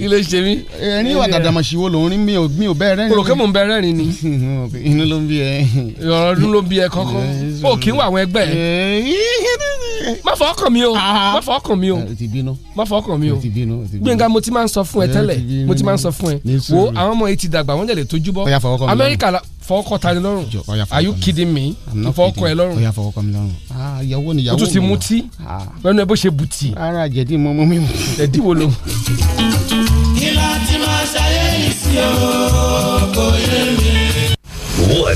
kí ló ṣe mí. ẹni wà dàdàmọ̀sí wo lòun rí mi ò mi ò bẹ́ẹ̀ rẹ́rìn. kòròkè mò ń bẹ rẹ́rìn ni. inú ló ń bí ẹ. ọ̀rọ̀ ọdún ló ń bí ẹ kọ́kọ́. o kì í wà àwọn ẹgbẹ́ ẹ má fọ ọkàn mi o má fọ ọkàn mi o má fọ ọkàn mi o gbẹ̀ngà mo ti máa ń sọ fún ẹ tẹ́lẹ̀ mo ti máa ń sọ fún ẹ wo àwọn ọmọ yìí ti dàgbà wọ́n jẹ̀ lè tójú bọ́ amẹ́ríkà fọwọ́kọ ta ni lọ́rùn are you kidding me fọwọ́kọ ẹ lọ́rùn fọwọ́kọ mi lọ́rùn ah, yàwó ni yàwó mi o tún ti mutí ah. lẹ́nu ẹ bó ṣe butí. ara jẹ̀dí mọ́mọ́ mi. jẹ̀dí wo ló. kí ló ti máa ṣayé.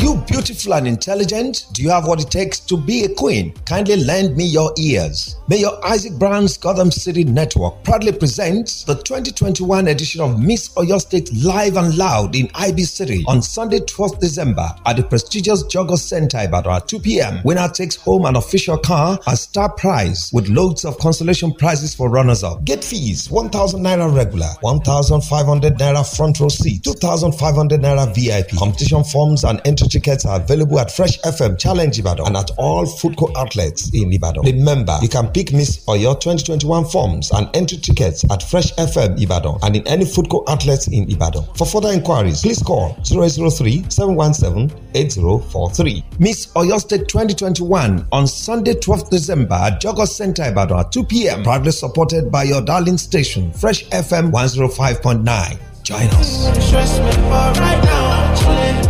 you beautiful and intelligent? Do you have what it takes to be a queen? Kindly lend me your ears. Mayor Isaac Brown's Gotham City Network proudly presents the 2021 edition of Miss Oyo State Live and Loud in IB City on Sunday, 12th December at the prestigious Jogos Center about 2 p.m. Winner takes home an official car, a star prize with loads of consolation prizes for runners-up. Get fees 1,000 naira regular, 1,500 naira front row seat, 2,500 naira VIP. Competition forms and entry tickets are available at Fresh FM Challenge Ibadan and at all food court outlets in Ibadan. Remember, you can pick Miss or your 2021 forms and entry tickets at Fresh FM Ibadan and in any food court outlets in Ibadan. For further inquiries, please call 003 717 8043. Miss Oyo State 2021 on Sunday, 12th December at Jogos Center Ibadan at 2 p.m. Proudly supported by your darling station, Fresh FM 105.9. Join us.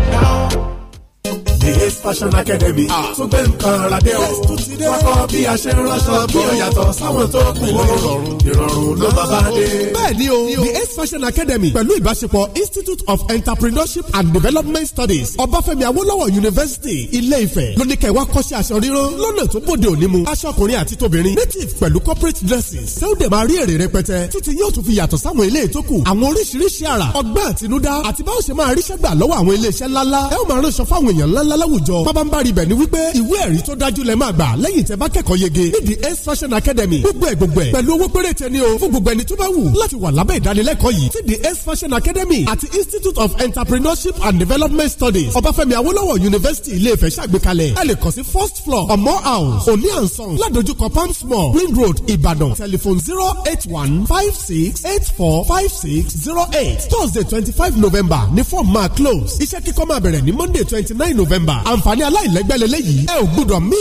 the fashion academy ah. tó gbé nǹkan ràdé o wọ́n kọ́ bí a ṣe ń rọ́ṣọ bí ó yàtọ̀ sáwọn tó kù ó ìrọ̀rùn ló máa bá dé. bẹ́ẹ̀ni o the ace fashion academy pẹ̀lú ìbáṣepọ̀ institute of entrepreneurship and development studies ọbáfẹ́mi Awolowo university ilé-ifẹ̀ lóní kẹwàá kọ́ṣẹ́ aṣọ ríran lọ́nà tó bòde òní mu aṣọ ọkùnrin àti tóbìnrin native pẹ̀lú corporate dresses sẹ́wọ́dẹ̀ máa rí èrè rẹpẹtẹ títí yóò tún fi yàtọ̀ sáwọn ilé ìtókù àwọn oríṣiríṣi ara. ọgbọ́n àtinúdá àti báwo ṣe máa ríṣẹ́ gbà lọ́wọ́ àwọn ilé iṣẹ́ ńláńlá ẹ ó máa ránṣọ fáwọn èèyàn ńláńl ńláńlá láwùjọ pábánbárì bẹ̀ ni wípé ìwé ẹ̀rí tó dájú lẹ máa gbà lẹ́yìn tẹ́ bá kẹ́kọ̀ọ́ yege nídìí ace fashion academy gbogbo ẹ̀ gbogbo ẹ̀ pẹ̀lú owó péréte ni o fún gbogbo ẹni tó bá wù láti wà lábẹ́ ìdánilẹ́kọ̀ọ́ yìí ti the ace fashion academy àti institute of entrepreneurship and development studies ọbáfẹ́mi awólọ́wọ̀ university ilé-ifẹ̀ ṣàgbékalẹ̀ ẹ lè kàn sí first floor omo house oni and son ladojukọ palms small. Green road Ibadan. telephone zero eight one five six eight four five six zero eight thursday twenty five november ní form máa close iṣẹ́ kíkọ́ máa bẹ̀rẹ̀ ní monday twenty nine november November àǹfààní aláìlẹ́gbẹ́lẹ́ lẹ́yìn ẹ ò gbọ́dọ̀ mí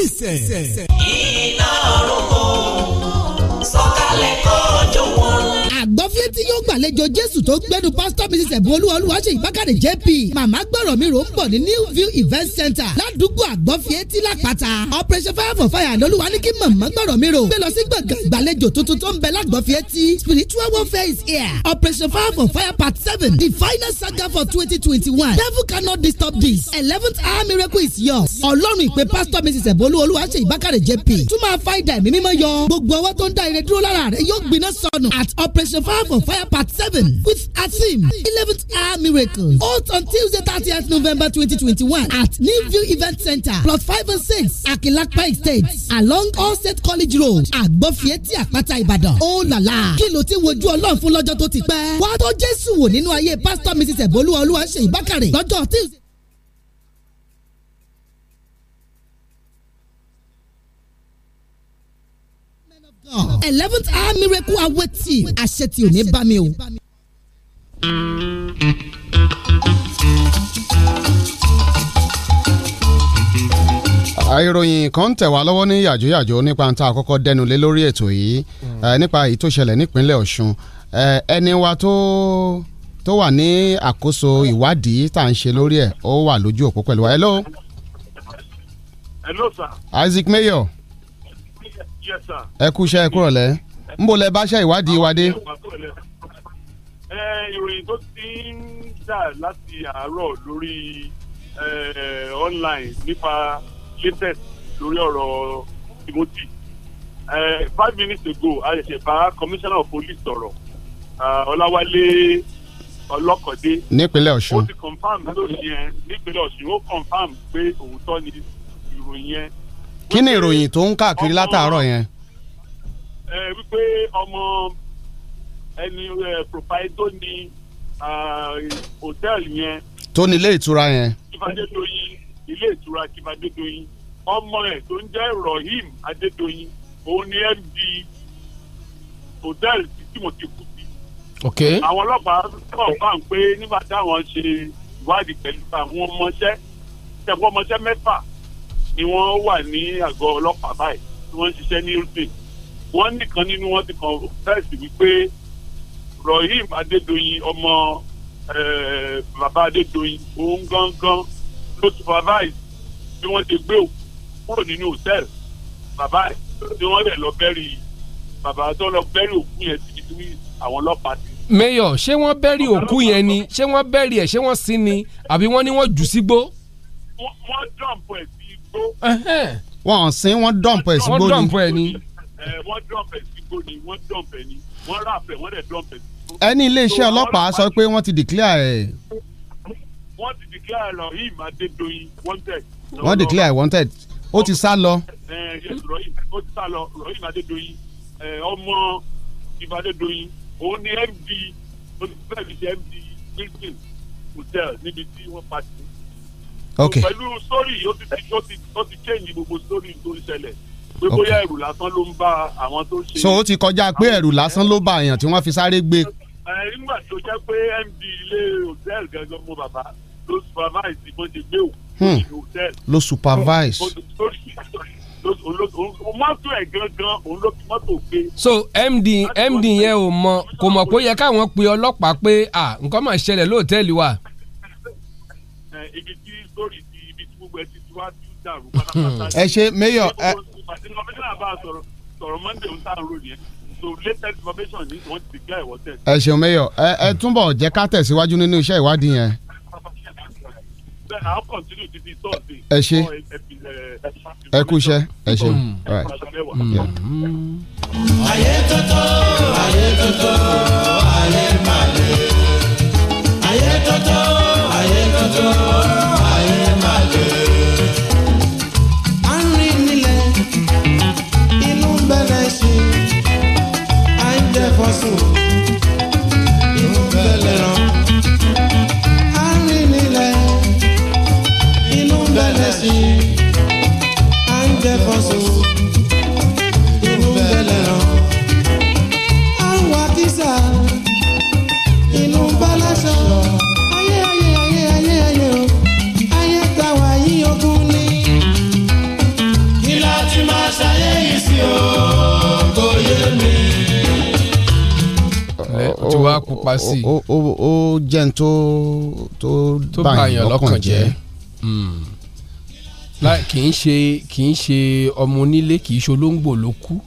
iná ọ̀run sọ̀kalẹ̀ kọ́ ọjọ́ w àgbọ̀fẹ́ tí yóò gbàlejò jésù tó gbẹ́nu pásítọ̀ mrs ẹ̀bùn olúwolúwa ṣe ìbákàdé jp màmá gbọ́rọ̀ mi rò ń bọ̀ ní new view event center ládùúgbò àgbọ̀fẹ́ tí lápáta operation fire for fire lolúwa ní kí màmá gbọ́rọ̀ mi rò gbé lọ sí gbọ̀ngàn ìgbàlejò tuntun tó ń bẹ lágbọ̀fẹ́ tí spiritual warfare is here operation fire for fire part seven the final saga for twenty twenty one devil cannot disturb this eleventh hour miracle is yours ọlọ́run ìpè pásítọ̀ mrs ẹ̀bùn olúwolúwa ṣe ìbákàdé jp tún máa fa ìdá ẹ̀mí mímọ́ yọ gbogbo ọwọ́ tó ń dá ire dúró lára rẹ̀ at operation Celebration Fire for Fire Part 7 with Asim 11th Hour Miracle. Hold on Tuesday 30th November 2021 at New View Event Center, plot 5 and 6, Akilakpa Estate, along All State College Road, at Àpáta Ìbàdàn. Ó làlà kí ló ti wojú Ọlọ́run fún lọ́jọ́ tó ti pẹ́. Wàá tó Jésù wò nínú ayé Pásítọ̀ Mrs. Ẹ̀bọ́lú Olúwaṣeyì Bákàrè lọ́jọ́ Tuesday. eleventh hour miracle awaits àṣẹ tí ò ní bá mi o. ìròyìn kan ń tẹ̀ wá lọ́wọ́ ní yàjóyàjó nípa ta àkọ́kọ́ dẹnu lé lórí ètò yìí hmm. eh, nípa èyí tó ṣẹlẹ̀ nípínlẹ̀ Ọ̀ṣun eh, ẹni wa tó wà ní àkóso ìwádìí tá à ń ṣe lórí ẹ̀ ó wà lójú òpó pẹ̀lú wa hello. sir. Isaac Mayor yes sir. ẹ kú iṣẹ́ ẹ kúrọ̀ lẹ́ ń bò lẹ bá ṣe ìwádìí wa dé. ìròyìn tó ti ń dà láti àárọ̀ lórí online nípa latest lórí ọ̀rọ̀ Timothy five minutes ago a ṣẹ̀ṣẹ̀ bá commissioner of police sọ̀rọ̀ Ọláwálé Ọlọ́kọ̀dé nípínlẹ̀ Ọ̀ṣun ó ti confam lórí yẹn nípínlẹ̀ Ọ̀ṣun ó confam pé òótọ́ ni ìròyìn yẹn kí ni ìròyìn tó ń káàkiri látàárọ̀ yẹn. ẹ wípé ọmọ ẹni propaito ni hòtẹ́ẹ̀lì yẹn. tó ní ilé ìtura yẹn. Adédoyin ilé ìtura Chief Adédoyin ọmọ ẹ̀ tó ń jẹ́ Rohim Adédoyin òun ni MD hòtẹ́ẹ̀lì tí Timothy kú sí. ok àwọn ọlọ́pàá sọ̀rọ̀ bá ń pé nígbà táwọn ṣe ìwádìí pẹ̀lú àwọn ọmọọṣẹ́ ṣẹ̀fọ́ ọmọọṣẹ́ mẹ́fà ni wọ́n wà ní àgọ́ ọlọ́pàá báyìí tí wọ́n ń ṣiṣẹ́ ní hilton wọ́n nìkan nínú wọn ti kàn fẹ́ẹ̀sì wípé Rohim Adédoyin ọmọ bàbá Adédoyin òun gangan ló supervise bí wọ́n ti gbé kúrò nínú hòtẹ́ẹ̀lì bàbá ẹ̀ tí wọ́n rẹ̀ lọ bẹ́rì bàbá tó lọ bẹ́rì òkú yẹn ti fi àwọn ọlọ́pàá ti. Mayor ṣé wọ́n bẹ́rì òkú yẹn ni ṣé wọ́n bẹ́rì ẹ̀ ṣé wọ́n sin ni àbí wọ́n ní wọ́n jù sígbó. wọ́n jọ̀ǹpù ẹ̀ wọ́n sin wọ́n dọ̀mpù sí gbóni. wọ́n dọ̀mpù ni. wọ́n dọ̀mpù sí gbóni wọ́n dọ̀mpù ni wọ́n ráàpẹ̀ wọ́n dẹ̀ dọ̀mpù sí gbóni. ẹni iléeṣẹ́ ọlọ́pàá sọ pé wọ́n ti declare ẹ̀. wọ́n ti declare Rahim Adédoyin wanted. wọ́n declare wanted ó ti sá lọ. ó ti sá lọ Rahim Adédoyin ọmọ Ìbà Adédoyin òun ni MD pẹ̀lú sórí yìí ó ti change gbogbo sórí tó ń ṣẹlẹ̀ pé bóyá ẹ̀rù lásán ló ń bá àwọn tó ṣe. so ó ti kọjá pé ẹ̀rù lásán ló bá àyàn tí wọ́n fi sáré gbé. nígbà tó jẹ́ pé md ilé hòtẹ́ẹ̀lì gangan mo bàbá ló supervise bó ṣe gbé òkú ní hòtẹ́ẹ̀lì. Hmm. ló supervise. mọ́tò ẹ̀ gangan òun ló fi mọ́tò gbé. so md md yẹn ò mọ kò mọ̀ pé ó yẹ káwọn pe ọlọ́pàá pé nǹkan máa ṣẹlẹ̀ lóòtẹ́ẹ̀lì wa. ibi t sórí ti ibi tí gbogbo ẹ ti ti wá ti dàrú hmm, hmm. pátápátá. ẹ ṣe mayor. ìpàdé kọmíṣánná bá a sọ̀rọ̀ sọ̀rọ̀ monday ń sáré lónìí so ẹ ṣeun mayor ẹ túnbọ̀ jẹ́ ká tẹ̀síwájú nínú iṣẹ́ ìwádìí yẹn. ẹ ṣe uh, ẹ kú iṣẹ́ ẹ ṣeun. Hmm. ayé tótó ayé tótó ayé màlè ayé tótó ayé tuntun ayé máa lè. a ń rìn nílẹ̀ inú ń bẹ̀rẹ̀ sí i à ń jẹ fọ́sùn inú ti wá pupa sí i. ó jẹ́ n tó tó bàyàn lọ́kàn jẹ́ hmm. kì í ṣe kì í ṣe ọmọ onílé kì í ṣe olóńgbò ló kú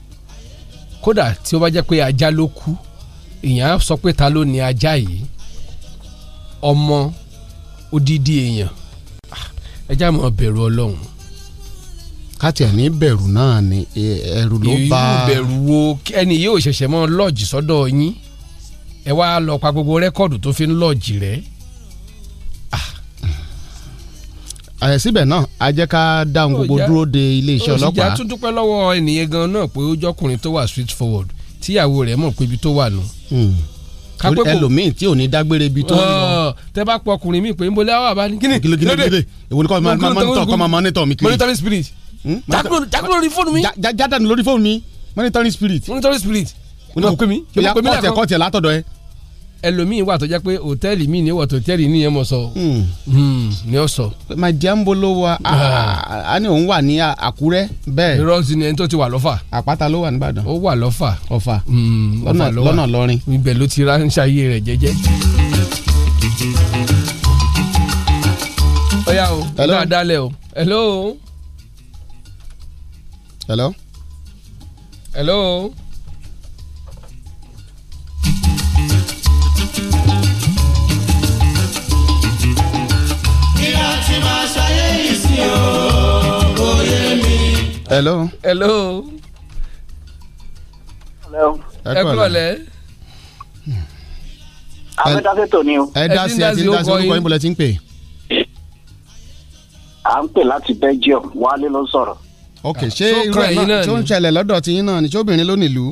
kódà tí ó bá jẹ́ pé ajá ló kú èèyàn á sọ pé ta ló ní ajá yìí ọmọ odidi èèyàn ah, ẹjá mọ bẹ̀rù Ọlọ́run. káti ẹni bẹ̀rù náà ni ẹ̀rù ló bá. irú bẹ̀rù wo ẹni yóò ṣẹ̀ṣẹ̀ mọ́ lọ́ọ̀jì sọ́dọ̀ yín ẹ wá lọ pa gbogbo rẹ́kọ̀dù tó fi ń lọ́ọ̀jì rẹ̀. Ah. síbẹ̀ náà a jẹ́ ká dáhùn gbogbo dúró de iléeṣẹ́ ọlọ́pàá. òṣìjà tún dúpẹ́ lọ́wọ́ ènìyàn gan náà pé ó jọkùnrin tó wà street forward tíyàwó rẹ̀ mọ̀ pé ibi tó wà nù. Hmm. ẹlòmíì tí ò ní dágbére ibi tó wà. tẹ bá pọ ọkùnrin mi pé nbọlẹ àwọn àbá ní kíni lóde ni kọ́ máa ń tọ̀ kọ́ máa ń tọ̀ mi kiri. monitoring spirit hmm? jákúrò lórí fóònù mi. jádàánù lórí fóònù mi monitoring spirit. monitoring spirit mo pè mí mo pè mí lẹ́kọ̀ọ́ kọ́tẹ̀ látọ̀dọ̀ ẹ. ẹlòmíín wà tó jẹ́ pé hòtẹ́ẹ̀lì míì ní wọ̀tò hòtẹ́ẹ̀lì ní yẹn mọ̀ sọ hmm. Hmm, ni ó sọ. my dear ń bolo wa ah. Ah, a ní òun wà ní Àkúrẹ́ bẹ́ẹ̀. irọ́ sí ni ẹni tó ti wà lọ́fà. àpáta ló wà nìbàdàn. ó wà lọ́fà. ọ̀fà hmm, lọ́nà lọ́rin. ibẹ̀ ló ti ránṣẹ́ ayé rẹ̀ jẹ́jẹ́ ọ̀yá o hello adalẹ o hello. hello. hello. Hello. hello. hello. ẹ kúrọ̀lẹ́. amẹ́dáṣẹ́ tò ní o. ẹ dá sí ẹ ti dá sí orúkọ yín bọ̀lẹ́ tí ń pè. à ń pè láti Belgium wálé ló ń sọ̀rọ̀. ok ah, ṣé irú ẹ̀ náà tó ń ṣẹlẹ̀ lọ́dọ̀ tí yín náà ni ṣé obìnrin ló nílùú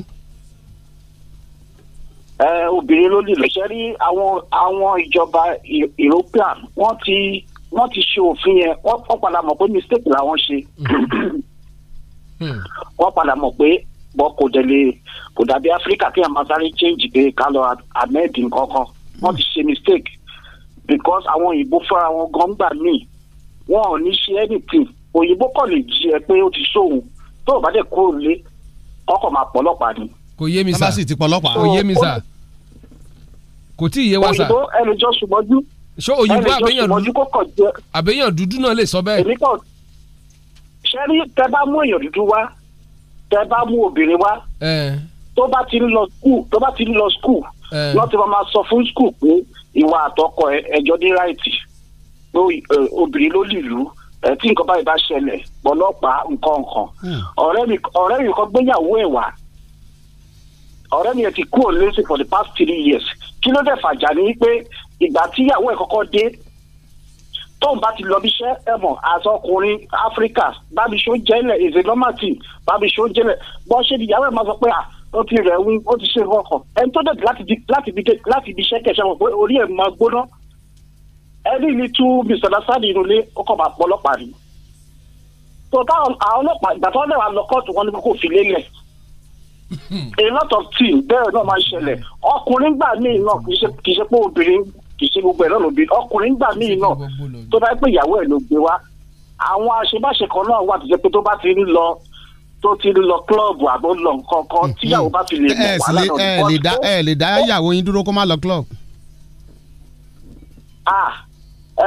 obìnrin ló nílò ṣe rí àwọn àwọn ìjọba European wọ́n ti wọ́n ti ṣe òfin yẹn wọ́n padà mọ̀ pé mistake làwọn ṣe wọ́n padà mọ̀ pé bọ́ kò délé kò dàbí áfíríkà kí àwọn sáré change pé ká lọ ahmed nkankan wọ́n ti ṣe mistake because àwọn òyìnbó fúnra wọn gan gbà míì wọn ò ní ṣe anything òyìnbó kàn lè jí ẹ pé ó ti sóhun tó o bá dẹ̀ kúrò lé ọkọ̀ máa pọ̀ ọlọ́pàá ni. kò yé mi sá kò yé mi sá kò tí ì yé wa sá. òyìnbó ẹnu jọ ṣùgbọ́n ṣé òyìnbó àbẹ̀yàn dúdú àbẹ̀yàn dúdú náà lè sọ bẹ́ẹ̀. èmi kàn ṣẹ́rí tẹ bá mú èèyàn dúdú wá tẹ bá mú obìnrin wá tó bá ti ń lọ skul tó bá ti ń lọ skul lọ́ ti máa sọ fún skul pé ìwà àtọkọ ẹjọ́ ní ráìtì pé obìnrin ló lè tí nǹkan báyìí bá ṣẹlẹ̀ ọlọ́pàá nǹkan nǹkan hmm. ọ̀rẹ́ mi kan gbéyàwó ẹ̀ ọ̀rẹ́ mi ẹ̀ ti kúrò lẹ́sìn for the past three years kí ló dẹ̀ fàjà ni wípé ìgbà tíyàwó ẹ̀ kọ́kọ́ dé tóun bá ti lọ bí iṣẹ́ ẹ̀mọ̀ àti ọkùnrin áfíríkà bábíṣó jẹ́lẹ̀ èzè lọ́màtì bábíṣó jẹ́lẹ̀ bọ́ ṣe ìyàwó ẹ̀ máa sọ pé à ó ti rẹ̀ wí ó ti ṣe ìfọkàn ẹni tó dẹ̀ láti ibi iṣẹ́ kẹ̀ṣẹ́ mọ̀ pé orí ẹ̀ máa gbóná ẹni ní tú mr nasadi inú ilé ó kàn máa pọ̀ ọlọ́pàá rí. tó táwọn ọlọ́pàá ìgbà tó lẹ́wà lọ kóòtù wọn ni kò fi lélẹ̀ a lot of things bẹ́ẹ̀ náà máa ń ṣẹlẹ̀ ọkùnrin gbà míì náà kì í ṣe pé obìnrin kì í ṣe gbogbo ẹ̀ náà lóbìnrin ọkùnrin gbà míì náà tó bá pé ìyàwó ẹ̀ ló gbé wá àwọn àṣebáṣe kan náà wà tó jẹ́ pé tó bá ti ń lọ tó ti ń lọ klọ́ọ̀bù àbó lọ nǹkan kan tíyàwó bá fi lè mọ̀ wá lánàá nípa ẹ lè dá ìyàwó yín dúró kó má lọ klọ́ọ̀bù. ah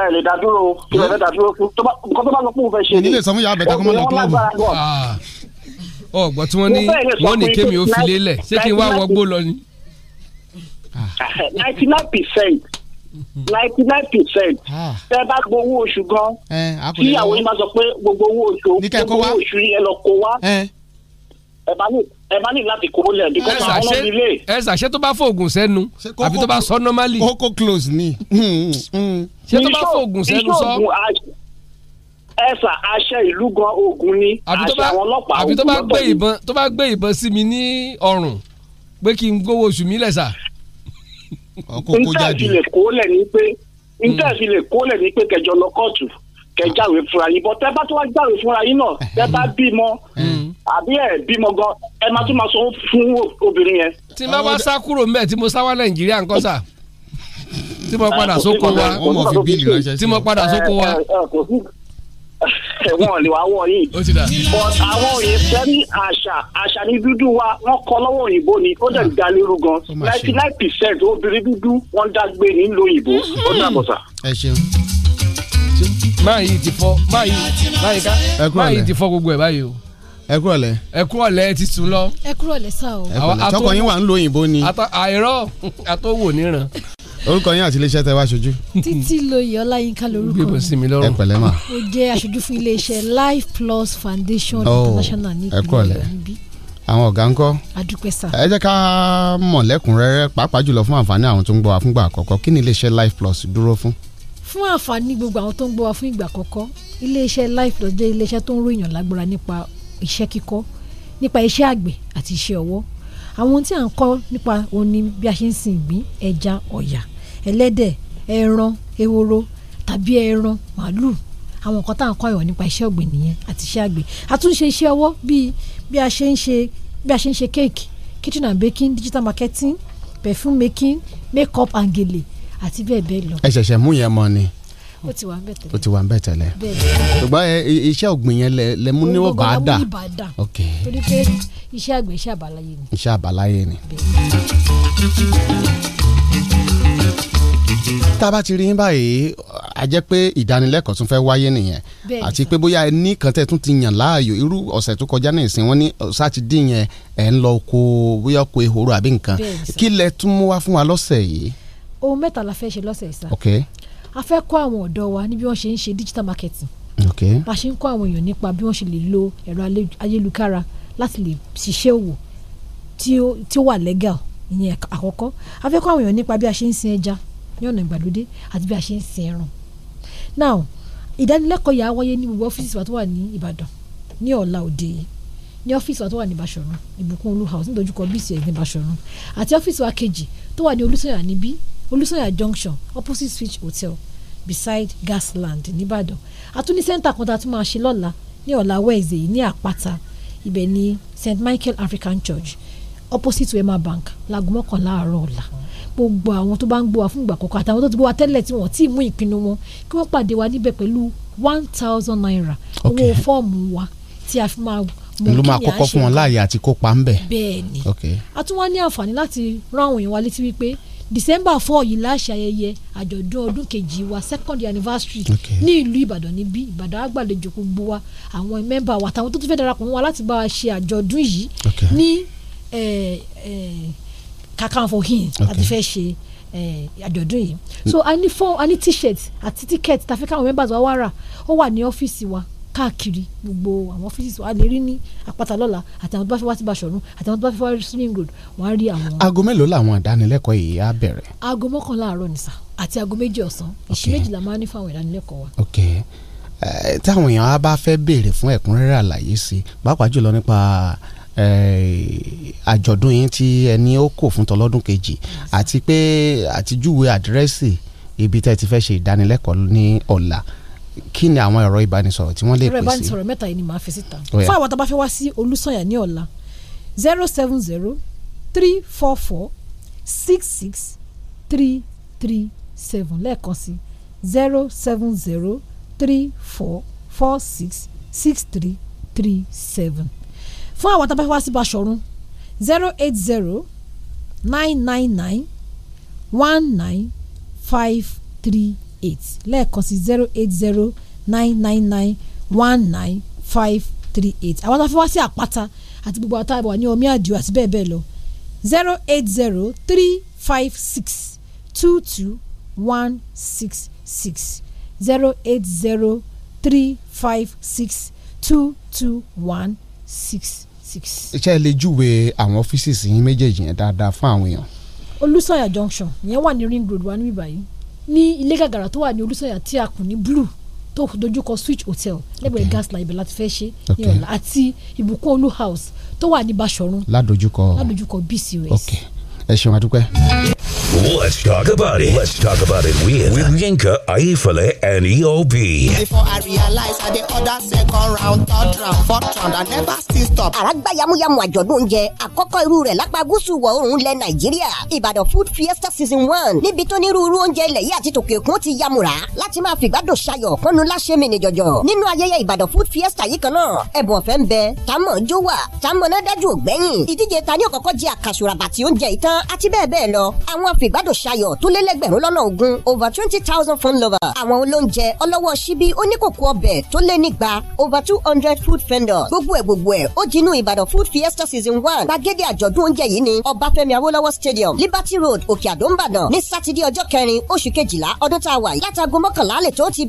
ẹ lè dá dúró kí lè dá dúró fún nǹkan tó bá lọ fún un fẹ́ ṣe ni ọgbọ́n tí wọ́n ní wọ́n ní kémi ó fi lélẹ̀ ṣé kí n wá wọgbó lọ ni. Ah. ninety nine percent ninety nine percent ah. tẹ bá gbowó oṣù gan eh, kí ìyàwó yín máa sọ pé gbogbo owó oṣù gbogbo oṣù yẹn lọ kó wá eh. ẹ bá ní láti kó lẹ̀ bí kò máa wọ́n nílé. ẹ ṣàṣẹ tó bá fòògùn sẹ́nu àbí tó bá sọ normally. kókó close ni. Hmm, hmm, hmm. ṣé tó bá fòògùn sẹ́nu sọ. ẹ̀sà aṣẹ ìlú gan ogun ni àṣà àwọn ọlọ́pàá ogun lọ́tọ̀ ni. àfi tó bá gbé ìbọn sí mi ní ọrùn pé kí n gbowó oṣù mi lẹ́sà. ntẹ́ẹ̀sì lè kólẹ̀ ni pé ntẹ́ẹ̀sì lè kólẹ̀ ni pé kẹjọ lọ kóòtù kẹjáwé fúnra yín bọ́ tẹ́ bá tó wá jáwé fúnra yín náà tẹ́ bá bímọ àbí ẹ bímọ gan ẹ máa tún máa sọ fún obìnrin yẹn. tí bá wá sá kúrò mbẹ tí mo sá wá nàìjíríà ń kọ́ sà tí mo padà sóko wa tí mo padà sóko wa. ẹ̀wọ̀n lè wá wọ̀ yìí but àwọn òyìnbó ní àṣà àṣà ní dúdú wa wọ́n kọ́ lọ́wọ́ òyìnbó ni ó dẹ̀ ga lérú gan ninety nine percent obìnrin dúdú wọ́n dágbé nílò òyìnbó ó dàbọ̀ sà. ẹ ṣeun báyìí ti fọ báyìí báyìí ká báyìí ti fọ gbogbo ẹ báyìí o ẹ kúrọ̀ lẹ́. ẹ kúrọ̀ lẹ́ ti sùn lọ. ẹ kúrọ̀ lẹ́ sá o. ẹ kúrọ̀ lẹ́ tọkọ yín wà ń lo òyìnbó ni. àìrọ àtọwò níran orúkọ yín àti iléeṣẹ́ tẹ wá aṣojú. títí lóye ọláyínká lórúkọ mi. gbẹ̀bọ̀ sí mi lọ́rùn. ẹ mà. mo jẹ́ aṣojú fún iléeṣẹ́ life plus foundation oh, international ní ìpínlẹ̀ níbí. àwọn ọ̀gá ń kọ́. adúpẹ́ sà. ẹ jẹ́ ká mọ̀ lẹ́kùnrẹ́rẹ́ pàápàá jùlọ fún àǹfààní àwọn tó ń gbọ́ wa fúngbà àkọ́kọ́ kí ni iléeṣẹ́ life plus dúró fún. fún àǹfààní gbogbo àwọn tó ń gbọ́ wa fún ìgbà àkọ́kọ́ iléeṣẹ́ life plus jẹ́ iléeṣẹ́ tó ń ròyìn lágbára nípa iṣẹ́ kíkọ́ nípa iṣẹ́ àgbẹ̀ àti iṣẹ́ ọwọ́ àwọn tí à ń kọ́ nípa òní bí a ṣe ń sin ìgbín ẹja ọ̀yà ẹlẹ́dẹ̀ ẹran ehoro tàbí ẹran màálù àwọn nǹkan tá à ń kọ́ ẹ̀wọ̀n nípa iṣẹ́ ọ̀gbìn nìyẹn àti iṣẹ́ àgbẹ̀ àtúnṣe iṣẹ́ ọwọ́ bíi bí a ṣe ń ṣe bí a ṣe ń ṣe kéèkì kitchen and baking digital marketing perfume making make up and gèlè àti bẹ́ẹ̀ bẹ́ẹ̀ lọ. ẹ ṣẹ̀ṣẹ̀ mú yẹn mọ́ ni O ti wà ń bẹ̀ tẹ́lẹ̀ ó ti wà ń bẹ̀ tẹ́lẹ̀ ṣùgbọ́n iṣẹ́ ọ̀gbìn yẹn lẹ mú ní ọ̀bà dà ok iṣẹ́ àgbẹ̀ iṣẹ́ àbáláyé ni iṣẹ́ àbáláyé ni tá a bá ti rí yín báyìí a jẹ́ pé ìdánilẹ́kọ̀ọ́ tún fẹ́ wáyé nìyẹn àti pé bóyá ẹni kan tẹ́ tún ti yàn láàyò irú ọ̀sẹ̀ tó kọjá náà ìsìn wọn ní sátidé yẹn ẹ̀ ń lọ oko bóyá oko ehoro àbí nǹkan kí lẹ tún mú wá fún wa lọ́sẹ̀ yìí. ohun mẹ́ta la fẹ́ ṣe lọ́sẹ̀ yìí a fẹ́ kọ́ àwọn ọ̀dọ́ wa ní bí wọ́n ṣe ń ṣe digital marketing okay. bá a ṣe ń kọ́ àwọn èèyàn nípa bí wọ́n ṣe lè lo ẹ̀rọ ayélujára láti lè ṣiṣẹ́ òwò tí ó wà legal ìyẹn àkọ́kọ́ a fẹ́ kọ́ àwọn èèyàn nípa bí a ṣe ń sin ẹja ní ọ̀nà ìgbàlódé àti bí a ṣe ń sin ẹran now ìdánilẹ́kọ̀ọ́ yà á wáyé ní gbogbo ọ́fíìsì wa tó wà ní Ìbàdàn ní ọ̀la òde yìí ní ọ́fíìsì wa tó wà ní Ìbàṣọ̀run Ìbùkún Olú house nídojúkọ bcs ní Ìbàṣọ̀run àti ọ́fíìsì wa kejì tó wà ní Olúsànyà níbí Olúsànyà junction opposite switch hotel beside Gasland nìbàdàn àtúní sẹ́ńtà kan tá a tún máa ṣe lọ́la ní ọ̀la Wednesday yìí ní àpáta ibẹ̀ ní St Michael African Church opposite wema bank láago mọ́kànlá àárọ̀ ọ̀la gbogbo àwọn tó bá ń gbọ́ wa fún ìgbà àkọ́kọ́ àtàwọn tó ti gbọ́ wa tẹ́lẹ̀ tí wọ́n ti mú ìpinnu wọn kí wọ́n pàdé wa níbẹ̀ pẹ̀lú one thousand naira owó fọ́ọ̀mù wa tí a fi máa mọ kí ni à ṣe ìlú máa kọ́kọ́ fún wọn láàyè àti kópa ń bẹ̀. bẹ́ẹ̀ni a tún wá ní àǹfààní láti rán àwọn èèyàn wa létí wípé december four yìí láṣẹ ayẹyẹ àjọ̀dún ọdún kejì wa second anniversary ní ìlú ìbàdàn níbí ìbàdàn àgbàlejò gbogbo wa àwọn mẹ́mbà wa àtàwọn tó tún fẹ́ darapọ̀ mọ́ wa láti bá wa ṣe àjọ̀dún yìí ní eh, eh, kakanfò hin láti fẹ́ ṣe eh, àjọ̀dún yìí mm. so a ní fọ́ọ̀mù a ní t-shirt àti ticket tàfi káwọn members wa wá rà ó wà ní ọ́fíìsì wa káàkiri gbogbo àwọn ọ́fíìsì wa lè rí ní àpáta lọ́la àti àwọn tó bá fẹ́ wá sí Baṣọ̀run àti àwọn tó bá fẹ́ wá sí Swimming Road wọ́n á rí àwọn. aago mélòó làwọn ìdánilẹ́kọ̀ọ́ yìí á bẹ̀rẹ̀. aago mọ́kànlá àárọ̀ nìsà àti aago méjì ọ̀sán ìṣí méjìlá máa ń ní fáwọn ìdánilẹ́kọ̀ọ́ wa. ok eh, táwọn èèyàn á bá fẹ́ béèrè fún ẹ̀kúnrẹ́rẹ́ àlàyé sí pàápàá jùlọ nípa Eh, àjọ̀dún yín tí ẹni ó kò fún tọlọ́dún kejì àti pé àtijúwe àdírẹ́sì ibi tẹ́ ti fẹ́ ṣe ìdánilẹ́kọ̀ọ́ ní ọ̀la kí ni àwọn ẹ̀rọ ìbánisọ̀rọ̀ tí wọ́n lè pèsè. ẹ̀rọ ìbánisọ̀rọ̀ mẹ́ta yìí ni màá fi síta fún àwọn tó bá fẹ́ wá sí olùsọ̀yà ní ọ̀la zero seven zero three four four six six three three seven lẹ́ẹ̀kan sí zero seven zero three four four six six three three seven fún àwọn tó bá fẹ́ wá sí Baṣọ̀run zero eight zero nine nine nine one nine five three eight lẹ́ẹ̀kan sí zero eight zero nine nine nine one nine five three eight àwọn tó fẹ́ wá sí àpáta àti gbogbo àwọn tó wà ní omi àdìo àti bẹ́ẹ̀ bẹ́ẹ̀ lọ zero eight zero three five six two two one six six zero eight zero three five six two two one six six. iṣẹ́ ilé júwe àwọn ọ́fíìsì yín méjèèjì yẹn dáadáa fún àwọn èèyàn. olùsọ̀yà junction ìyẹn wà ní ring road wa níbí báyìí ní ilé gàgàrà tó wà ní olùsọ̀yà tí a kùn ní blue tó dojúkọ switch hotel lẹ́gbẹ̀ẹ́ gas line ibẹ̀ láti fẹ́ ṣe ní ọ̀la àti ìbùkún olú house tó wà ní Bàṣọ̀run ládojúkọ ládojúkọ bcos. okay ẹ ṣeun àdúpẹ́. Let's talk about it. Let's talk about it with, with Yinka, Aifale, and EOB. Before I realize I did order second round, third round, fourth round, I never still stop. Àràgbá yamuyamu àjọ̀dún oúnjẹ àkọ́kọ́ irú rẹ̀ lápá gúúsù wọ̀ oòrùn ilẹ̀ Nàìjíríà. Ìbàdàn Food Fiesta Season One níbi tó ruru oúnjẹ ilẹ̀ yìí àti tòkè òkun ti yamura láti máa fìgbádùn ṣayọ̀ kọ́nu láṣẹ mi nìjọ̀jọ̀. Nínú ayẹyẹ Ìbàdàn Food Fiesta yìí kan náà, ẹ̀bùn ọ̀fẹ́ ń bẹ, támọ̀ jó wà, támọ̀ náà dájú ògbẹ́yìn. Ìdíje ta ni ó kọ́kọ́ jẹ àkàṣùràbà tí oúnjẹ kan àti bẹ́ẹ̀ bẹ́ẹ̀ lọ àwọn fìgbádùnṣayọ̀ tó lé lẹ́gbẹ̀rún lọ́nà ogún over twenty thousand fun lover àwọn olóúnjẹ ọlọ́wọ́ síbí oníkòkò ọbẹ̀ tó lé nígba over two hundred food vendors gbogbo ẹ̀ gbogbo ẹ̀ ó jinú Ìbàdàn food fiesta season one gbàgede àjọ̀dún oúnjẹ yìí ní Ọbáfẹ́mi Awólọ́wọ̀ stadium Liberty Road Òkè Àdó ńbàdàn ní sátidé ọjọ́ kẹrin oṣù kejìlá ọdún tá a wà yìí látago mọ́kànlá lè tó ti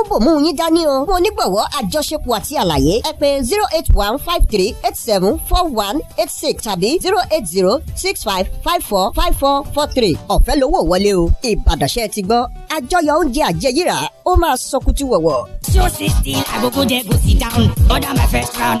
o fún onígbọ̀wọ́ àjọṣepọ̀ àti àlàyé ẹ pè zero eight one five three eight seven four one eight six tàbí zero eight zero six five five four five four four three ọ̀fẹ́ lówó wọlé o Ìbàdàn ṣe ti gbọ́ àjọyọ̀ oúnjẹ àjẹyìrà ó máa sọkútù wọ̀wọ̀. ṣé o ṣe ti agogo jẹ bó ti dáhùn order my first round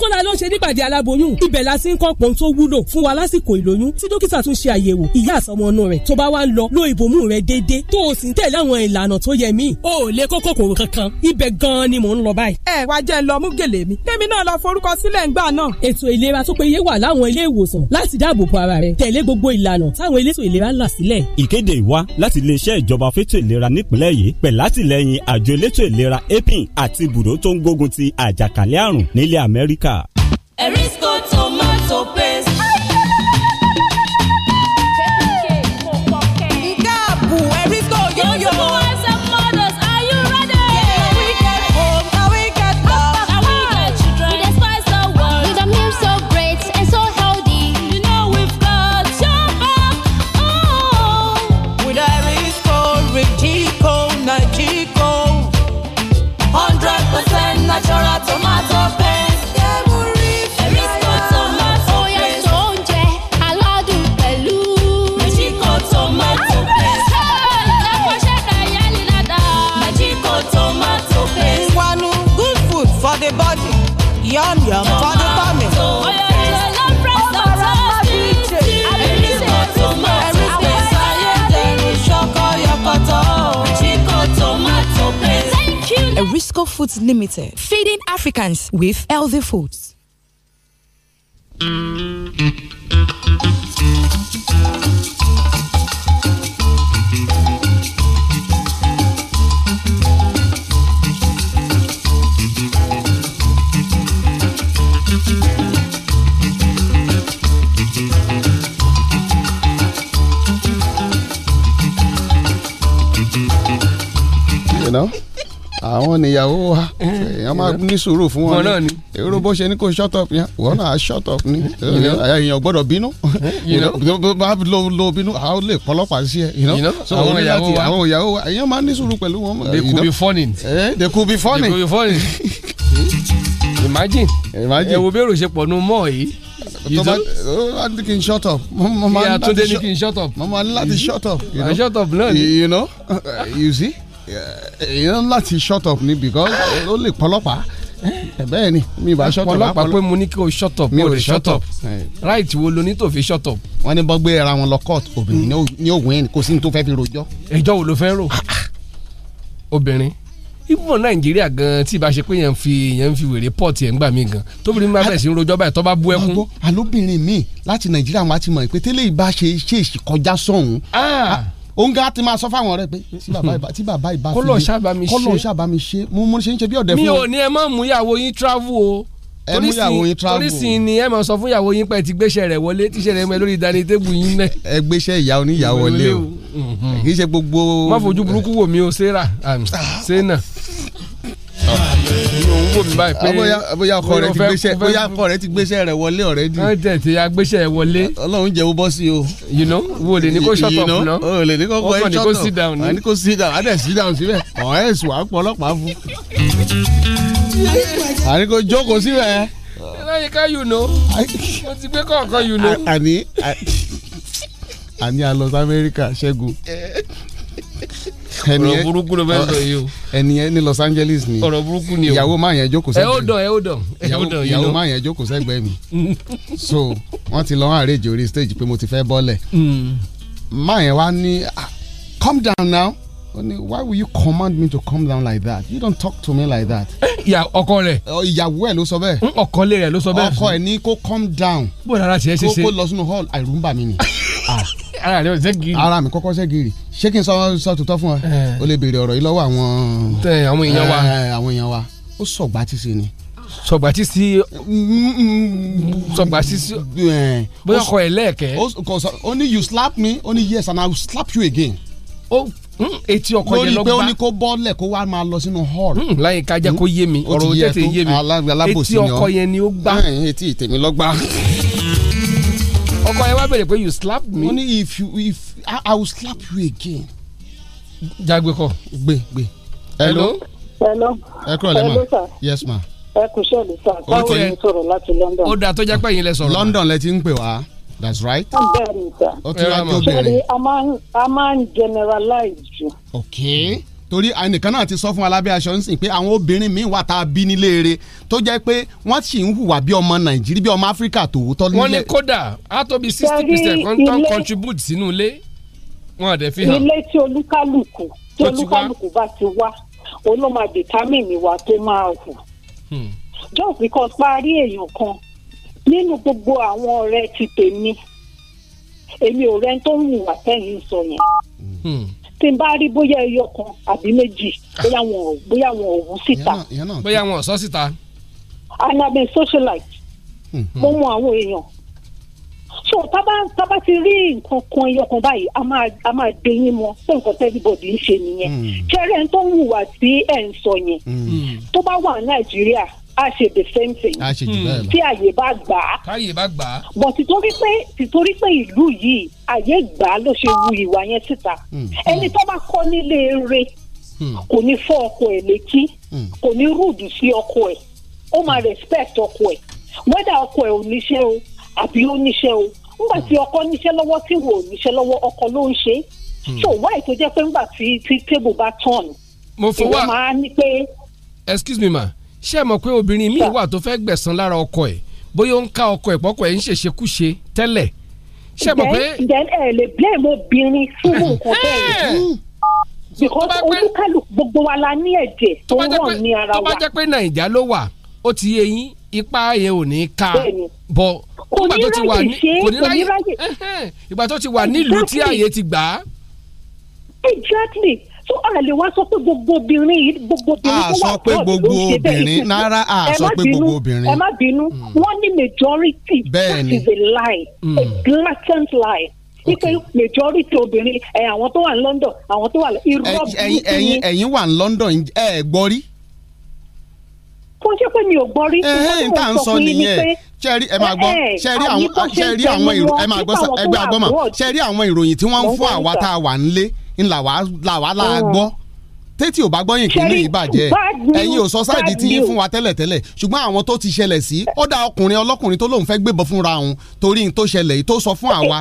kọ́lá ló ṣe nípàdé aláboyún ibẹ̀ la ti ń kọ́ pọ́n tó wúlò fún wa lásìkò ìlóyún tí dókítà tún ṣe àyẹ̀wò ìyá àsọmọnú rẹ̀ tó bá wá lọ lo ìbomú rẹ̀ déédéé tó o sì ń tẹ̀lé àwọn ìlànà tó yẹ mí o ò lè kó kòkòrò kankan ibẹ̀ gan-an ni mò ń lọ báyìí. ẹ wá jẹ́ lọ mú gèlè mi. tèmi náà lọ forúkọ sílẹ̀ ń gbà náà. ètò ìlera tó péye wà láwọn ilé ìwòsàn láti dáàbò bo ara rẹ tẹ̀lé gbogbo ìlànà táwọn elétò ìlera là sílẹ̀. ìkéde wa láti iléeṣẹ́ ìjọba fétò ìlera nípìnlẹ̀ yìí pẹ̀ látìlẹ́yìn àjọ elétò ìlera apin àti ibùdó tó ń gbógun ti àjàkálẹ̀ àrùn nílẹ̀ Amẹ́ríkà Frisco Foods Limited, feeding Africans with healthy foods. You know? àwọn níyàwó wa eh, èèyàn máa ní sùúrù fún wọn ni èrò bó ṣe ní kó shut up yẹn wọn náà shut up ni eh, èèyàn gbọ́dọ̀ bínú bá lo bínú a ó lè pọlọ́pàá sí ẹ àwọn ìyàwó wa àwọn ìyàwó wa èèyàn máa ní sùúrù pẹ̀lú wọn. they could be funny. Eh, they could be funny. they could be funny. imagine ẹ wo bẹ́ẹ̀ rò ṣe pọ̀ nù mọ́ yìí tó bá ní kí n shut up. ìyá tó dé ní kí n shut up. mo máa ní láti shut up. You know? I shut up náà ni. you know you see. Eh, èèyàn láti shut up ni because ó lè pọlọ́pàá eh, bẹ́ẹ̀ ni mi bá shut up pọlọ́pàá pé mo ní kí o shut up mi ò lè shut up eh. right wo lo ní tó fi shut up. wọ́n ní bọ́gbé ara wọn lọ court obìnrin ní òun ẹni kò sí ní tó fẹ́ fi rojọ́. ẹjọ́ wo ló fẹ́ rò ah, ah. obìnrin ibùdó nàìjíríà gan tí ìbá ṣe pé yẹn ń fi yẹn ń fi wèrè pọ́ọ̀tì ẹ̀ ń gbà mí gan tóbi ní bá bẹ̀rẹ̀ sí ń rojọ́ báyìí tó bá bú ẹkún. alóbìnrin mi láti nàìjíríà wọn á ti mọ̀ ìpè tẹ́lẹ̀ ìbá ṣe ṣèṣì kọjá sọ̀hún. Ah òun gan ti máa sọ fáwọn ọ̀rẹ́ pé tí bàbá ìbá fi lè kọ́lọ̀ ṣàbà mi ṣe mo mo ṣe ń ṣe bí ọ̀dẹ̀ fún mi. mi ò ní ẹ má mú ìyàwó yín travel o torísìn ni ẹ máa sọ fún ìyàwó yín pé ti gbéṣẹ́ rẹ̀ wọlé tíṣẹ́ rẹ̀ mẹ́ lórí dání tébù yín náà. ẹ gbéṣẹ́ ìyá oníyàwó wọlé o kì í ṣe gbogbo. má fojú burúkú wò mí o sarah sena wò mí báyìí pé bóyá ọkọ rẹ ti gbéṣẹ́ bóyá ọkọ rẹ ti gbéṣẹ́ rẹ wọlé already. wọ́n tẹ̀ tí a gbéṣẹ́ wọlé. Ọlọ́run jẹ́ wo bọ́ sí o. you know wo lè ní kó shut up ná. o lè ní kó kọ́ ẹ shut up ọkọ ní kó sit down ní. àní kó sit down adẹ̀ sit down síbẹ̀ ọ̀hẹ́ ẹ̀sùn wàá pọ̀ ọlọ́pàá fún. àní kó jókòó síbẹ̀. láyìíká you know mo ti gbé kọ̀ọ̀kan you know. àní àní a lọ sí Amẹ́ríkà ṣẹ́gun ọ̀rọ̀ burúkú ló fẹ́ sọ yìí o. ẹnìyẹn ní Los Angeles ni ọ̀rọ̀ burúkú ni o ìyàwó máa yẹn jókòó sẹ́gbẹ̀ẹ́ mi ẹ ó dàn ẹ ó dàn ẹ ó dàn yìí lọ ìyàwó máa yẹn jókòó sẹ́gbẹ̀ẹ́ mi so wọ́n ti lọ wọ́n àrèjì orí stage pé mo ti fẹ́ bọ́lẹ̀ hmm. máa yẹn wá ní ah, calm down now why will you command me to calm down like that you don't talk to me like that. ìyá ọkọ rẹ. ìyàwó ẹ hmm, ló sọ bẹ́ẹ̀. ọkọ lè rẹ ló sọ bẹ́ẹ̀. ọkọ ẹ ní kó calm down. bó o dára tiẹ̀ ṣe ṣe. kó kó lọ sínú hall àìrùmbà mi ni. Ah ara rẹ ṣe gírì. ara mi kọ́kọ́ ṣe gírì ṣé kí n sọ sọ tuntun fún ọ o lè béèrè ọ̀rọ̀ yìí lọ́wọ́ àwọn. àwọn èèyàn wa àwọn èèyàn wa ó sọ̀gbà tí ṣe ni. sọ̀gbà tí sí sọ̀gbà tí sí bóyá ọkọ ẹ lẹ́ẹ̀kẹ́. ó ní you slap me ó ní yes and I will slap you again. ó hmm, etí ọkọ yẹn lọ gbá lórí pé ó ní kó bọ́ọ̀lẹ̀ kó wá máa lọ sínú hall. Hmm, láyé kájá kó yé mi hmm, ọ̀rọ̀ tètè yé mi etí ọkọ yẹn ni ó gbá. etí tèmi lọ gbá ọkọ yẹn wá bèrè pé you slap me. mo ní if you if I, I will slap you again. jagbe kọ gbe gbe. hello. hello. ẹ kúrò lẹ́mọ̀ yes ma. ẹ kù sẹ́ẹ̀lì sá báwo ni sọ̀rọ̀ láti London. ó dáa tó jẹ́ pé ẹ̀yin lẹ sọ̀rọ̀. London lẹ ti ń pè wá that's right. bẹ́ẹ̀ ni sá. ó ti wá bẹ̀rẹ̀. a máa ń generalize jù. okay torí ẹnìkan náà ti sọ fún alábẹ́ aṣọ ń sìn pé àwọn obìnrin míì wà tá a bí nílé rere tó jẹ́ pé wọ́n sì ń hùwà bí ọmọ nàìjíríà bí ọmọ áfíríkà tòótọ́ nílẹ̀. wọ́n ní kódà á tó bí sixty percent kan tán contribute sínú ilé wọn àdẹ fi hàn. ilé tí olúkálùkù tí olúkálùkù bá ti wá òun ló máa determine ìwà tó máa hù. Hmm. just because parí èèyàn kan nínú gbogbo àwọn ọ̀rẹ́ ti tèmi èmi ò rẹ́ni tó ń hùwà tẹ́yìn sọ yẹn. Hmm tí n bá rí bóyá ẹyọ kan àbí méjì bóyá wọn ò bóyá wọn ò wú síta. bóyá wọn ò sọ síta. and i'm a socialite. Hmm. mo mọ àwọn èèyàn. so tábà tábà ti rí nǹkan kan ẹyọ kan báyìí a máa a máa dẹyìn mọ pé nǹkan tẹ́lifọ̀dì ń ṣe nìyẹn. jẹ́rẹ́ hmm. ń tó ń hùwà sí ẹ̀ ń sọ yẹn. Hmm. tó bá wà nàìjíríà a ṣe the same thing. a ṣe jù hmm. bẹ́ẹ̀ lọ. tí àyè bá gbà á. káyè bá gbà á. bọ̀ tìtorí pé tìtorí pé ìlú yìí àyè gbà á ló ṣe wu ìwà yẹn síta. Hmm. ẹni tó bá kọ́ nílé eré hmm. kò ní fọ́ ọkọ ẹ̀ létí kò ní rúdù sí ọkọ ẹ̀ ó máa respect ọkọ ẹ̀ Whether ọkọ ẹ̀ ò níṣẹ́ o àbí ó níṣẹ́ o nígbà tí ọkọ níṣẹ́ lọ́wọ́ tí wò ó níṣẹ́ lọ́wọ́ ọkọ ló ń ṣe so why tó jẹ́ pé nígbà tí tí tébù bá turn. mo fọwọ́ ìwọ máa ní pé. excuse me ma ṣé ẹ mọ̀ pé obìnrin míì wà tó fẹ́ gbẹ̀san lára ọkọ ẹ̀ bóyá ó ń ká ọkọ ẹ̀ pọ́kọ ẹ̀ ń ṣèṣekúṣe tẹ́lẹ̀ ṣé ẹ mọ̀ pé. ǹjẹ́ ẹ lè blame obìnrin fún nǹkan bẹ́ẹ̀ because olúkálùkù gbogbo wa la ní ẹ̀jẹ̀ tó wọ̀ ní ara wa. tó bá jẹ́ pé nàìjà ló wà ó ti yé yín ipa yẹn ò ní ká bọ nígbà tó ti wà ní kò ní ráyè ìgbà tó ti wà nílùú tí ààyè ti gbà á. exactly tó a lè wá sọ pé gbogbo obìnrin gbogbo obìnrin tó wà pọ̀ ló ń ṣe bẹ́ẹ̀ ìṣe náírà a sọ pé gbogbo obìnrin ẹ má bínú mm. wọ́n ní majority that is a lie mm. a blatant lie wípé majority obìnrin ẹ àwọn tó wà ní London àwọn tó wà irọ́ bí ẹ̀yin ẹ̀yin wà ní London ẹ gbọ́ rí kò ṣe pé mi ò gbọ́ rí tí wọ́n tó ń sọ fún yín ni pé ṣẹ́rí ẹ máa gbọ́ ṣẹ́rí àwọn ṣẹ́rí àwọn ìròyìn ẹ máa gbọ́ ẹgbẹ́ agbọ́mọ̀ ṣẹ́rí àwọn ìròyìn tí wọ́n ń fún àwa tá a wà nílé ńlá wàá làwàá la oh. gbọ́ tẹ́tí ò bá gbọ́ yín kínní ìbàjẹ́ ẹ̀yin ò sọ sáìdì tí yín fún wa tẹ́lẹ̀ tẹ́lẹ̀ ṣùgbọ́n àwọn tó ti ṣẹlẹ̀ sí ó dá ọkùnrin ọlọ́kùnrin tó lóun fẹ́ gbébọn fúnra òun torí n tó ṣẹlẹ̀ yìí tó sọ fún àwa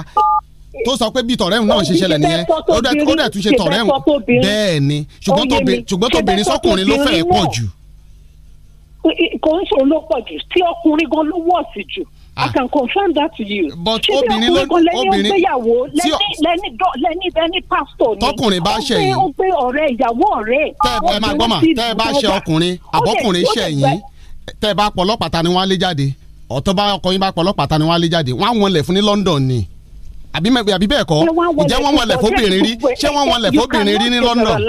tó sọ pé bí tọ̀rẹ́hùn náà ṣe ṣẹlẹ̀ nìyẹn ó dẹ̀ tún ṣe tọ̀rẹ́hùn bẹ́ẹ̀ ni ṣùgbọ́n tóbìnrin sọkùnrin ló fẹ́ẹ̀ pọ̀ jù. kò ń ṣòro ló pọ̀ jù tí ọkùnrin gan ló wọ̀ sí jù I ah. can confirm that to you. but obìnrin ló obìnrin tí lẹ́ni lẹ́ni lẹ́ni pastor ni. tọkùnrin bá ṣe yín. ó gbé ọ̀rẹ́ ìyàwó ọ̀rẹ́. tẹ ẹ máa gbọ́ mà tẹ ẹ bá ṣe ọkùnrin àbọ̀kùnrin ṣe yín tẹ ẹ bá pọ̀ ọlọ́pàá ni wọ́n á lé jáde ọ̀tọ́ bá ọkọ yín bá pọ̀ ọlọ́pàá ni wọ́n á lé jáde wọ́n á wọn lẹ̀ fún ní London ni àbí bẹ́ẹ̀ kọ́ ǹjẹ́ wọ́n wọn fóbìnrin rí ṣé wọ́n wọn fóbìnrin rí ní London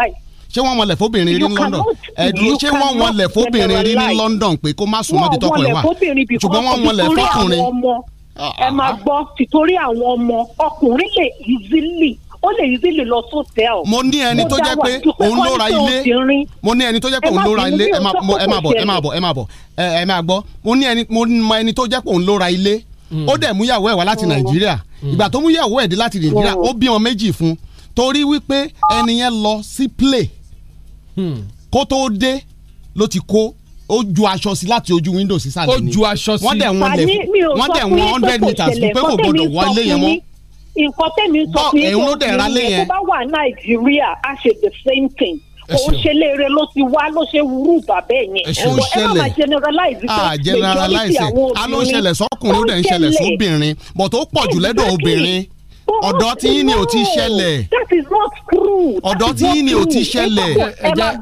ṣé wọ́n wọlé fóbìnrin rí ní London ẹ̀dùn ṣé wọ́n wọlé fóbìnrin rí ní London pé kó má súnmọ́ di tọkọ ẹ̀ wá ṣùgbọ́n wọ́n wọlé fọkùnrin. ẹ ah, máa ah. gbọ́ tìtorí àwọn ọmọ ọkùnrin lè easily ó lè easily lọ sóòtẹ́ẹ̀l. mo ní ẹni tó jẹ́ pé òun ló ra ilé mo ní ẹni tó jẹ́ pé òun ló ra ilé ẹ máa bọ̀ ẹ máa bọ̀ ẹ máa bọ̀ ẹ máa gbọ́ mo ní ẹni tó jẹ́ pé òun ló ra ilé ó dẹ̀ mú yàwó ẹ̀ wá láti mm. Nàìjíríà mm. ìgbà tó mú yàwó ẹ̀ dé láti Nàìjíríà mm. ó bí wọn méjì fún torí wípé ẹni yẹn lọ sí play Hmm. kó tó dé ló ti kó ó ju aṣọ sí láti ojú window sísàlẹ̀ ni ó ju aṣọ sí wọ́n dẹ̀ wọ́n lẹ̀ wọ́n dẹ̀ wọ́n hundred meters fún pé kò gbọdọ̀ wọ ilé yẹn mọ́. nǹkan tẹ̀mí sọ pé ẹ̀hún ló dẹ̀ tó bá wà nàìjíríà a ṣe the same thing òun ṣe léere ló ti wá ló ṣe wúrú bàbá ẹ̀ yẹn. ó ń ṣẹlẹ̀ a generalize ah, a ló ń ṣẹlẹ̀ sọkùnrin ó dẹ̀ ń ṣẹlẹ̀ sóbìnrin bọ̀ tó pọ̀ jù lẹ́dọ̀ obìnrin ọ̀dọ́ tí yín ni ò ti ṣẹlẹ̀. that is not true. ọ̀dọ́ tí yín ni ò ti ṣẹlẹ̀.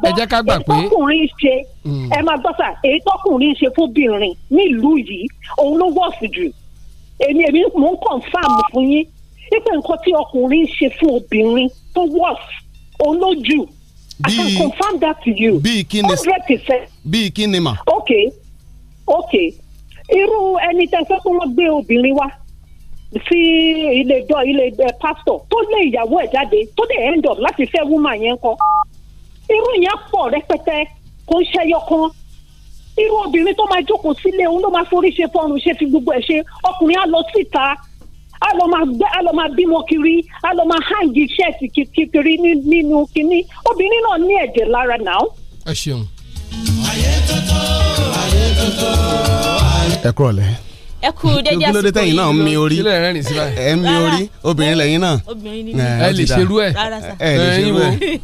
ẹ jẹ́ ká gbà pé. èyí tọkùnrin ṣe hmm. ẹ máa gbọ́ sà èyí tọkùnrin ṣe fóbìnrin nílùú yìí òun ló wọ̀sì jù èmi èmi mò ń confam fún yín nípa nǹkan tí ọkùnrin ṣe fún obìnrin tó wọ̀sì òun ló jù. I can confirm that to you. bíi kí ni hundred percent. bíi kí ni mà. ok ok irú ẹni tẹ́ sọ pé wọ́n gbé obìnrin wá sí ilé ìjọ ilé pásítọ̀ tó lé ìyàwó ẹ̀ jáde tó dé end up láti fẹ́ woman yẹn kọ́ irú yẹn pọ̀ rẹpẹtẹ kó ń ṣẹyọ kan irú obìnrin tó máa jókòó sílé òun ló máa forí ṣe fọrùn ṣe fi gbogbo ẹ̀ ṣe ọkùnrin á lọ síta á lọ máa gbẹ á lọ máa bímọ kiri á lọ máa hàǹgì ṣẹ́ẹ̀tì kiri nínú kinní obìnrin náà ní ẹ̀jẹ̀ lára náà. ẹ ṣeun. ayé tótó ayé tótó. ẹ kúrọ̀lẹ́ ẹ kú dédé àsìkò yìí lóde tẹ̀yin náà ń mi orí ẹ ń mi orí obìnrin lẹ́yìn náà ẹ lè ṣerú ẹ ẹ lè ṣerú ẹ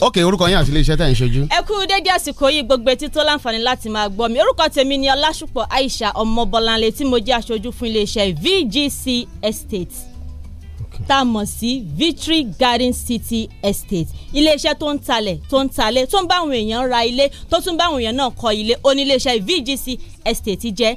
ok orúkọ yín àti iléeṣẹ́ tẹ̀yìn ṣojú. ẹ kú dédé àsìkò yìí gbogbo etí tó láǹfààní láti máa gbọ́ mi orúkọ tèmi ni ọlásùpọ̀ aisha ọmọbọlanlé tí mo jẹ́ aṣojú fún iléeṣẹ́ vgc estate tá a mọ̀ sí victory garden city estate iléeṣẹ́ tó ń talẹ̀ tó ń talẹ̀ tó ń bá àwọn èèyàn ra ilé tó tún bá àwọn èèyàn náà kọ́ ilé oníléeṣẹ́ vgc estate jẹ́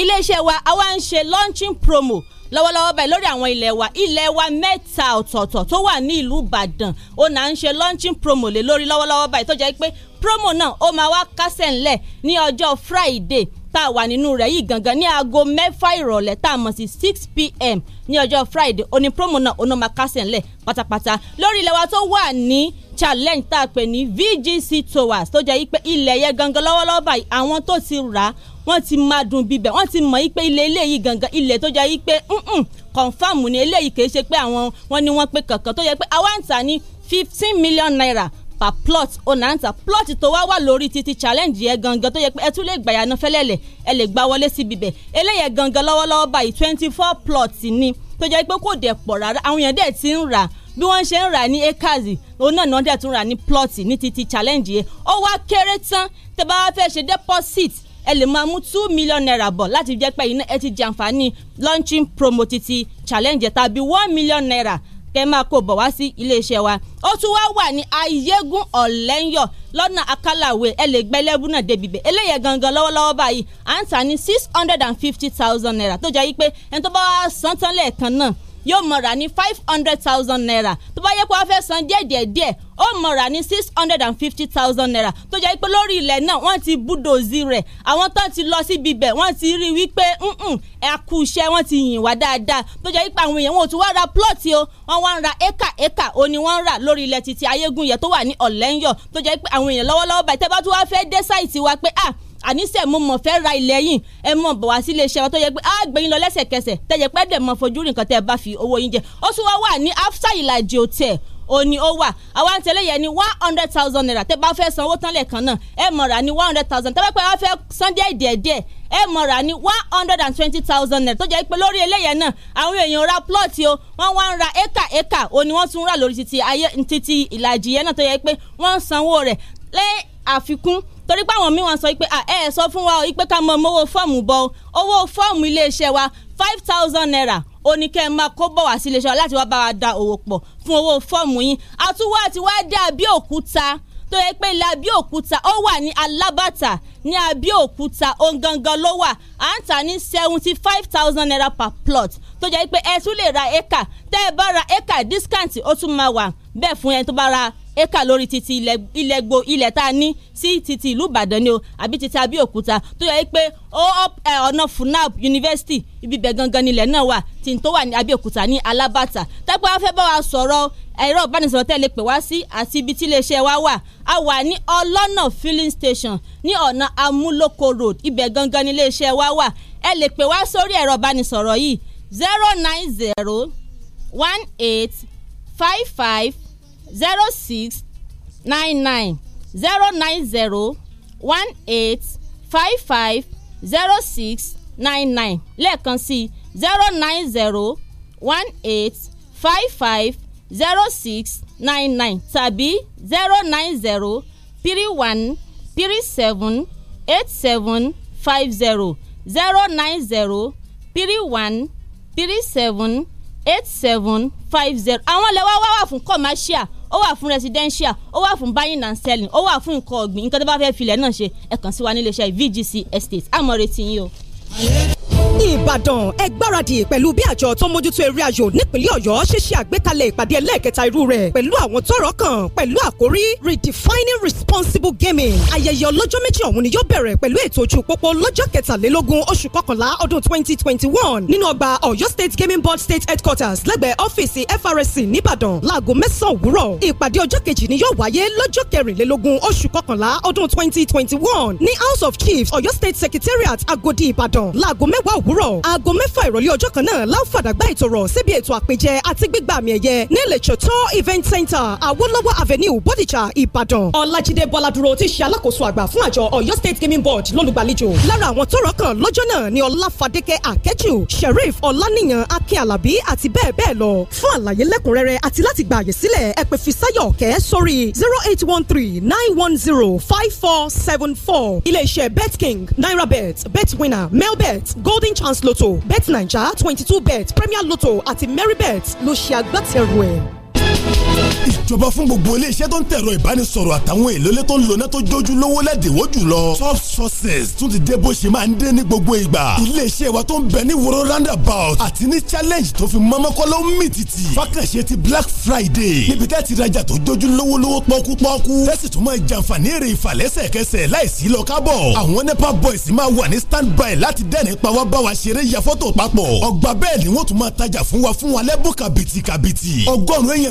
iléeṣẹ́ wa àwa ń ṣe launching promo lọ́wọ́lọ́wọ́ báyìí lórí àwọn ilẹ̀ wa ilẹ̀ wa mẹ́ta ọ̀tọ̀ọ̀tọ̀ tó wà ní ìlú Ìbàdàn ó náà ń ṣe launching promo lé lórí lọ́wọ́lọ́wọ́ báyìí tó jẹ́ pé promo náà ó máa wá kásẹ̀ ńlẹ̀ ní ọjọ́ Friday tá a wà nínú rẹ̀ yìí gangan ní aago mẹ́fà ìrọ̀lẹ́ tá a mọ̀ sí six pm ní ọjọ́ friday oní promo náà oní máa kásẹ̀ ńlẹ̀ pátápátá lórí ilẹ̀ wa tó wà ní challenge tá a pè ní vgc towers tó jẹ́ pé ilẹ̀ yẹn gangan lọ́wọ́lọ́wọ́ báyìí àwọn tó ti rà á wọ́n ti máa dùn bíbẹ̀ wọ́n ti mọ̀ pé ilẹ̀ eléyìí gangan ilẹ̀ tó jẹ́ pé confam ni eléyìí kì í ṣe pé àwọn wọn ni wọ́n pe kankan tó yẹ pé àwa ń ní fifteen million naira per plot ọ̀nà plot tó wá wà lórí títí challenge yẹn gangan tó yẹ pé ẹ tún lè gbà yànnà fẹ́lẹ́lẹ̀ ẹ lè gbà wọlé síbi bẹ̀ eléyẹ gangan lọ́wọ́lọ́wọ́ báyìí twenty four plot ni tó jẹ́ pé kò dẹ̀ pọ̀ rárá àwọn èèyàn dẹ̀ ti ń rà bí wọ́n ṣe ń rà ní acres òun náà náà dẹ̀ tún rà ní plot ní títí challenge yẹn ó wá kéré tán tẹ́ bá fẹ́ ṣe deposit ẹ lè máa mú two million naira bọ̀ láti jẹ́ pé iná ẹ ti jàǹfààní launching promo titi challenge tàbí one million naira kẹ́ máa kó bọ̀ wá sí iléeṣẹ́ wa ó tún wá wà ní ayégún ọ̀lẹ́yọ̀ lọ́nà akálàwé ẹ lè gbẹ́ lẹ́bù náà débi bẹ́ẹ̀ eléyẹ gangan lọ́wọ́lọ́wọ́ báyìí à ń tà ní six hundred and fifty thousand naira tó jẹ́ yí pé ẹni tó bá san tán lẹ́ẹ̀kan náà yóò mọ̀ ní five hundred thousand naira tó bá yẹ pé wọ́n fẹ́ san díẹ̀ díẹ̀ díẹ̀ ó mọ̀ ní six hundred and fifty thousand naira tó jẹ́ pé lórí ilẹ̀ náà wọ́n ti búdòzì rẹ̀ àwọn tán ti lọ síbi bẹ̀ wọ́n ti rí wípé ẹ kú iṣẹ́ wọ́n ti yìn wá dáadáa tó jẹ́ pé àwọn èèyàn wọn ò tún wá ra plot o wọ́n wá ń ra éka éka o ni wọ́n ń rà lórí ilẹ̀ títí ayégúnyẹ tó wà ní ọ̀lẹ́yọ̀ tó jẹ́ pé àwọn èèyàn lọ́wọ́lọ́wọ́ báyìí tẹ́ bá ah àníṣe mo mọ̀ fẹ́ ra ilẹ̀ yìí ẹ mọ̀ bọ̀ wá sí iléeṣẹ́ wa tó yẹ pé á gbé yín lọ lẹ́sẹ̀kẹsẹ̀ tẹ̀yẹ pẹ́ dẹ̀ mọ fojú rìn kan tẹ́ ẹ bá fi owó yín jẹ ó tún wá wà ní after ìlàjì hotel òní ó wà àwa ń tẹ̀lé yẹn ní one hundred thousand naira tẹ́ bá fẹ́ san owó tán lẹ́ẹ̀kan náà ẹ mọ̀ rà ní one hundred thousand tẹ́ bá fẹ́ san díẹ̀ díẹ̀ díẹ̀ ẹ mọ̀ rà ní one hundred and twenty thousand naira tó jẹ́ pé lórí eléyẹn náà àwọn èèyàn ra plọ́ọ̀tì o wọ́n wá ń ra éka éka òní wọ́n tún rà lórí títí ayé títí ìlàjì yẹn náà tó jẹ́ pé wọ́n sanwó rẹ̀ lé àfikún torí pé àwọn míì wọ́n sọ pé ẹ ẹ sọ fún wa o pé ká mọ owó fọ́ọ̀mù bọ owó fọ́ọ̀mù iléeṣẹ́ wa five thousand naira ó ní kẹ́ ẹ máa kó bọ̀ wá sí iléeṣẹ́ wa láti wá bá wa da òwò pọ̀ fún owó fọ́ọ̀mù yín àtúwọ́ àti wá dé Abẹ́òkúta tó yẹ pé ilẹ̀ Abẹ́òkúta ó wà ní Alábàtà ní Abẹ́òkúta òun gangan ló wà à ń tà ní seventy five thousand naira per plot tó jẹ́ pé ẹ tún lè ra éka tẹ́ ẹ bá ra éka discount ó tún máa wà bẹ́ẹ̀ fún ẹ tó bá ra éka lórí títí ilẹ̀ ilẹ̀ tá a ní sí títí ìlú ìbàdàn ni o àbí títí abẹ́òkúta tó yẹ pé ọ̀nà funab yunifásitì ibi bẹ̀ gangan nílẹ̀ náà wà tí n tó wà ní abẹ́òkúta ní alábàtà tẹ́pẹ́ wá fẹ́ bá wa sọ̀rọ̀ ẹ̀rọ ìbánisọ̀rọ̀ tẹ́ lè pè wá sí àti ibi tí iléeṣẹ́ wa wà a wà ní ọlọ́nà filling station ní ọ̀nà amúlòkó road ibẹ̀ gangan ní iléeṣẹ́ wa wà ẹ lè pè wá sórí ẹ̀rọ ìbánisọ̀rọ̀ yìí zero nine zero one eight five five zero six nine nine zero nine zero one eight five five zero six nine nine lẹ́ẹ̀kan sí zero nine zero one eight five five zero six nine nine tàbí zero nine zero three one three seven eight seven five zero zero nine zero three one three seven eight seven five zero àwọn lẹ́wọ́ wá wà fún commercial ó wà fún residential ó wà fún buying and selling ó wà fún nǹkan ọ̀gbìn nǹkan tó bá fẹ́ filẹ̀ náà ṣe ẹ kàn sí wa nílé iṣẹ́ VGC Estate àmọ́ retí yín o ìbàdàn ẹ gbáradì pẹ̀lú bí àjọ tó mójútó eré ayò nípínlẹ̀ ọ̀yọ́ ṣe ṣe àgbékalẹ̀ ìpàdé ẹlẹ́ẹ̀kẹta irú rẹ̀ pẹ̀lú àwọn tọ́rọ̀ kàn pẹ̀lú àkórí redefining responsible gaming ayẹyẹ ọlọ́jọ́ méjì ọ̀hún ni yóò bẹ̀rẹ̀ pẹ̀lú ètò ojú pópó lọ́jọ́ kẹtàlélógún oṣù kọkànlá ọdún twenty twenty one nínú ọgbà ọ̀yọ́ state gaming board state headquarters lẹ́gbẹ̀ẹ́ ọ́fíìsì frc nìbàdàn láago mẹ́sàn-án òwúrọ̀ ìpàdé ọjọ́ kejì ni yóò wáyé lọ́jọ́ kẹrìnlélógún oṣù kọkànlá ọdún twenty twenty house of chiefs ọ̀yọ́ state secretariat agodi ìbàdàn láago mẹ́w mẹ́wàá òwúrọ̀ aago mẹ́fà ìrọ̀lẹ́ ọjọ́ kan náà láǹfàdàgbà ìtòrọ̀ síbi ètò àpèjẹ àti gbígbà àmì ẹ̀yẹ ní lẹ́tọ̀tọ̀ event center awolowo avenue bodijà ìbàdàn. ọlájídé bọ́ládúró ti ṣe alákòóso àgbà fún àjọ ọ̀yọ́ state gaming board lólùgbàlejò. lára àwọn tọ́rọ̀ kàn lọ́jọ́ náà ni ọláfadékẹ́ akẹ́jù sheriff ọláníyàn akin alábí àti bẹ́ẹ̀ bẹ́ẹ̀ lọ. fún àlàyé lẹ́kùnrẹ́rẹ́ àti láti gba àyè sílẹ̀ ẹ pè zero eight one three nine one zero five four seven four iléeṣẹ́ betking nairabet betwinner melbet gold golden chance lotto bet naija 22 bet premier lotto àti merry bet ló ṣe agbátẹrù ẹ̀ ìjọba fún gbogbo iléeṣẹ́ tó ń tẹ̀rọ ìbánisọ̀rọ̀ àtàwọn èlòlé tó ń lò náà tó jójú lówó lẹ́dínwó jùlọ. top sources tún ti dé bó ṣe máa ń dé ní gbogbo ìgbà. iléeṣẹ́ wa tó ń bẹ ní woro roundabout àti ní challenge tó fi mọ́mọ́kọ́lọ́ mì tìtì. fákànṣe ti black friday níbi tẹ́ ti rajà tó jójú lówó lówó pọ́kú pọ́kú. tẹ́sí tó máa jàǹfààní èrè ìfàlẹ́sẹ̀kẹsẹ̀ láìsí lọ kábọ̀. àwọn nepa boys máa wà ní standby láti dẹ́ni pa wá bá wa ṣeré ya fọ́tò papọ̀. ọgbà bẹ́ẹ̀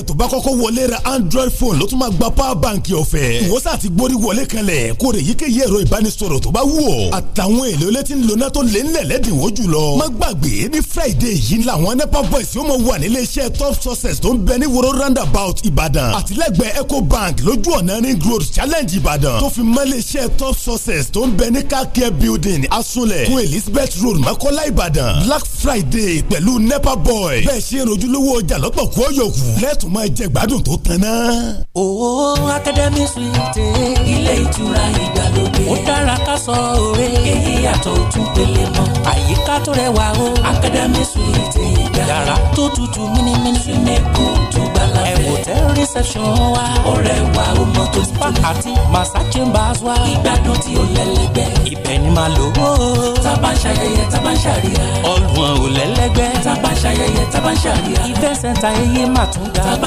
tó bá kọ́kọ́ wọlé ra android phone ló tún máa gba power bank ọ̀fẹ́. ìwọ́sà àti gbórí wọlé kanlẹ̀ kó rè yíkéyìí ẹ̀rọ ìbánisọ̀rọ̀ tó bá wù ọ́. àtàwọn èlé olè tí ń lo náà tó lé ńlẹ̀ lẹ́dínwó jùlọ. má gbàgbé ní friday yìí làwọn nepa boys yóò mọ wà nílé iṣẹ́ top success tó ń bẹ ní woro roundabout ìbàdàn àtìlẹ́gbẹ̀ẹ́ eco bank lójú ọ̀nà ring road challenge ìbàdàn tó fi mọ́ ilé iṣẹ́ top success tó ń bẹ ní car care building asunlẹ̀ fún elizabeth road mọ́kọ́lá ìbàdàn black friday pẹ̀lú nepa boy bẹ́ẹ̀ ṣe rojúlówó ọjà lọ́pọ̀ kú ọ̀yọ̀kù lẹ́tùm máa jẹ gbádùn tó tán náà. o Academy Suite ilé ìtura ìgbàlódé ó dára ká sọ òwe èyí yàtọ̀ òtún pélé mọ́ àyíká tó rẹwà o Academy Suite yàrá tó tutù mímímí. sinimu tó gbala fẹ́. ẹ̀wò tẹ́ reception wa. ọ̀rẹ́ wa ó mọ tó ti tó. spa àti massa chambers wa. ìgbádùn tí ó lẹ́lẹ́gbẹ́. ibẹ̀ ni màá lò ó. taba ń ṣayẹyẹ taba ṣàríyá. ọlùwọ̀n ò lẹ́lẹ́gbẹ́. taba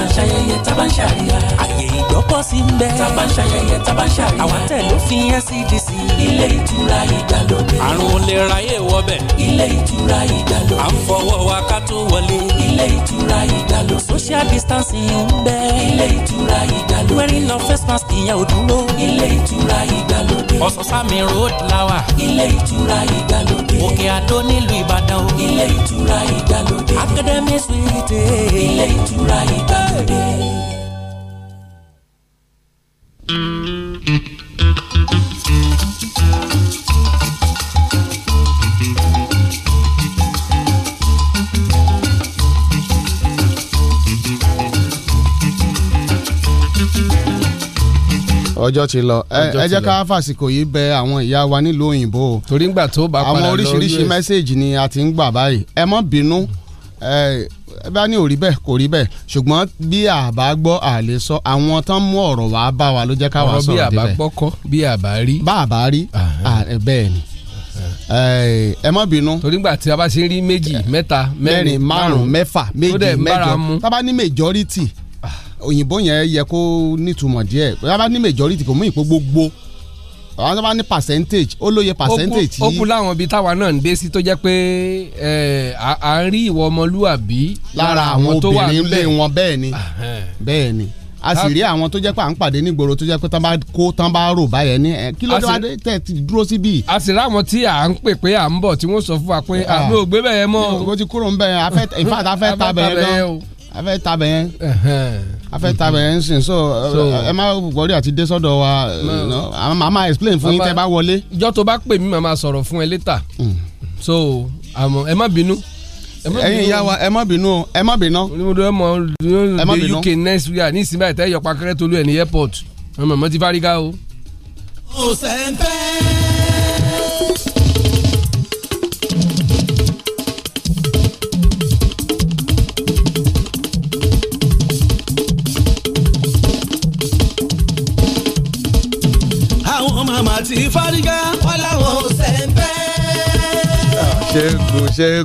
ń bá ń ṣayẹyẹ tá bá ń ṣàríyá. àyè ìgbọ́pọ̀ sí ń bẹ. tá bá ń ṣayẹyẹ tá bá ń ṣàríyá. àwọn tẹ̀ ló fi NCDC. E ilé ìtura ìgbàlódé. àrùn lè ráyè wọbẹ̀. ilé ìtura ìgbàlódé. à ń fọwọ́ wa ká tó wọlé. ilé ìtura ìgbàlódé. social distancing ń bẹ. ilé ìtura ìgbàlódé. wearing of face mask ìyẹn ò dúró. ilé ìtura ìgbàlódé. ọ̀sán-sámi road lawa. ilé ìtura ìgbàlódé ìgbàlódé. Òkè Àdó nílùú Ìbàdàn o. Ilé ìtura ìgbàlódé. Academy Suite. Ilé ìtura ìgbàlódé. thank you ọjọ́ ti lọ ẹ ká fàsìkò yìí bẹ àwọn ìyá wa nílùú òyìnbó o. torí ńgbà tó bá padà lọ àwọn oríṣiríṣi mẹ́sẹ̀gì ni a ti ń gbà báyìí ẹ má bínú ẹ bá ní òrí bẹ́ẹ̀ kò rí bẹ́ẹ̀ ṣùgbọ́n bí àbá gbọ́ àlè sọ àwọn tán mú ọ̀rọ̀ wá bá wa ló jẹ́ ká wá sọ̀rọ̀ bí àbá gbọ́kọ́ bí àbá rí. bá àbá rí bẹ́ẹ̀ ni ẹ má bínú. torí gbà tí a bá ṣe rí méjì mẹ́ta mẹ́rin márùn-ún mẹ́fà méje mẹ́jọ tábà ní majority òyìnbó yẹn yẹ kó nítumọ̀ díẹ̀ bóyá bá ní majority kò mú ìpò gbogbo àwọn tó bá ní percentage ó lóye percentage yìí. ó kú láwọn ibi táwa náà ń dé sí tó jẹ́ pé à ń rí ìwọ ọmọlúwàbí lára àwọn obìnrin lé wọn bẹ́ẹ̀ ni bẹ́ẹ̀ ni a sì rí àwọn tó jẹ́ pé à ń pàdé nígboro tó jẹ́ pé tán bá kó tán bá rò báyẹn ní ẹ kí ló dé wá dé tẹ̀ ti dúró síbí. a sì ráwọn tí à ń pè pé à ń bọ̀ tí wọ́n sọ fún wa pé àbí ògbé bẹ́ẹ̀ mọ́. o kúrò ń bẹ́ẹ̀ in fact a fẹ́ ta bẹ́ẹ̀ gan afẹ́ tabẹ̀ yẹn afẹ́ tabẹ̀ yẹn sin so ẹ má wọlé àti dé sọ́dọ̀ wa a máa explain fún yín tẹ́ bá wọlé. ìjọ tó bá pè mí màá máa sọ̀rọ̀ fún ẹ létà hmm. so àmọ́ ẹ má bínú. ẹ̀yin ìyá wa ẹ má bínú o ẹ má bínú. olùmọdé ọmọ ní UK next year ní ìsinmi àìtẹ́ yọpa kẹrẹ́tolú ẹ̀ ní airport ọmọ mọ́tí fárígá o. ọ̀sẹ̀ ń àti fárígá wọn làwọn sẹ́ńpẹ́. Ah, ṣẹ́gun ṣẹ́gun.